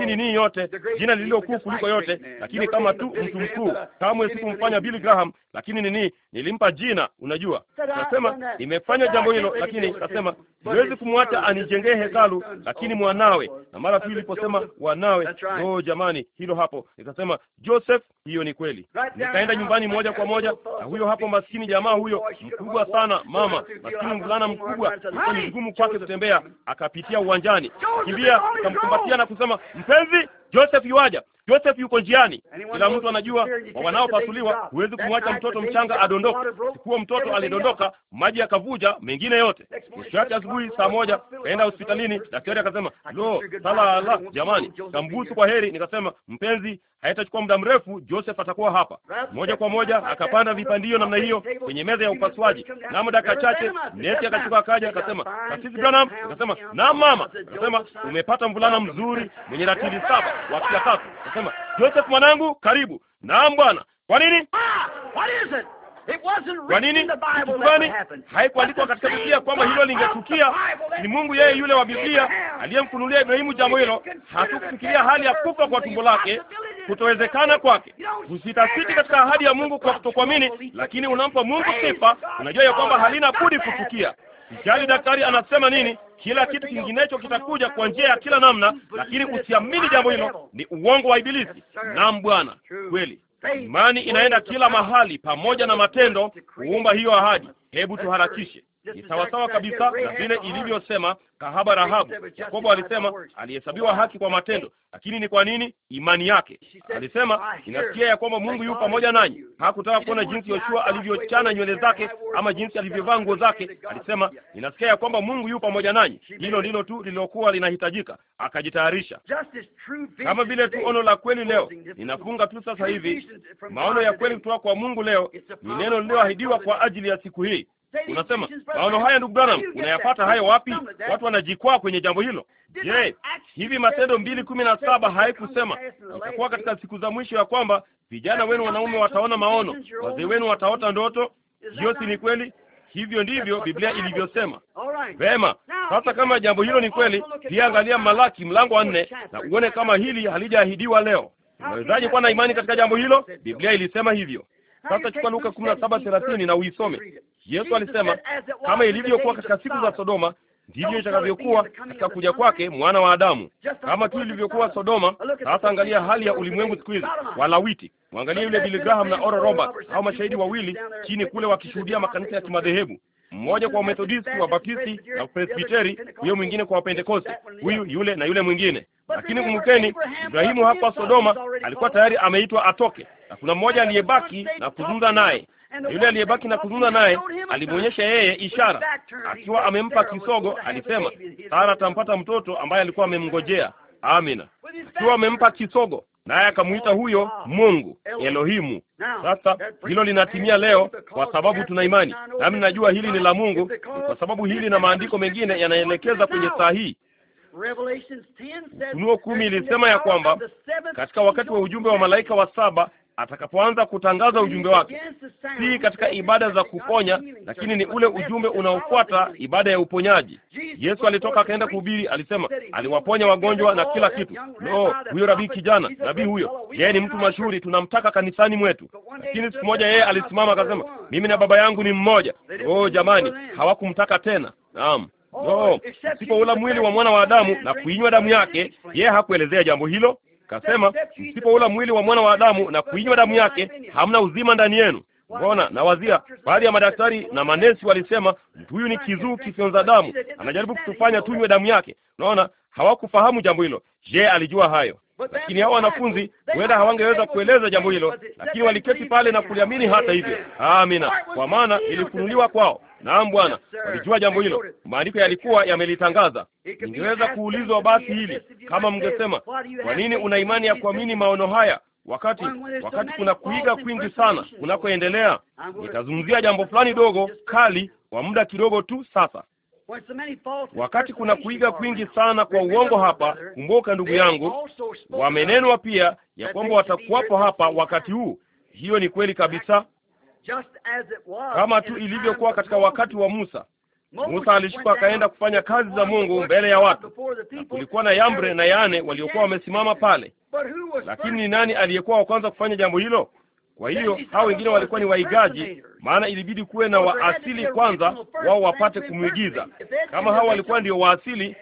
si nini yote, jina lililokuu kuliko yote, lakini kama tu mtu mkuu. Kamwe sikumfanya Billy Graham, lakini nini, nilimpa jina. Unajua, nasema nimefanya jambo hilo, lakini nasema siwezi kumwacha anijengee hekalu, lakini mwanawe. Na mara tu iliposema wanawe, oh jamani, hilo hapo, nikasema Joseph, hiyo ni kweli. Nikaenda nyumbani moja kwa moja, na huyo hapo maskini jamaa huyo mkubwa sana, mama maskini, mvulana mkubwa, ni vigumu kwake kutembea, akapitia uwanjani, kimbia, akamkumbatia na kusema mpenzi Joseph yuaja, Joseph yuko njiani. Kila mtu anajua wa wanaopasuliwa, huwezi kumwacha mtoto mchanga adondoke. Sikuwa mtoto alidondoka, maji yakavuja mengine yote. Kesho yake asubuhi saa moja kaenda hospitalini, daktari akasema lo, sala la jamani, kambusu kwa heri. Nikasema mpenzi, haitachukua muda mrefu, Joseph atakuwa hapa. Moja kwa moja akapanda vipandio namna hiyo kwenye meza ya upasuaji, na muda kachache nesi akashuka akaja, akasema kasisi Branham, akasema na mama, akasema umepata mvulana mzuri mwenye ratili saba wa tatu. Nasema, Joseph mwanangu, karibu. Naam bwana. Kwa nini? Ah, kwa nini? Kitu gani? Haikuandikwa katika Biblia kwamba hilo lingetukia. Ni Mungu yeye yule wa Biblia aliyemfunulia Ibrahimu jambo hilo. Hatukufikiria hali ya kufa kwa tumbo lake, kutowezekana kwake. Usitasiti katika ahadi ya Mungu kwa kutokuamini, lakini unampa Mungu sifa, unajua ya kwamba halina budi kutukia. Mjali yaani daktari anasema nini, kila kitu kinginecho kitakuja kwa njia ya kila namna, lakini usiamini jambo hilo, ni uongo wa Ibilisi. Naam Bwana, kweli imani inaenda kila mahali pamoja na matendo kuumba hiyo ahadi. Hebu tuharakishe. Ni sawasawa kabisa na vile ilivyosema kahaba Rahabu. Yakobo alisema alihesabiwa haki kwa matendo, lakini ni kwa nini? Imani yake. Alisema inasikia ya kwamba Mungu yu pamoja nanyi. Hakutaka kuona jinsi Yoshua alivyochana nywele zake ama jinsi alivyovaa nguo zake. Alisema inasikia ya kwamba Mungu yu pamoja nanyi. Hilo ndilo tu lililokuwa linahitajika. Akajitayarisha kama vile tu ono la kweli leo. Ninafunga tu sasa hivi, maono ya kweli kutoka kwa Mungu leo ni neno lililoahidiwa kwa ajili ya siku hii. Unasema maono haya, ndugu Branham, unayapata hayo wapi? Watu wanajikwaa kwenye jambo hilo. Je, hivi Matendo mbili kumi na saba haikusema itakuwa katika siku za mwisho ya kwamba vijana wenu wanaume wataona maono, wazee wenu wataota ndoto? Hiyo si ni kweli? Hivyo ndivyo Biblia ilivyosema. Vema, sasa kama jambo hilo ni kweli, pia angalia Malaki mlango wa nne na uone kama hili halijaahidiwa leo. Unawezaje kuwa na imani katika jambo hilo? Biblia ilisema hivyo. Sasa chukua Luka kumi na saba thelathini na uisome. Yesu alisema kama ilivyokuwa katika siku za Sodoma ndivyo itakavyokuwa katika kuja kwake mwana wa Adamu. Kama tu ilivyokuwa Sodoma. Sasa angalia hali ya ulimwengu siku hizi, walawiti. Mwangalie yule Billy Graham na Oral Roberts, hao mashahidi wawili chini kule wakishuhudia makanisa ya kimadhehebu mmoja kwa wa Baptisti na Presbiteri, huyo mwingine kwa Wapentekoste, huyu yule na yule mwingine. Lakini kumbukeni, Ibrahimu hapa Sodoma alikuwa tayari ameitwa atoke, na kuna mmoja aliyebaki na kuzungumza naye na yule aliyebaki na kuzungumza naye alimwonyesha yeye ishara, akiwa amempa kisogo. Alisema Sara atampata mtoto ambaye alikuwa amemngojea. Amina, akiwa amempa kisogo naye akamwita huyo Mungu Elohimu. Sasa hilo linatimia leo, kwa sababu tuna imani, nami najua hili ni la Mungu, kwa sababu hili na maandiko mengine yanaelekeza kwenye saa hii. Ufunuo kumi ilisema ya kwamba katika wakati wa ujumbe wa malaika wa saba atakapoanza kutangaza ujumbe wake, si katika ibada za kuponya, lakini ni ule ujumbe unaofuata ibada ya uponyaji. Yesu alitoka akaenda kuhubiri, alisema aliwaponya wagonjwa na oh, kila kitu. No, huyo rabii kijana, nabii huyo, yeye ni mtu mashuhuri, tunamtaka kanisani mwetu. Lakini siku moja yeye alisimama akasema, mimi na baba yangu ni mmoja. Oh jamani, hawakumtaka tena. Naam. Oh, no, ula mwili wa mwana wa Adamu na kuinywa damu yake, yeye hakuelezea jambo hilo kasema, msipoula mwili wa mwana wa Adamu na kuinywa damu yake, hamna uzima ndani yenu. Mbona nawazia baadhi ya madaktari na manesi walisema, mtu huyu ni kizuu kifyonza damu, anajaribu kutufanya tunywe damu yake. Unaona, hawakufahamu jambo hilo. Je, alijua hayo? Lakini hao wanafunzi huenda hawangeweza kueleza jambo hilo, lakini waliketi pale na kuliamini hata hivyo. Amina, kwa maana ilifunuliwa kwao. Naam Bwana, walijua jambo hilo, maandiko yalikuwa yamelitangaza. Ningeweza kuulizwa basi hili, kama mngesema, kwa nini una imani ya kuamini maono haya wakati wakati kuna kuiga kwingi sana kunakoendelea. Nitazungumzia jambo fulani dogo kali kwa muda kidogo tu sasa. Wakati kuna kuiga kwingi sana kwa uongo hapa, kumbuka ndugu yangu, wamenenwa pia ya kwamba watakuwapo hapa wakati huu. Hiyo ni kweli kabisa kama tu ilivyokuwa katika wakati wa Musa. Musa alishuka akaenda kufanya kazi za Mungu mbele ya watu, na kulikuwa na Yambre na Yane waliokuwa wamesimama pale, lakini ni nani aliyekuwa wa kwanza kufanya jambo hilo? Kwa hiyo hao wengine walikuwa ni waigaji, maana ilibidi kuwe na waasili kwanza, wao wapate kumwigiza. Kama hao walikuwa ndio waasili,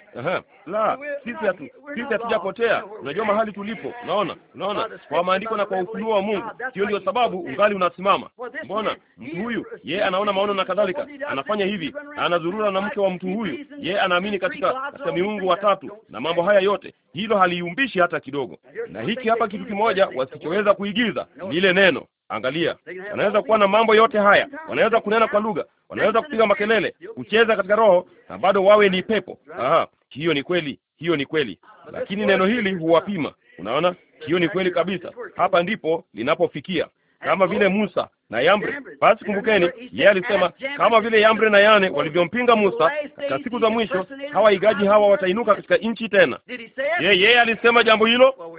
la, sisi hatu sisi hatujapotea. Unajua mahali tulipo, unaona, unaona kwa maandiko na kwa ufunuo wa Mungu. Ah, hiyo ndio sababu ungali unasimama. Mbona mtu huyu yeye anaona maono na kadhalika, anafanya hivi, anazurura na mke wa mtu huyu, yeye anaamini katika katika miungu watatu na mambo haya yote, hilo haliumbishi hata kidogo. Na hiki hapa kitu kimoja wasichoweza kuigiza lile ile neno Angalia, wanaweza kuwa na mambo yote haya, wanaweza kunena kwa lugha, wanaweza kupiga makelele, kucheza katika roho, na bado wawe ni pepo. Aha, hiyo ni kweli, hiyo ni kweli, lakini neno hili huwapima. Unaona, hiyo ni kweli kabisa. Hapa ndipo linapofikia, kama vile Musa na Yambre. Basi kumbukeni, yeye alisema kama vile Yambre na Yane walivyompinga Musa, katika siku za mwisho igaji hawa watainuka katika nchi tena. Yeye yeye alisema jambo hilo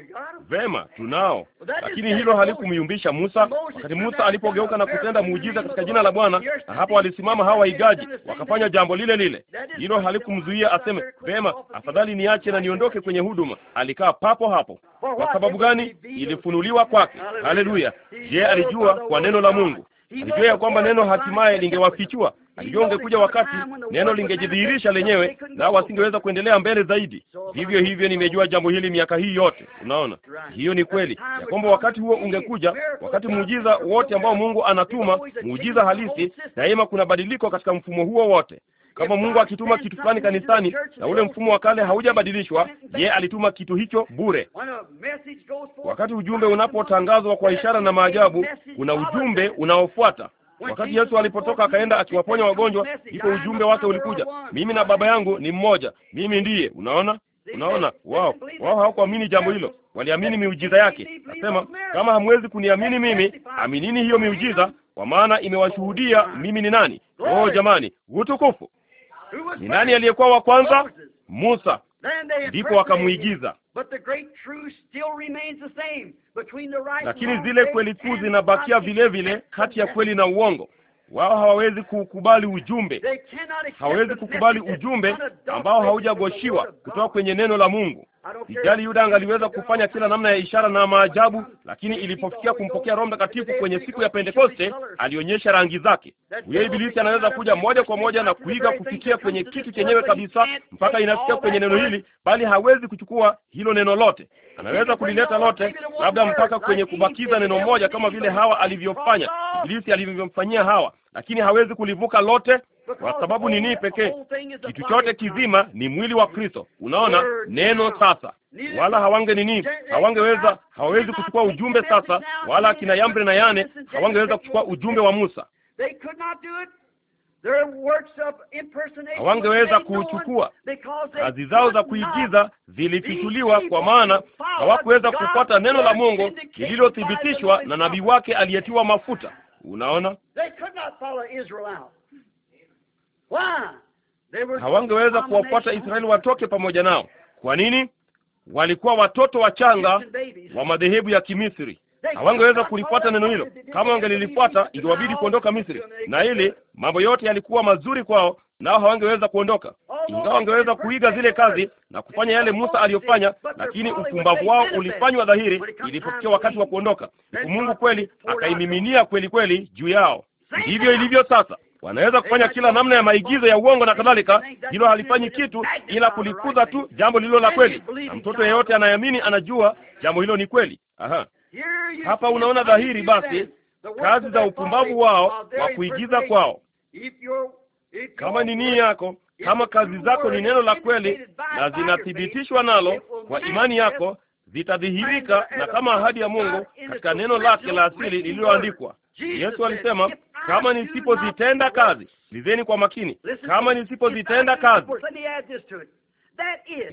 vema, tunao. Lakini hilo halikumyumbisha Musa, wakati Musa alipogeuka na kutenda muujiza katika jina la Bwana, na hapo alisimama hawa igaji wakafanya jambo lile lile. Hilo halikumzuia aseme vema, afadhali niache na niondoke kwenye huduma. Alikaa papo hapo. Kwa sababu gani? Ilifunuliwa kwake. Haleluya! Je, alijua kwa neno la Mungu. Alijua ya kwamba neno hatimaye lingewafichua. Alijua ungekuja wakati neno lingejidhihirisha lenyewe, na wasingeweza kuendelea mbele zaidi. Vivyo hivyo, nimejua jambo hili miaka hii yote. Unaona, hiyo ni kweli ya kwamba wakati huo ungekuja, wakati muujiza wote ambao Mungu anatuma, muujiza halisi, daima kuna badiliko katika mfumo huo wote. Kama Mungu akituma kitu fulani kanisani na ule mfumo wa kale haujabadilishwa, ye alituma kitu hicho bure. Wakati ujumbe unapotangazwa kwa ishara na maajabu, kuna ujumbe unaofuata. Wakati Yesu alipotoka akaenda akiwaponya wagonjwa, ndipo ujumbe wake ulikuja, mimi na Baba yangu ni mmoja, mimi ndiye. Unaona, unaona, wao wao hawakuamini jambo hilo, waliamini miujiza yake. Nasema kama hamwezi kuniamini mimi, aminini hiyo miujiza, kwa maana imewashuhudia mimi ni nani. Oh jamani, utukufu! Ni nani aliyekuwa wa kwanza? Musa. Ndipo wakamwigiza, lakini zile kweli kuu zinabakia vile vile kati ya kweli na uongo. Wao hawawezi kukubali ujumbe, hawawezi kukubali ujumbe ambao haujagoshiwa kutoka kwenye neno la Mungu. Sijali Yuda angaliweza kufanya kila namna ya ishara na maajabu, lakini ilipofikia kumpokea Roho Mtakatifu kwenye siku ya Pentekoste, alionyesha rangi zake. Huyo ibilisi anaweza kuja moja kwa moja na kuiga kufikia kwenye kitu chenyewe kabisa, mpaka inafikia kwenye neno hili, bali hawezi kuchukua hilo neno lote. Anaweza kulileta lote, labda mpaka kwenye kubakiza neno moja, kama vile Hawa alivyofanya, ibilisi alivyomfanyia Hawa, lakini hawezi kulivuka lote kwa sababu ni nini pekee? Kitu chote kizima ni mwili wa Kristo. Unaona neno sasa, wala hawange nini, hawangeweza, hawawezi kuchukua ujumbe sasa, wala kina Yambre na Yane hawangeweza kuchukua ujumbe wa Musa, hawangeweza kuuchukua. Kazi zao za kuigiza zilifichuliwa, kwa maana hawakuweza kupata neno la Mungu lililothibitishwa na nabii wake aliyetiwa mafuta. Unaona hawangeweza kuwafuata Israeli watoke pamoja nao. Kwa nini? Walikuwa watoto wachanga wa madhehebu ya Kimisri. Hawangeweza kulifuata neno hilo. Kama wangelilifuata, ingewabidi kuondoka Misri, na ili mambo yote yalikuwa mazuri kwao, nao hawangeweza kuondoka, ingawa wangeweza kuiga zile kazi na kufanya yale Musa aliyofanya, lakini upumbavu wao ulifanywa dhahiri ilipofikia wakati wa kuondoka, huku Mungu kweli akaimiminia kweli kweli juu yao. Ndivyo ilivyo sasa. Wanaweza kufanya kila namna ya maigizo ya uongo na kadhalika, hilo halifanyi kitu ila kulikuza tu jambo lililo la kweli, na mtoto yeyote anayeamini anajua jambo hilo ni kweli. Aha, hapa unaona dhahiri basi kazi za upumbavu wao wa kuigiza kwao. Kama ni nia yako, kama kazi zako ni neno la kweli na zinathibitishwa nalo kwa imani yako, zitadhihirika na kama ahadi ya Mungu katika neno lake la asili lililoandikwa. Yesu alisema kama nisipozitenda kazi, lizeni kwa makini, kama nisipozitenda kazi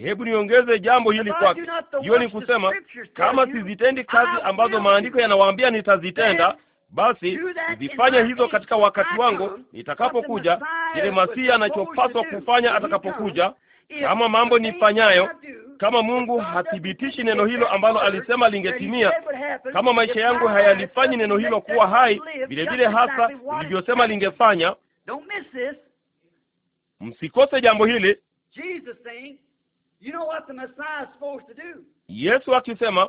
Hebu niongeze jambo hili kwake. Hiyo ni kusema, kama sizitendi kazi ambazo maandiko yanawaambia nitazitenda, basi zifanye hizo katika wakati wangu nitakapokuja, kile Masihi anachopaswa kufanya atakapokuja, kama mambo nifanyayo, kama Mungu hathibitishi neno hilo ambalo alisema lingetimia, kama maisha yangu hayalifanyi neno hilo kuwa hai vile vile hasa lilivyosema lingefanya, msikose jambo hili. Yesu akisema,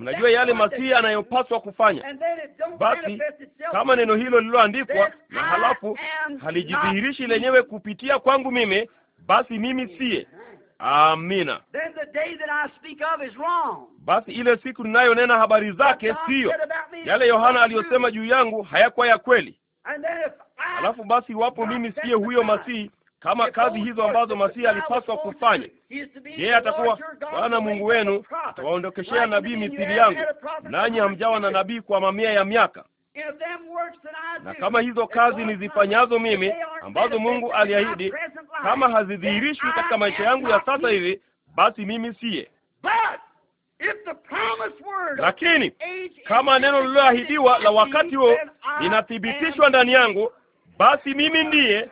mnajua yale Masihi anayopaswa kufanya. Basi kama neno hilo lililoandikwa na halafu halijidhihirishi lenyewe kupitia kwangu mimi, basi mimi siye. Amina. Basi ile siku ninayonena habari zake siyo yale Yohana aliyosema juu yangu, hayakuwa ya kweli. Alafu basi, iwapo mimi siye huyo Masihi, kama kazi hizo ambazo Masihi alipaswa kufanya, yeye atakuwa Bwana Mungu wenu, atawaondokeshea nabii mithili yangu, nanyi hamjawa na nabii kwa mamia ya miaka na kama hizo kazi nizifanyazo mimi ambazo Mungu aliahidi, kama hazidhihirishwi katika maisha yangu ya sasa hivi, basi mimi siye. Lakini kama neno lililoahidiwa la wakati huo linathibitishwa ndani yangu, basi mimi ndiye,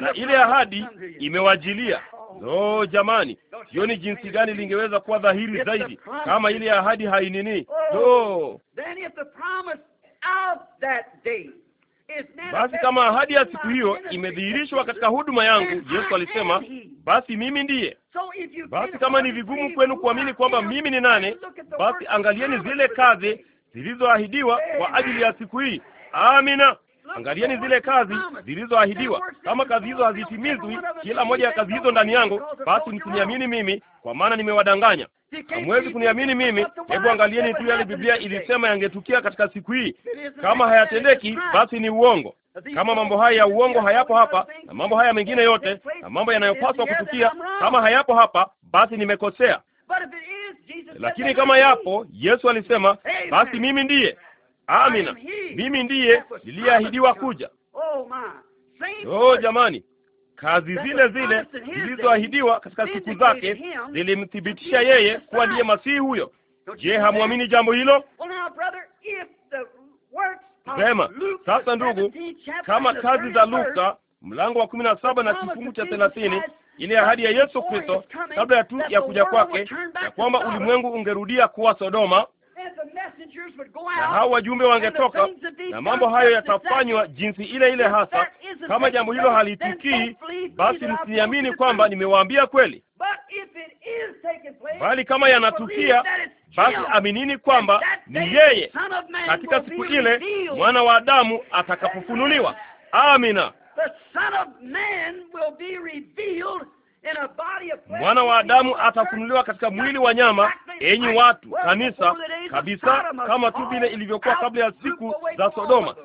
na ile ahadi imewajilia. Oh. No, jamani, sioni jinsi gani lingeweza kuwa dhahiri zaidi kama ile ahadi hainini. Oh. No. Basi kama ahadi ya siku hiyo imedhihirishwa katika huduma yangu, Yesu alisema, basi mimi ndiye. Basi kama ni vigumu kwenu kuamini kwamba mimi ni nane, basi angalieni zile kazi zilizoahidiwa kwa ajili ya siku hii. Amina. Angalieni zile kazi zilizoahidiwa. Kama kazi hizo hazitimizwi, kila moja ya kazi hizo ndani yangu, basi msiniamini mimi, kwa maana nimewadanganya. Hamwezi kuniamini mimi. Hebu angalieni tu yale Biblia ilisema yangetukia katika siku hii. Kama hayatendeki, basi ni uongo. Kama mambo haya ya uongo hayapo hapa, na mambo haya mengine yote na mambo yanayopaswa kutukia, kama hayapo hapa, basi nimekosea. Lakini kama yapo, Yesu alisema, basi mimi ndiye. Amina, mimi ndiye niliyeahidiwa kuja. Oh, oh jamani, Kazi zile zile zilizoahidiwa katika siku zake zilimthibitisha yeye kuwa ndiye masihi huyo. Je, hamwamini jambo hilo? Sema sasa, ndugu, kama kazi za Luka mlango wa kumi na saba na kifungu cha thelathini ile ahadi ya Yesu Kristo kabla ya tu ya kuja kwake, ya kwamba ulimwengu ungerudia kuwa Sodoma na hao wajumbe wangetoka na mambo hayo yatafanywa jinsi ile ile hasa. Kama jambo hilo halitukii, basi msiamini kwamba nimewaambia kweli, bali kama yanatukia, basi aminini kwamba ni yeye katika siku ile mwana wa Adamu atakapofunuliwa. Amina. Mwana wa Adamu atafunuliwa katika mwili wa nyama, enyi watu, kanisa kabisa, kama tu vile ilivyokuwa kabla ya siku za Sodoma.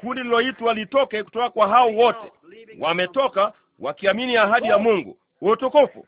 Kundi liloitwa litoke kutoka kwa hao wote, wametoka wakiamini ahadi ya Mungu utukufu.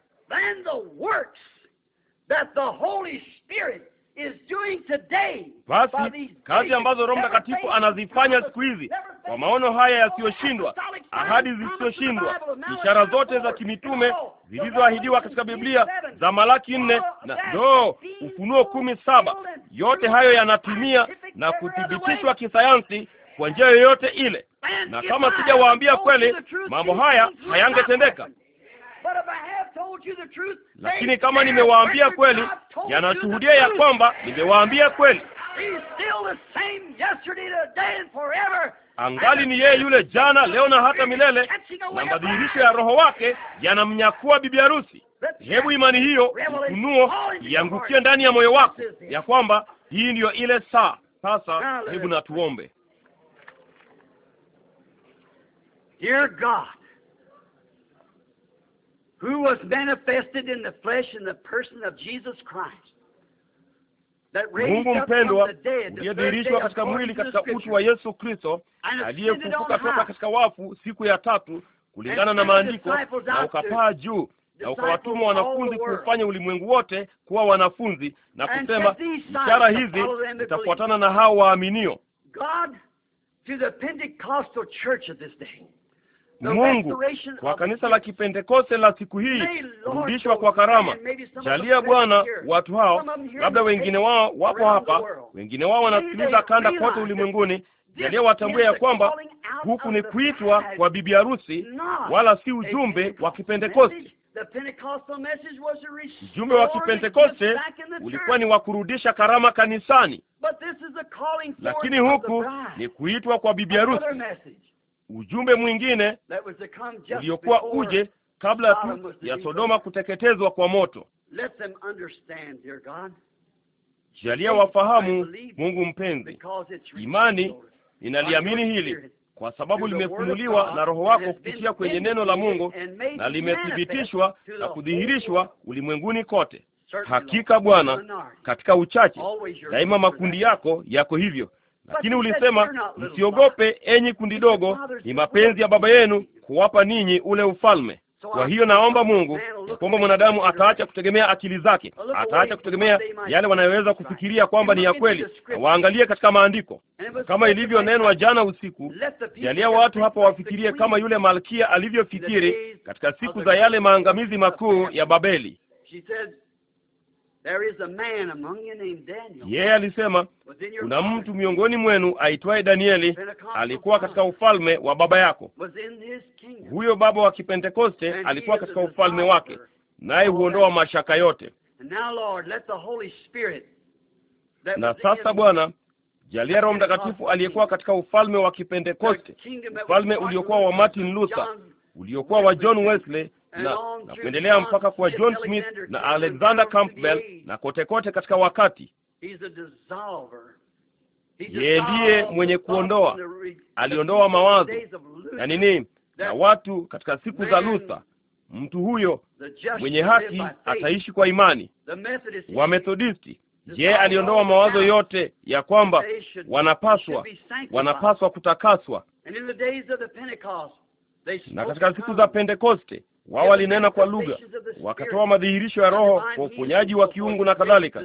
Basi kazi ambazo Roho Mtakatifu anazifanya siku hizi kwa maono haya yasiyoshindwa, ahadi zisizoshindwa, ishara zote za kimitume zilizoahidiwa katika Biblia za Malaki nne na ndoo Ufunuo kumi saba, yote hayo yanatimia na kuthibitishwa kisayansi kwa njia yoyote ile, na kama sijawaambia kweli, mambo haya hayangetendeka lakini kama nimewaambia kweli, yanashuhudia ya kwamba nimewaambia kweli. Angali ni yeye yule jana, leo na hata milele, na madhihirisho ya Roho wake yanamnyakua bibi harusi. Hebu imani hiyo, ufunuo, iangukie ndani ya moyo wako ya kwamba hii ndiyo ile saa. Sasa hebu na tuombe. Dear God, who was manifested in the flesh in the person of Jesus Christ. Mungu mpendwa uliyedhihirishwa katika mwili katika utu wa Yesu Kristo aliyefufuka toka katika wafu siku ya tatu kulingana na maandiko, na ukapaa juu na ukawatuma wanafunzi kuufanya ulimwengu wote kuwa wanafunzi, na kusema, ishara hizi zitafuatana na hao waaminio. Mungu kwa kanisa la Kipentekoste la siku hii, kurudishwa kwa karama. Jalia Bwana watu hao, labda wengine wao wapo hapa, wengine wao wanasikiliza kanda kote ulimwenguni. Jalia watambue ya kwamba huku ni kuitwa kwa bibi harusi, wala si ujumbe wa Kipentekoste. Ujumbe wa Kipentekoste ulikuwa ni wa kurudisha karama kanisani, lakini huku ni kuitwa kwa bibi harusi ujumbe mwingine uliokuwa uje kabla tu ya Sodoma kuteketezwa kwa moto. Jalia wafahamu, Mungu mpenzi. Imani inaliamini hili kwa sababu limefunuliwa na Roho wako kupitia kwenye neno la Mungu na limethibitishwa na kudhihirishwa ulimwenguni kote. Hakika Bwana, katika uchache daima makundi yako yako hivyo lakini ulisema msiogope, enyi kundi dogo, ni mapenzi ya Baba yenu kuwapa ninyi ule ufalme. Kwa hiyo naomba Mungu ya kwamba mwanadamu ataacha kutegemea akili zake, ataacha kutegemea yale wanayoweza kufikiria kwamba ni ya kweli, na waangalie katika maandiko kama ilivyonenwa jana usiku, jalia watu hapa wafikirie kama yule malkia alivyofikiri katika siku za yale maangamizi makuu ya Babeli. Yeye alisema kuna mtu miongoni mwenu aitwaye Danieli, alikuwa katika ufalme wa baba yako. Huyo baba wa Kipentekoste alikuwa katika ufalme wake, naye huondoa mashaka yote. Na sasa Bwana, jalia Roho Mtakatifu aliyekuwa katika ufalme wa Kipentekoste, ufalme uliokuwa wa Martin Luther, uliokuwa wa John Wesley na, na kuendelea mpaka kwa John Smith na Alexander Campbell na kote kote katika wakati. Yeye ndiye mwenye kuondoa, aliondoa mawazo na nini na watu katika siku za Luther. Mtu huyo mwenye haki ataishi kwa imani. wa methodisti je, aliondoa mawazo yote ya kwamba wanapaswa wanapaswa kutakaswa, na katika siku za Pentekoste wao walinena kwa lugha, wakatoa madhihirisho ya Roho kwa uponyaji wa kiungu na kadhalika.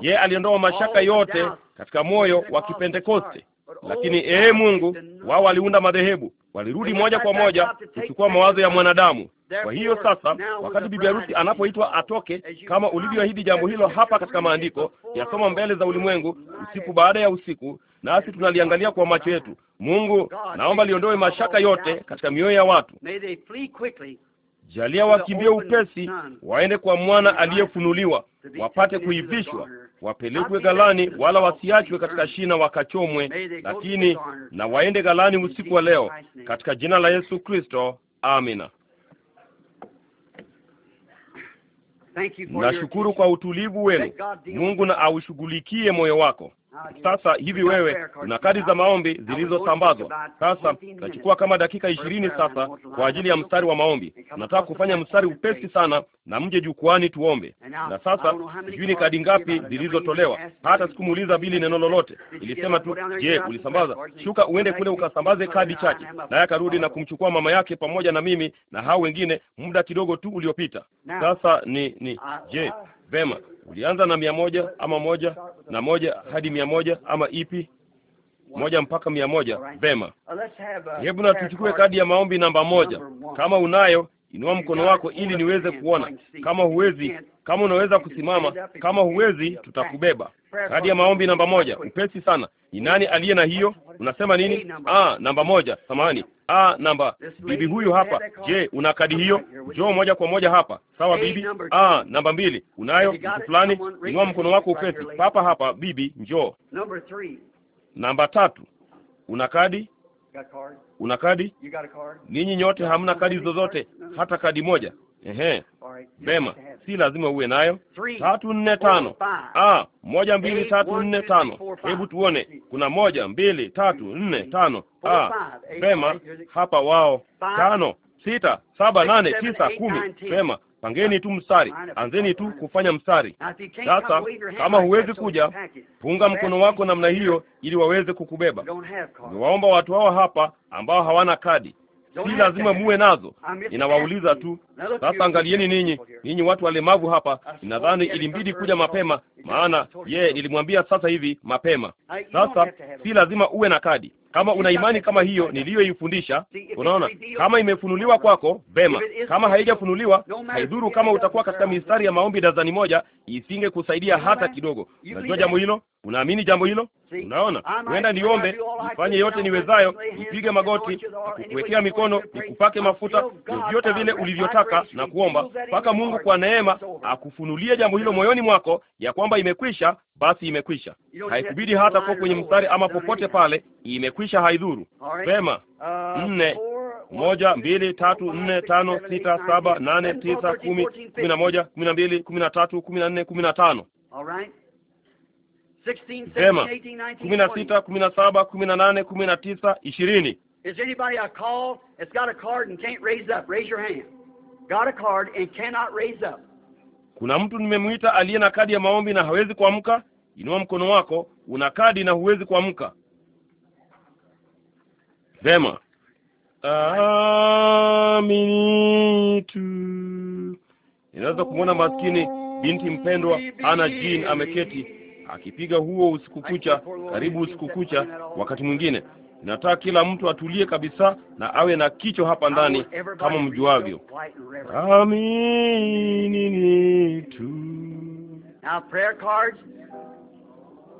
Yeye aliondoa mashaka yote katika moyo wa Kipentekoste. Lakini ee Mungu, wao waliunda madhehebu, walirudi moja kwa moja kuchukua mawazo ya mwanadamu. Kwa hiyo sasa, wakati bibi harusi anapoitwa atoke, kama ulivyoahidi jambo hilo hapa katika maandiko, yasoma mbele za ulimwengu usiku baada ya usiku, nasi tunaliangalia kwa macho yetu. Mungu, naomba liondoe mashaka yote katika mioyo ya watu. Jalia wakimbie upesi, waende kwa mwana aliyefunuliwa, wapate kuivishwa, wapelekwe ghalani, wala wasiachwe katika shina wakachomwe, lakini na waende ghalani usiku wa leo, katika jina la Yesu Kristo, amina. Nashukuru kwa utulivu wenu. Mungu na aushughulikie moyo wako. Sasa hivi wewe una kadi za maombi zilizosambazwa. Sasa nachukua kama dakika ishirini sasa kwa ajili ya mstari wa maombi. Nataka kufanya mstari upesi sana, na mje jukwani tuombe. Na sasa sijui ni kadi ngapi zilizotolewa, hata sikumuuliza Bili neno lolote. Ilisema tu, je, ulisambaza? Shuka uende kule ukasambaze kadi chache. Naye akarudi na kumchukua mama yake pamoja na mimi na hao wengine muda kidogo tu uliopita. Sasa ni ni je Vema, ulianza na mia moja ama moja na moja hadi mia moja ama ipi? Moja mpaka mia moja. Vema, hebu na tuchukue kadi ya maombi namba moja. Kama unayo inua mkono wako ili niweze kuona. Kama huwezi, kama unaweza kusimama. Kama huwezi, tutakubeba kadi ya maombi namba moja, mpesi sana. Ni nani aliye na hiyo? Unasema nini? Ah, namba moja, samahani. Ah, namba bibi huyu hapa. Je, una kadi hiyo? Njoo moja kwa moja hapa. Sawa bibi. Ah, namba mbili, unayo mtu fulani? Inua mkono wako upesi, papa hapa bibi, njoo. Namba tatu, una kadi? Una kadi? Ninyi nyote hamna kadi zozote, hata kadi moja. Ehe, vema, si lazima uwe nayo. Tatu nne tano. Ah, moja mbili tatu nne tano. Hebu tuone, kuna moja mbili tatu nne tano. Ah, vema, hapa wao tano sita saba nane tisa kumi. Vema, pangeni tu mstari, anzeni tu kufanya mstari. Sasa kama huwezi kuja, punga mkono wako namna hiyo, ili waweze kukubeba. Niwaomba watu hawa hapa ambao hawana kadi si lazima muwe nazo. Ninawauliza tu sasa. Angalieni ninyi, ninyi watu walemavu hapa. Ninadhani ilimbidi kuja mapema, maana ye nilimwambia sasa hivi mapema. Sasa si lazima uwe na kadi. Kama una imani kama hiyo niliyoifundisha, unaona kama imefunuliwa kwako bema Kama haijafunuliwa haidhuru, kama utakuwa katika mistari ya maombi dazani moja, isinge kusaidia hata kidogo. Unajua jambo hilo? Unaamini jambo hilo? Unaona, huenda niombe, nifanye yote niwezayo, nipige magoti, nikuwekea mikono, nikupake mafuta, vyovyote vile ulivyotaka na kuomba, mpaka Mungu kwa neema akufunulie jambo hilo moyoni mwako, ya kwamba imekwisha basi imekwisha. Haikubidi hata kuwa kwenye mstari ama popote pale, imekwisha, haidhuru. Vema, nne moja mbili tatu nne tano sita saba nane tisa kumi kumi na moja kumi na mbili kumi na tatu kumi na nne kumi na tano Vema, kumi na sita kumi na saba kumi na nane kumi na tisa ishirini Got a card and cannot raise up. Kuna mtu nimemwita aliye na kadi ya maombi na hawezi kuamka? Inua mkono wako, una kadi na huwezi kuamka. Vema, amini tu. Inaweza kumwona maskini binti mpendwa Ana Jean ameketi akipiga huo usiku kucha, karibu usiku kucha, wakati mwingine Nataka kila mtu atulie kabisa na awe na kicho hapa ndani, kama mjuavyo. ni tu.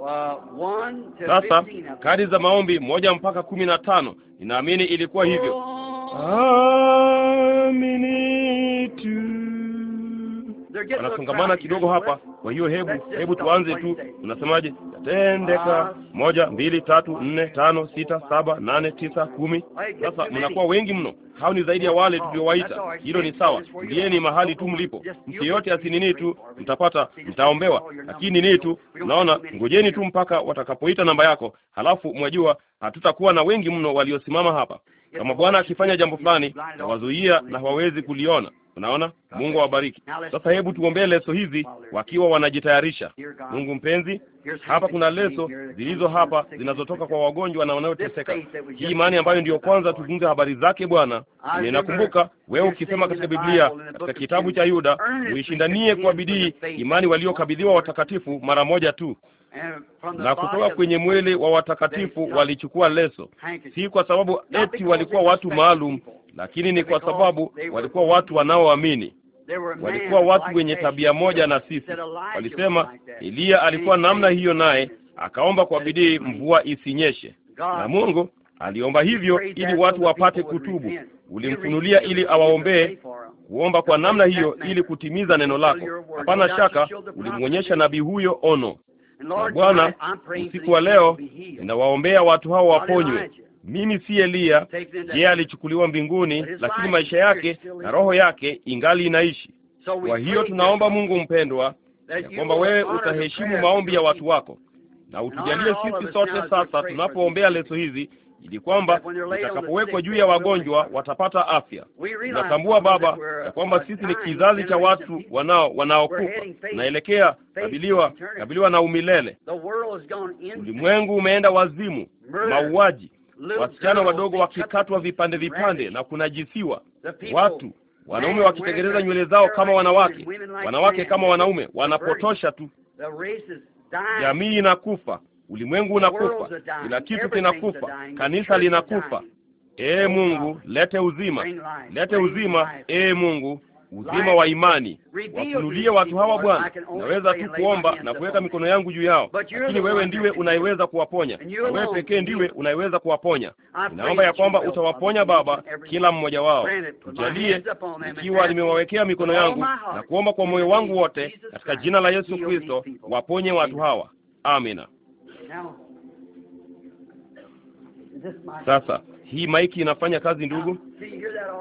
Uh, Sasa kadi za maombi moja mpaka kumi na tano ninaamini ilikuwa hivyo. Oh. Amini tu wanafungamana kidogo hapa. Kwa hiyo hebu hebu tuanze tu, unasemaje? Yatendeka ah. moja, mbili, tatu, nne, tano, sita, saba, nane, tisa, kumi. Sasa mnakuwa wengi mno. Hao ni zaidi ya wale tuliowaita. Hilo ni sawa. ndiyeni mahali tu mlipo, mtu yeyote asinini tu, mtapata mtaombewa, lakini nini tu, naona ngojeni tu mpaka watakapoita namba yako, halafu mwajua hatutakuwa na wengi mno waliosimama hapa. Kama Bwana akifanya jambo fulani, tawazuia na hawawezi kuliona. Unaona, Mungu awabariki. Sasa hebu tuombee leso hizi wakiwa wanajitayarisha. Mungu mpenzi, hapa kuna leso zilizo hapa zinazotoka kwa wagonjwa na wanaoteseka. Hii imani ambayo ndiyo kwanza tuzungumze habari zake Bwana. Ninakumbuka wewe ukisema katika Biblia, katika kitabu cha Yuda, uishindanie kwa bidii imani waliokabidhiwa watakatifu mara moja tu na kutoka kwenye mwili wa watakatifu walichukua leso, si kwa sababu eti walikuwa watu maalum, lakini ni kwa sababu walikuwa watu wanaoamini. Walikuwa watu wenye tabia moja na sisi. Walisema Eliya alikuwa namna hiyo, naye akaomba kwa bidii mvua isinyeshe, na Mungu aliomba hivyo ili watu wapate kutubu. Ulimfunulia ili awaombee kuomba kwa namna hiyo ili kutimiza neno lako. Hapana shaka ulimwonyesha nabii huyo ono. Bwana, usiku wa leo ninawaombea watu hao waponywe. Mimi si Eliya, yeye alichukuliwa mbinguni, lakini maisha yake na roho yake ingali inaishi. Kwa hiyo tunaomba Mungu mpendwa, ya kwamba wewe utaheshimu maombi ya watu wako na utujalie sisi sote sasa tunapoombea leso hizi ili kwamba utakapowekwa juu ya wagonjwa watapata afya. Tunatambua Baba ya kwamba sisi ni kizazi cha watu wanao wanaokufa, tunaelekea kabiliwa kabiliwa na umilele. Ulimwengu umeenda wazimu, mauaji, wasichana wadogo wakikatwa vipande vipande na kunajisiwa, watu wanaume wakitengeneza nywele zao kama wanawake, wanawake kama wanaume, wanapotosha tu, jamii inakufa Ulimwengu unakufa, kila kitu kinakufa, kanisa linakufa. Ee Mungu, lete uzima, lete uzima, ee Mungu, uzima wa imani. Wafunulie watu hawa Bwana. Naweza tu kuomba na kuweka mikono yangu juu yao, lakini wewe ndiwe unayeweza kuwaponya, na wewe pekee ndiwe unayeweza kuwaponya. Naomba ya kwamba utawaponya Baba, kila mmoja wao. Tujalie, ikiwa nimewawekea mikono yangu na kuomba kwa moyo wangu wote, katika jina la Yesu Kristo, waponye watu hawa. Amina. Sasa hii maiki inafanya kazi ndugu.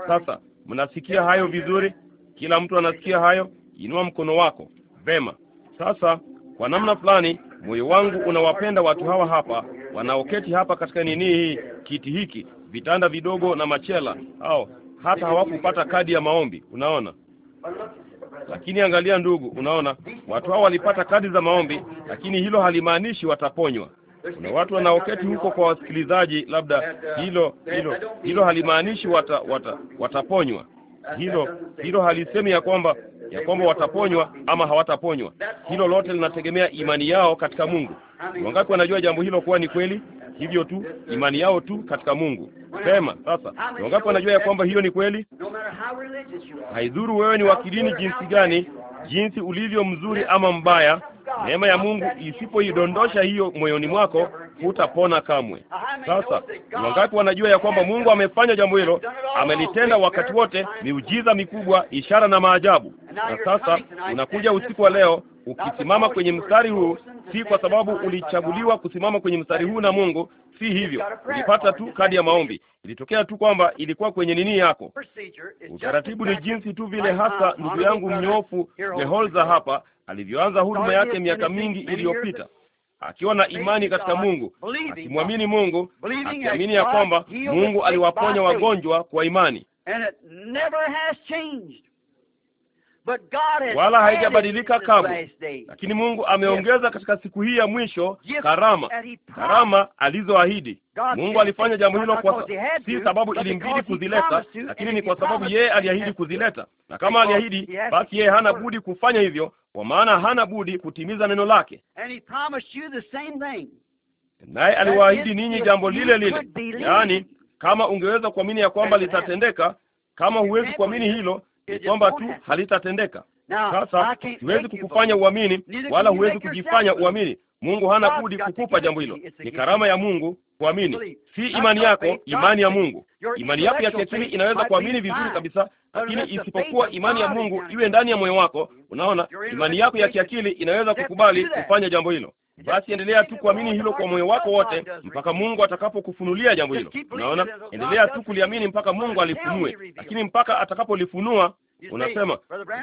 Sasa mnasikia hayo vizuri? Kila mtu anasikia hayo? Inua mkono wako vema. Sasa kwa namna fulani moyo wangu unawapenda watu hawa hapa wanaoketi hapa katika nini hii, kiti hiki, vitanda vidogo na machela, au hata hawakupata kadi ya maombi. Unaona, lakini angalia, ndugu, unaona watu hao walipata kadi za maombi, lakini hilo halimaanishi wataponywa. Kuna watu wanaoketi huko kwa wasikilizaji, labda hilo hilo hilo halimaanishi wata, wata, wataponywa. Hilo hilo halisemi ya kwamba ya kwamba wataponywa ama hawataponywa. Hilo lote linategemea imani yao katika Mungu. Wangapi wanajua jambo hilo kuwa ni kweli? hivyo tu, imani yao tu katika Mungu. Sema sasa, ni wangapi wanajua ya kwamba hiyo ni kweli? Haidhuru wewe ni wa kidini jinsi gani, jinsi ulivyo mzuri ama mbaya, neema ya Mungu isipoidondosha hiyo moyoni mwako hutapona kamwe. Sasa ni wangapi wanajua ya kwamba Mungu amefanya jambo hilo, amelitenda wakati wote, miujiza mikubwa, ishara na maajabu. Na sasa unakuja usiku wa leo ukisimama kwenye mstari huu, si kwa sababu ulichaguliwa kusimama kwenye mstari huu na Mungu, si hivyo. Ulipata tu kadi ya maombi, ilitokea tu kwamba ilikuwa kwenye nini yako. Utaratibu ni jinsi tu vile hasa ndugu yangu mnyofu Meholza hapa alivyoanza huduma yake miaka mingi iliyopita akiwa na imani katika Mungu, akimwamini Mungu, akiamini ya kwamba Mungu aliwaponya wagonjwa kwa imani, wala haijabadilika kamwe, lakini Mungu ameongeza katika siku hii ya mwisho karama, karama alizoahidi. Mungu alifanya jambo hilo kwa si sababu ilimbidi kuzileta, lakini ni kwa sababu yeye aliahidi kuzileta, na kama aliahidi, basi yeye hana budi kufanya hivyo, kwa maana hana budi kutimiza neno lake. Naye aliwaahidi ninyi jambo lile lile, yaani kama ungeweza kuamini ya kwamba litatendeka. Kama huwezi kuamini hilo, kwamba tu halitatendeka. Sasa siwezi kukufanya uamini, wala huwezi kujifanya uamini. Mungu hana budi kukupa jambo hilo, ni karama ya Mungu kuamini, si imani yako, imani ya Mungu. Imani yako ya kiakili inaweza kuamini vizuri kabisa, lakini isipokuwa imani ya Mungu iwe ndani ya moyo wako, unaona, imani yako ya kiakili inaweza kukubali kufanya jambo hilo. Basi endelea tu kuamini hilo kwa moyo wako wote mpaka Mungu atakapokufunulia jambo hilo. Unaona, endelea tu kuliamini mpaka Mungu alifunue, lakini mpaka atakapolifunua Unasema,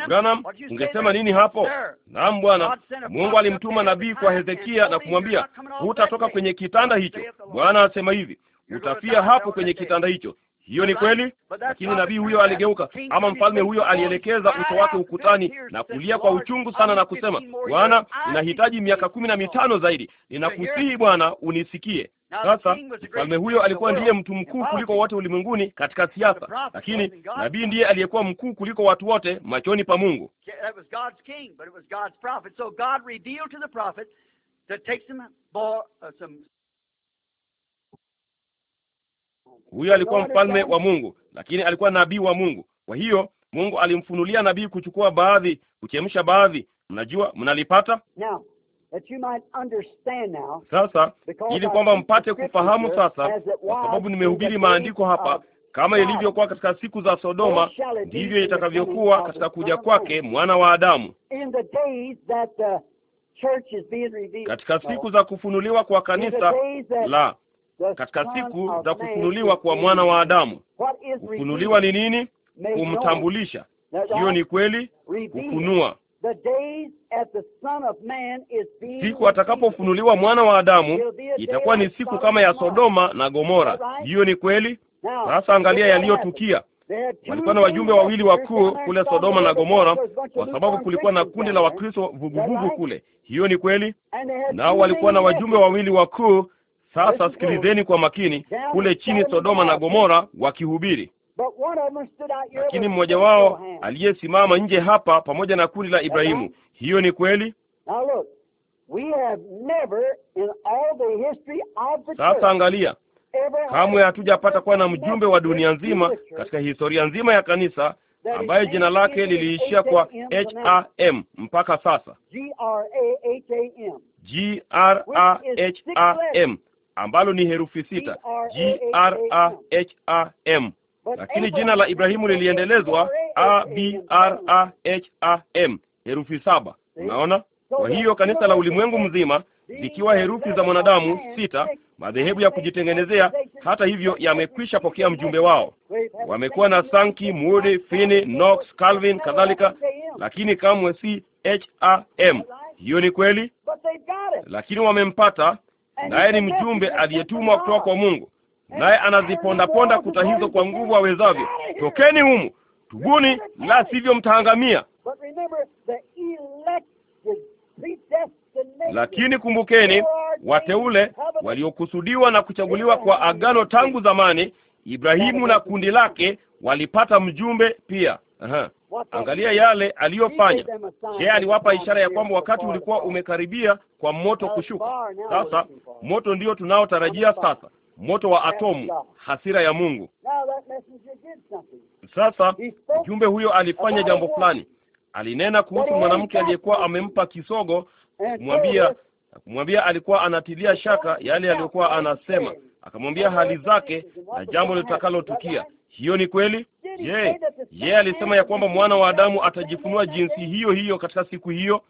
Branham, ungesema nini hapo? Naam bwana, Mungu alimtuma nabii kwa Hezekia na oh, kumwambia, hutatoka kwenye kitanda hicho. Bwana asema hivi, utafia hapo kwenye kitanda hicho. Hiyo ni kweli, lakini nabii huyo aligeuka, ama mfalme huyo alielekeza uso wake ukutani na kulia kwa uchungu sana na kusema, Bwana, ninahitaji miaka kumi na mitano zaidi, ninakusihi Bwana unisikie. Sasa mfalme huyo alikuwa ndiye mtu mkuu kuliko wote ulimwenguni katika siasa, lakini nabii ndiye aliyekuwa mkuu kuliko watu wote machoni pa Mungu. Uh, huyo alikuwa mfalme wa Mungu, lakini alikuwa nabii wa Mungu. Kwa hiyo Mungu alimfunulia nabii kuchukua baadhi, kuchemsha baadhi. Mnajua, mnalipata sasa ili kwamba mpate kufahamu sasa, kwa sababu nimehubiri maandiko hapa kama ilivyokuwa katika siku za Sodoma, ndivyo itakavyokuwa katika kuja kwake mwana wa Adamu. Katika siku za kufunuliwa kwa kanisa la katika siku za kufunuliwa kwa mwana wa Adamu, kufunuliwa ni nini? Kumtambulisha. Hiyo ni kweli, kufunua Siku atakapofunuliwa mwana wa Adamu itakuwa ni siku kama ya Sodoma na Gomora. Hiyo ni kweli. Sasa angalia yaliyotukia. Walikuwa na wajumbe wawili wakuu kule Sodoma na Gomora, kwa sababu kulikuwa na kundi la Wakristo vuguvugu kule. Hiyo ni kweli. Nao walikuwa na wajumbe wawili wakuu. Sasa sikilizeni kwa makini, kule chini Sodoma na Gomora wakihubiri lakini mmoja wao aliyesimama nje hapa pamoja na kundi la Ibrahimu. Hiyo ni kweli. Sasa angalia, kamwe hatujapata kuwa na mjumbe wa dunia nzima katika historia nzima ya kanisa ambaye jina lake liliishia kwa M mpaka sasa, M, ambalo ni herufi sita, -M lakini jina la Ibrahimu liliendelezwa A B R A H A M, herufi saba. Unaona, kwa hiyo kanisa la ulimwengu mzima likiwa herufi za mwanadamu sita, madhehebu ya kujitengenezea hata hivyo yamekwisha pokea mjumbe wao. Wamekuwa na Sankey, Moody, Finney, Knox, Calvin kadhalika, lakini kamwe si H A M. Hiyo ni kweli, lakini wamempata, naye ni mjumbe aliyetumwa kutoka kwa Mungu naye anazipondaponda kuta hizo kwa nguvu awezavyo. Tokeni humu, tubuni, la sivyo mtaangamia. Lakini kumbukeni, wateule waliokusudiwa na kuchaguliwa kwa agano tangu zamani, Ibrahimu na kundi lake walipata mjumbe pia. Aha. Angalia yale aliyofanya. yeye. aliwapa ishara ya kwamba wakati ulikuwa umekaribia kwa moto kushuka? Sasa moto ndio tunaotarajia sasa moto wa atomu, hasira ya Mungu. Sasa mjumbe huyo alifanya jambo fulani, alinena kuhusu mwanamke aliyekuwa amempa kisogo, kumwambia kumwambia alikuwa anatilia shaka yale aliyokuwa anasema, akamwambia hali zake na jambo litakalotukia. Hiyo ni kweli. Je, yeye alisema ya kwamba mwana wa Adamu atajifunua jinsi hiyo hiyo katika siku hiyo?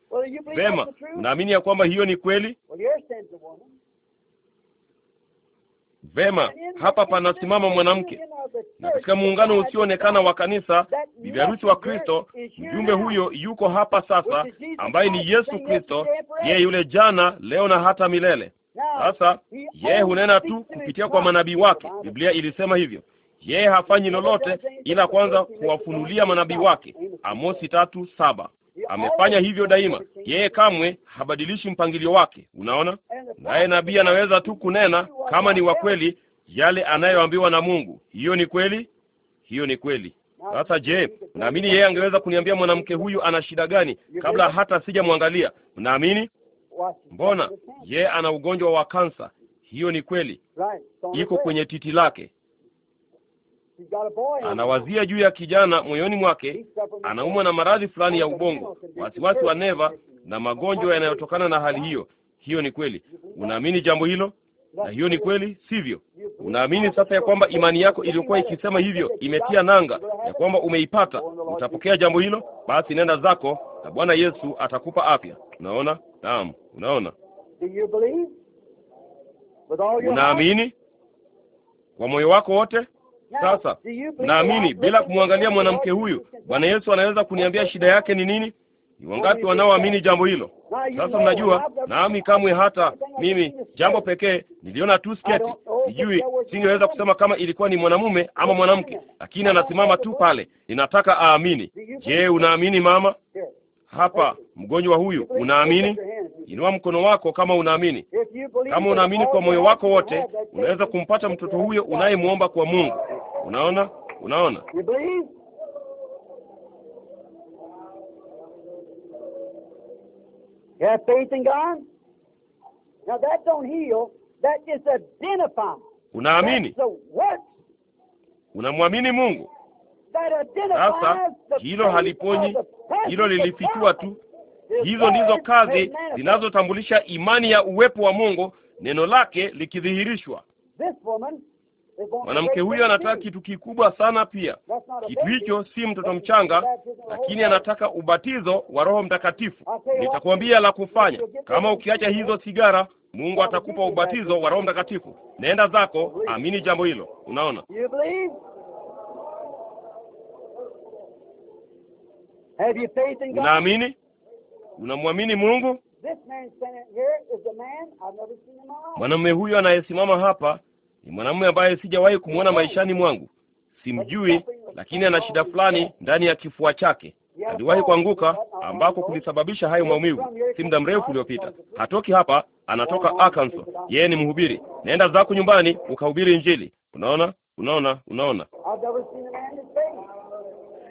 Vema, unaamini ya kwamba hiyo ni kweli? Vema, hapa panasimama mwanamke, na katika muungano usioonekana wa kanisa, bibi harusi wa Kristo, mjumbe huyo yuko hapa sasa, ambaye ni Yesu Kristo, yeye yule jana, leo na hata milele. Sasa yeye hunena tu kupitia kwa manabii wake. Biblia ilisema hivyo. Yeye hafanyi lolote ila kwanza kuwafunulia manabii wake, Amosi tatu saba. Amefanya hivyo daima. Yeye kamwe habadilishi mpangilio wake, unaona. Naye nabii anaweza tu kunena kama ni wa kweli yale anayoambiwa na Mungu. Hiyo ni kweli, hiyo ni kweli. Sasa je, naamini yeye angeweza kuniambia mwanamke huyu ana shida gani kabla hata sijamwangalia? Naamini mbona yeye ana ugonjwa wa kansa. Hiyo ni kweli, iko kwenye titi lake. Anawazia juu ya kijana moyoni mwake, anaumwa na maradhi fulani ya ubongo, wasiwasi wa neva na magonjwa yanayotokana na hali hiyo. Hiyo ni kweli. Unaamini jambo hilo? Na hiyo ni kweli, sivyo? Unaamini sasa ya kwamba imani yako iliyokuwa ikisema hivyo imetia nanga, ya kwamba umeipata, utapokea jambo hilo? Basi nenda zako na Bwana Yesu atakupa afya. Unaona? Naam, unaona. Unaamini kwa moyo wako wote? Sasa naamini bila kumwangalia mwanamke huyu, Bwana Yesu anaweza kuniambia shida yake ni nini? Ni wangapi wanaoamini jambo hilo? Sasa mnajua, nami kamwe, hata mimi, jambo pekee niliona tu sketi, sijui, singeweza kusema kama ilikuwa ni mwanamume ama mwanamke, lakini anasimama tu pale, ninataka aamini. Je, unaamini mama? hapa mgonjwa huyu, unaamini? Inua mkono wako kama unaamini. Kama unaamini kwa moyo wako wote, unaweza kumpata mtoto huyo unayemwomba kwa Mungu. Unaona, unaona unaamini, unamwamini Mungu. Sasa hilo haliponyi, hilo lilifichua tu. Hizo ndizo kazi zinazotambulisha imani ya uwepo wa Mungu, neno lake likidhihirishwa. Mwanamke huyo anataka kitu kikubwa sana pia. Kitu hicho si mtoto mchanga, lakini anataka ubatizo wa Roho Mtakatifu. Nitakwambia la kufanya. Kama ukiacha hizo sigara, Mungu atakupa ubatizo wa Roho Mtakatifu. nenda zako, amini jambo hilo. Unaona? Unaamini? Unamwamini Mungu? Mwanamume huyu anayesimama hapa ni mwanamume ambaye sijawahi kumwona maishani mwangu, simjui, lakini ana shida fulani ndani ya kifua chake. Aliwahi kuanguka ambako kulisababisha hayo maumivu si muda mrefu uliopita. Hatoki hapa, anatoka Arkansas. Yeye ni mhubiri. Nenda zako nyumbani ukahubiri Injili. Unaona, unaona, unaona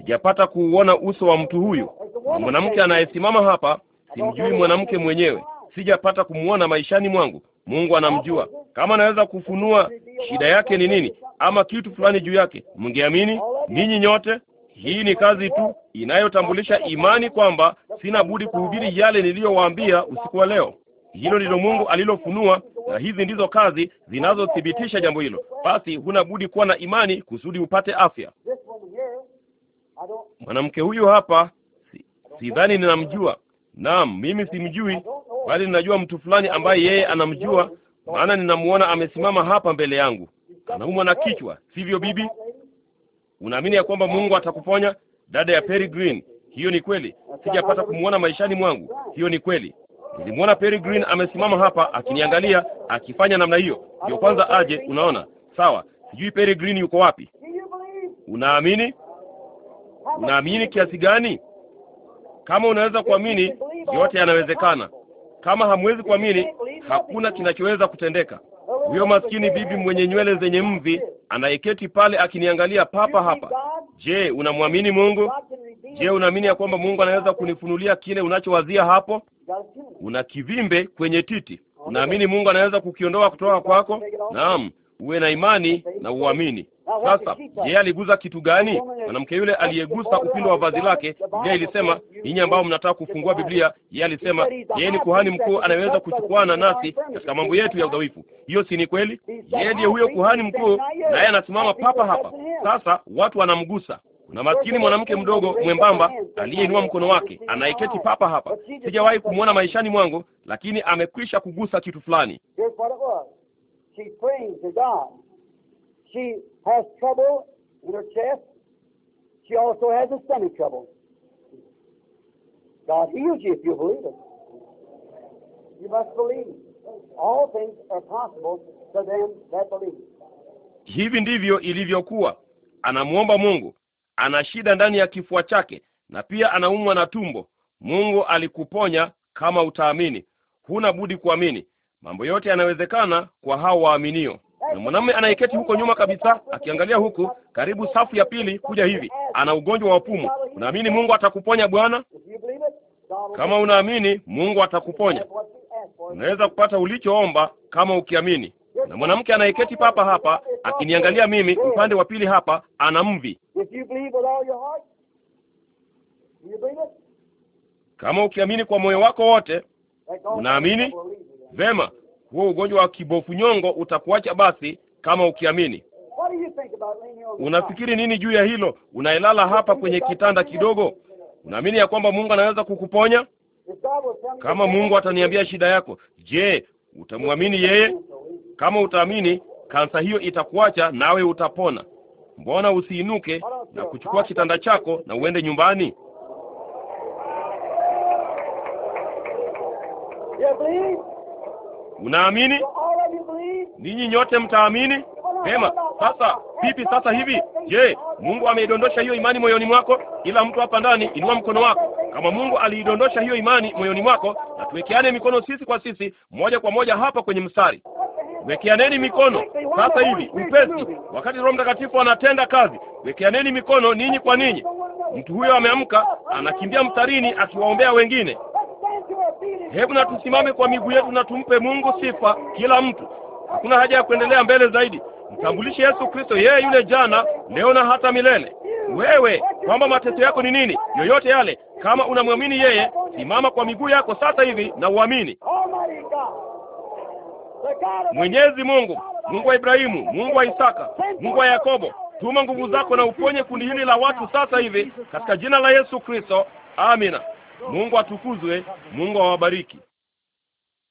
sijapata kuuona uso wa mtu huyu, na mwanamke anayesimama hapa simjui mwanamke mwenyewe, sijapata kumwona maishani mwangu. Mungu anamjua. Kama anaweza kufunua shida yake ni nini, ama kitu fulani juu yake, mngeamini ninyi nyote? Hii ni kazi tu inayotambulisha imani kwamba sina budi kuhubiri yale niliyowaambia usiku wa leo. Hilo ndilo Mungu alilofunua, na hizi ndizo kazi zinazothibitisha jambo hilo. Basi huna budi kuwa na imani kusudi upate afya. Mwanamke huyu hapa, sidhani si ninamjua. Naam, mimi simjui, bali ninajua mtu fulani ambaye yeye anamjua, maana ninamuona amesimama hapa mbele yangu. Anaumwa na kichwa, sivyo bibi? Unaamini ya kwamba Mungu atakuponya dada ya Perry Green? Hiyo ni kweli. Sijapata kumwona maishani mwangu, hiyo ni kweli. Nilimwona Perry Green amesimama hapa akiniangalia, akifanya namna hiyo. Ndio kwanza aje, unaona? Sawa, sijui Perry Green yuko wapi. Unaamini? Unaamini kiasi gani? Kama unaweza kuamini, yote yanawezekana. Kama hamwezi kuamini, hakuna kinachoweza kutendeka. Huyo maskini bibi mwenye nywele zenye mvi anayeketi pale akiniangalia papa hapa. Je, unamwamini Mungu? Je, unaamini ya kwamba Mungu anaweza kunifunulia kile unachowazia hapo? Una kivimbe kwenye titi, unaamini Mungu anaweza kukiondoa kutoka kwako? Naam uwe na imani na uamini. Sasa yeye aliguza kitu gani? Mwanamke yule aliyegusa upindo wa vazi lake, yeye ilisema, ninyi ambao mnataka kufungua Biblia, yeye alisema yeye ni kuhani mkuu anayeweza kuchukuana nasi katika mambo yetu ya udhaifu. Hiyo si ni kweli? Yeye ndiye huyo kuhani mkuu, na yeye anasimama papa hapa. Sasa watu wanamgusa na maskini mwanamke mdogo mwembamba aliyeinua mkono wake anaiketi papa hapa. Sijawahi kumwona maishani mwangu, lakini amekwisha kugusa kitu fulani. She prays to God. She has trouble in her chest. She also has a stomach trouble. God heals you if you believe it. You must believe. All things are possible to them that believe. Hivi ndivyo ilivyokuwa. Anamwomba Mungu, ana shida ndani ya kifua chake na pia anaumwa na tumbo. Mungu alikuponya kama utaamini. Huna budi kuamini. Mambo yote yanawezekana kwa hao waaminio. Na mwanamume anayeketi huko nyuma kabisa akiangalia huku karibu safu ya pili kuja hivi, ana ugonjwa wa pumu. Unaamini Mungu atakuponya bwana? Kama unaamini Mungu atakuponya, unaweza kupata ulichoomba kama ukiamini. Na mwanamke anayeketi papa hapa akiniangalia mimi upande wa pili hapa, ana mvi. Kama ukiamini kwa moyo wako wote, unaamini Vema, huo ugonjwa wa kibofu nyongo utakuacha basi, kama ukiamini. Unafikiri nini juu ya hilo? Unaelala hapa kwenye kitanda kidogo, unaamini ya kwamba Mungu anaweza kukuponya? Kama Mungu ataniambia shida yako, je, utamwamini yeye? Kama utaamini, kansa hiyo itakuacha nawe utapona. Mbona usiinuke na kuchukua kitanda chako na uende nyumbani? Unaamini? Ninyi nyote mtaamini. vema Sasa vipi sasa hivi? Je, Mungu ameidondosha hiyo imani moyoni mwako? Kila mtu hapa ndani, inua mkono wako kama Mungu aliidondosha hiyo imani moyoni mwako. Na tuwekeane mikono sisi kwa sisi, moja kwa moja hapa kwenye mstari. Wekeaneni mikono sasa hivi upesi, wakati Roho Mtakatifu anatenda kazi. Wekeaneni mikono ninyi kwa ninyi. Mtu huyo ameamka, anakimbia mstarini akiwaombea wengine. Hebu na tusimame kwa miguu yetu na tumpe Mungu sifa, kila mtu. Hakuna haja ya kuendelea mbele zaidi. Mtambulishe Yesu Kristo, yeye yule jana, leo na hata milele. Wewe kwamba mateso yako ni nini, yoyote yale, kama unamwamini yeye, simama kwa miguu yako sasa hivi na uamini. Mwenyezi Mungu, Mungu wa Ibrahimu, Mungu wa Isaka, Mungu wa Yakobo, tuma nguvu zako na uponye kundi hili la watu sasa hivi katika jina la Yesu Kristo. Amina. Mungu atukuzwe, Mungu awabariki.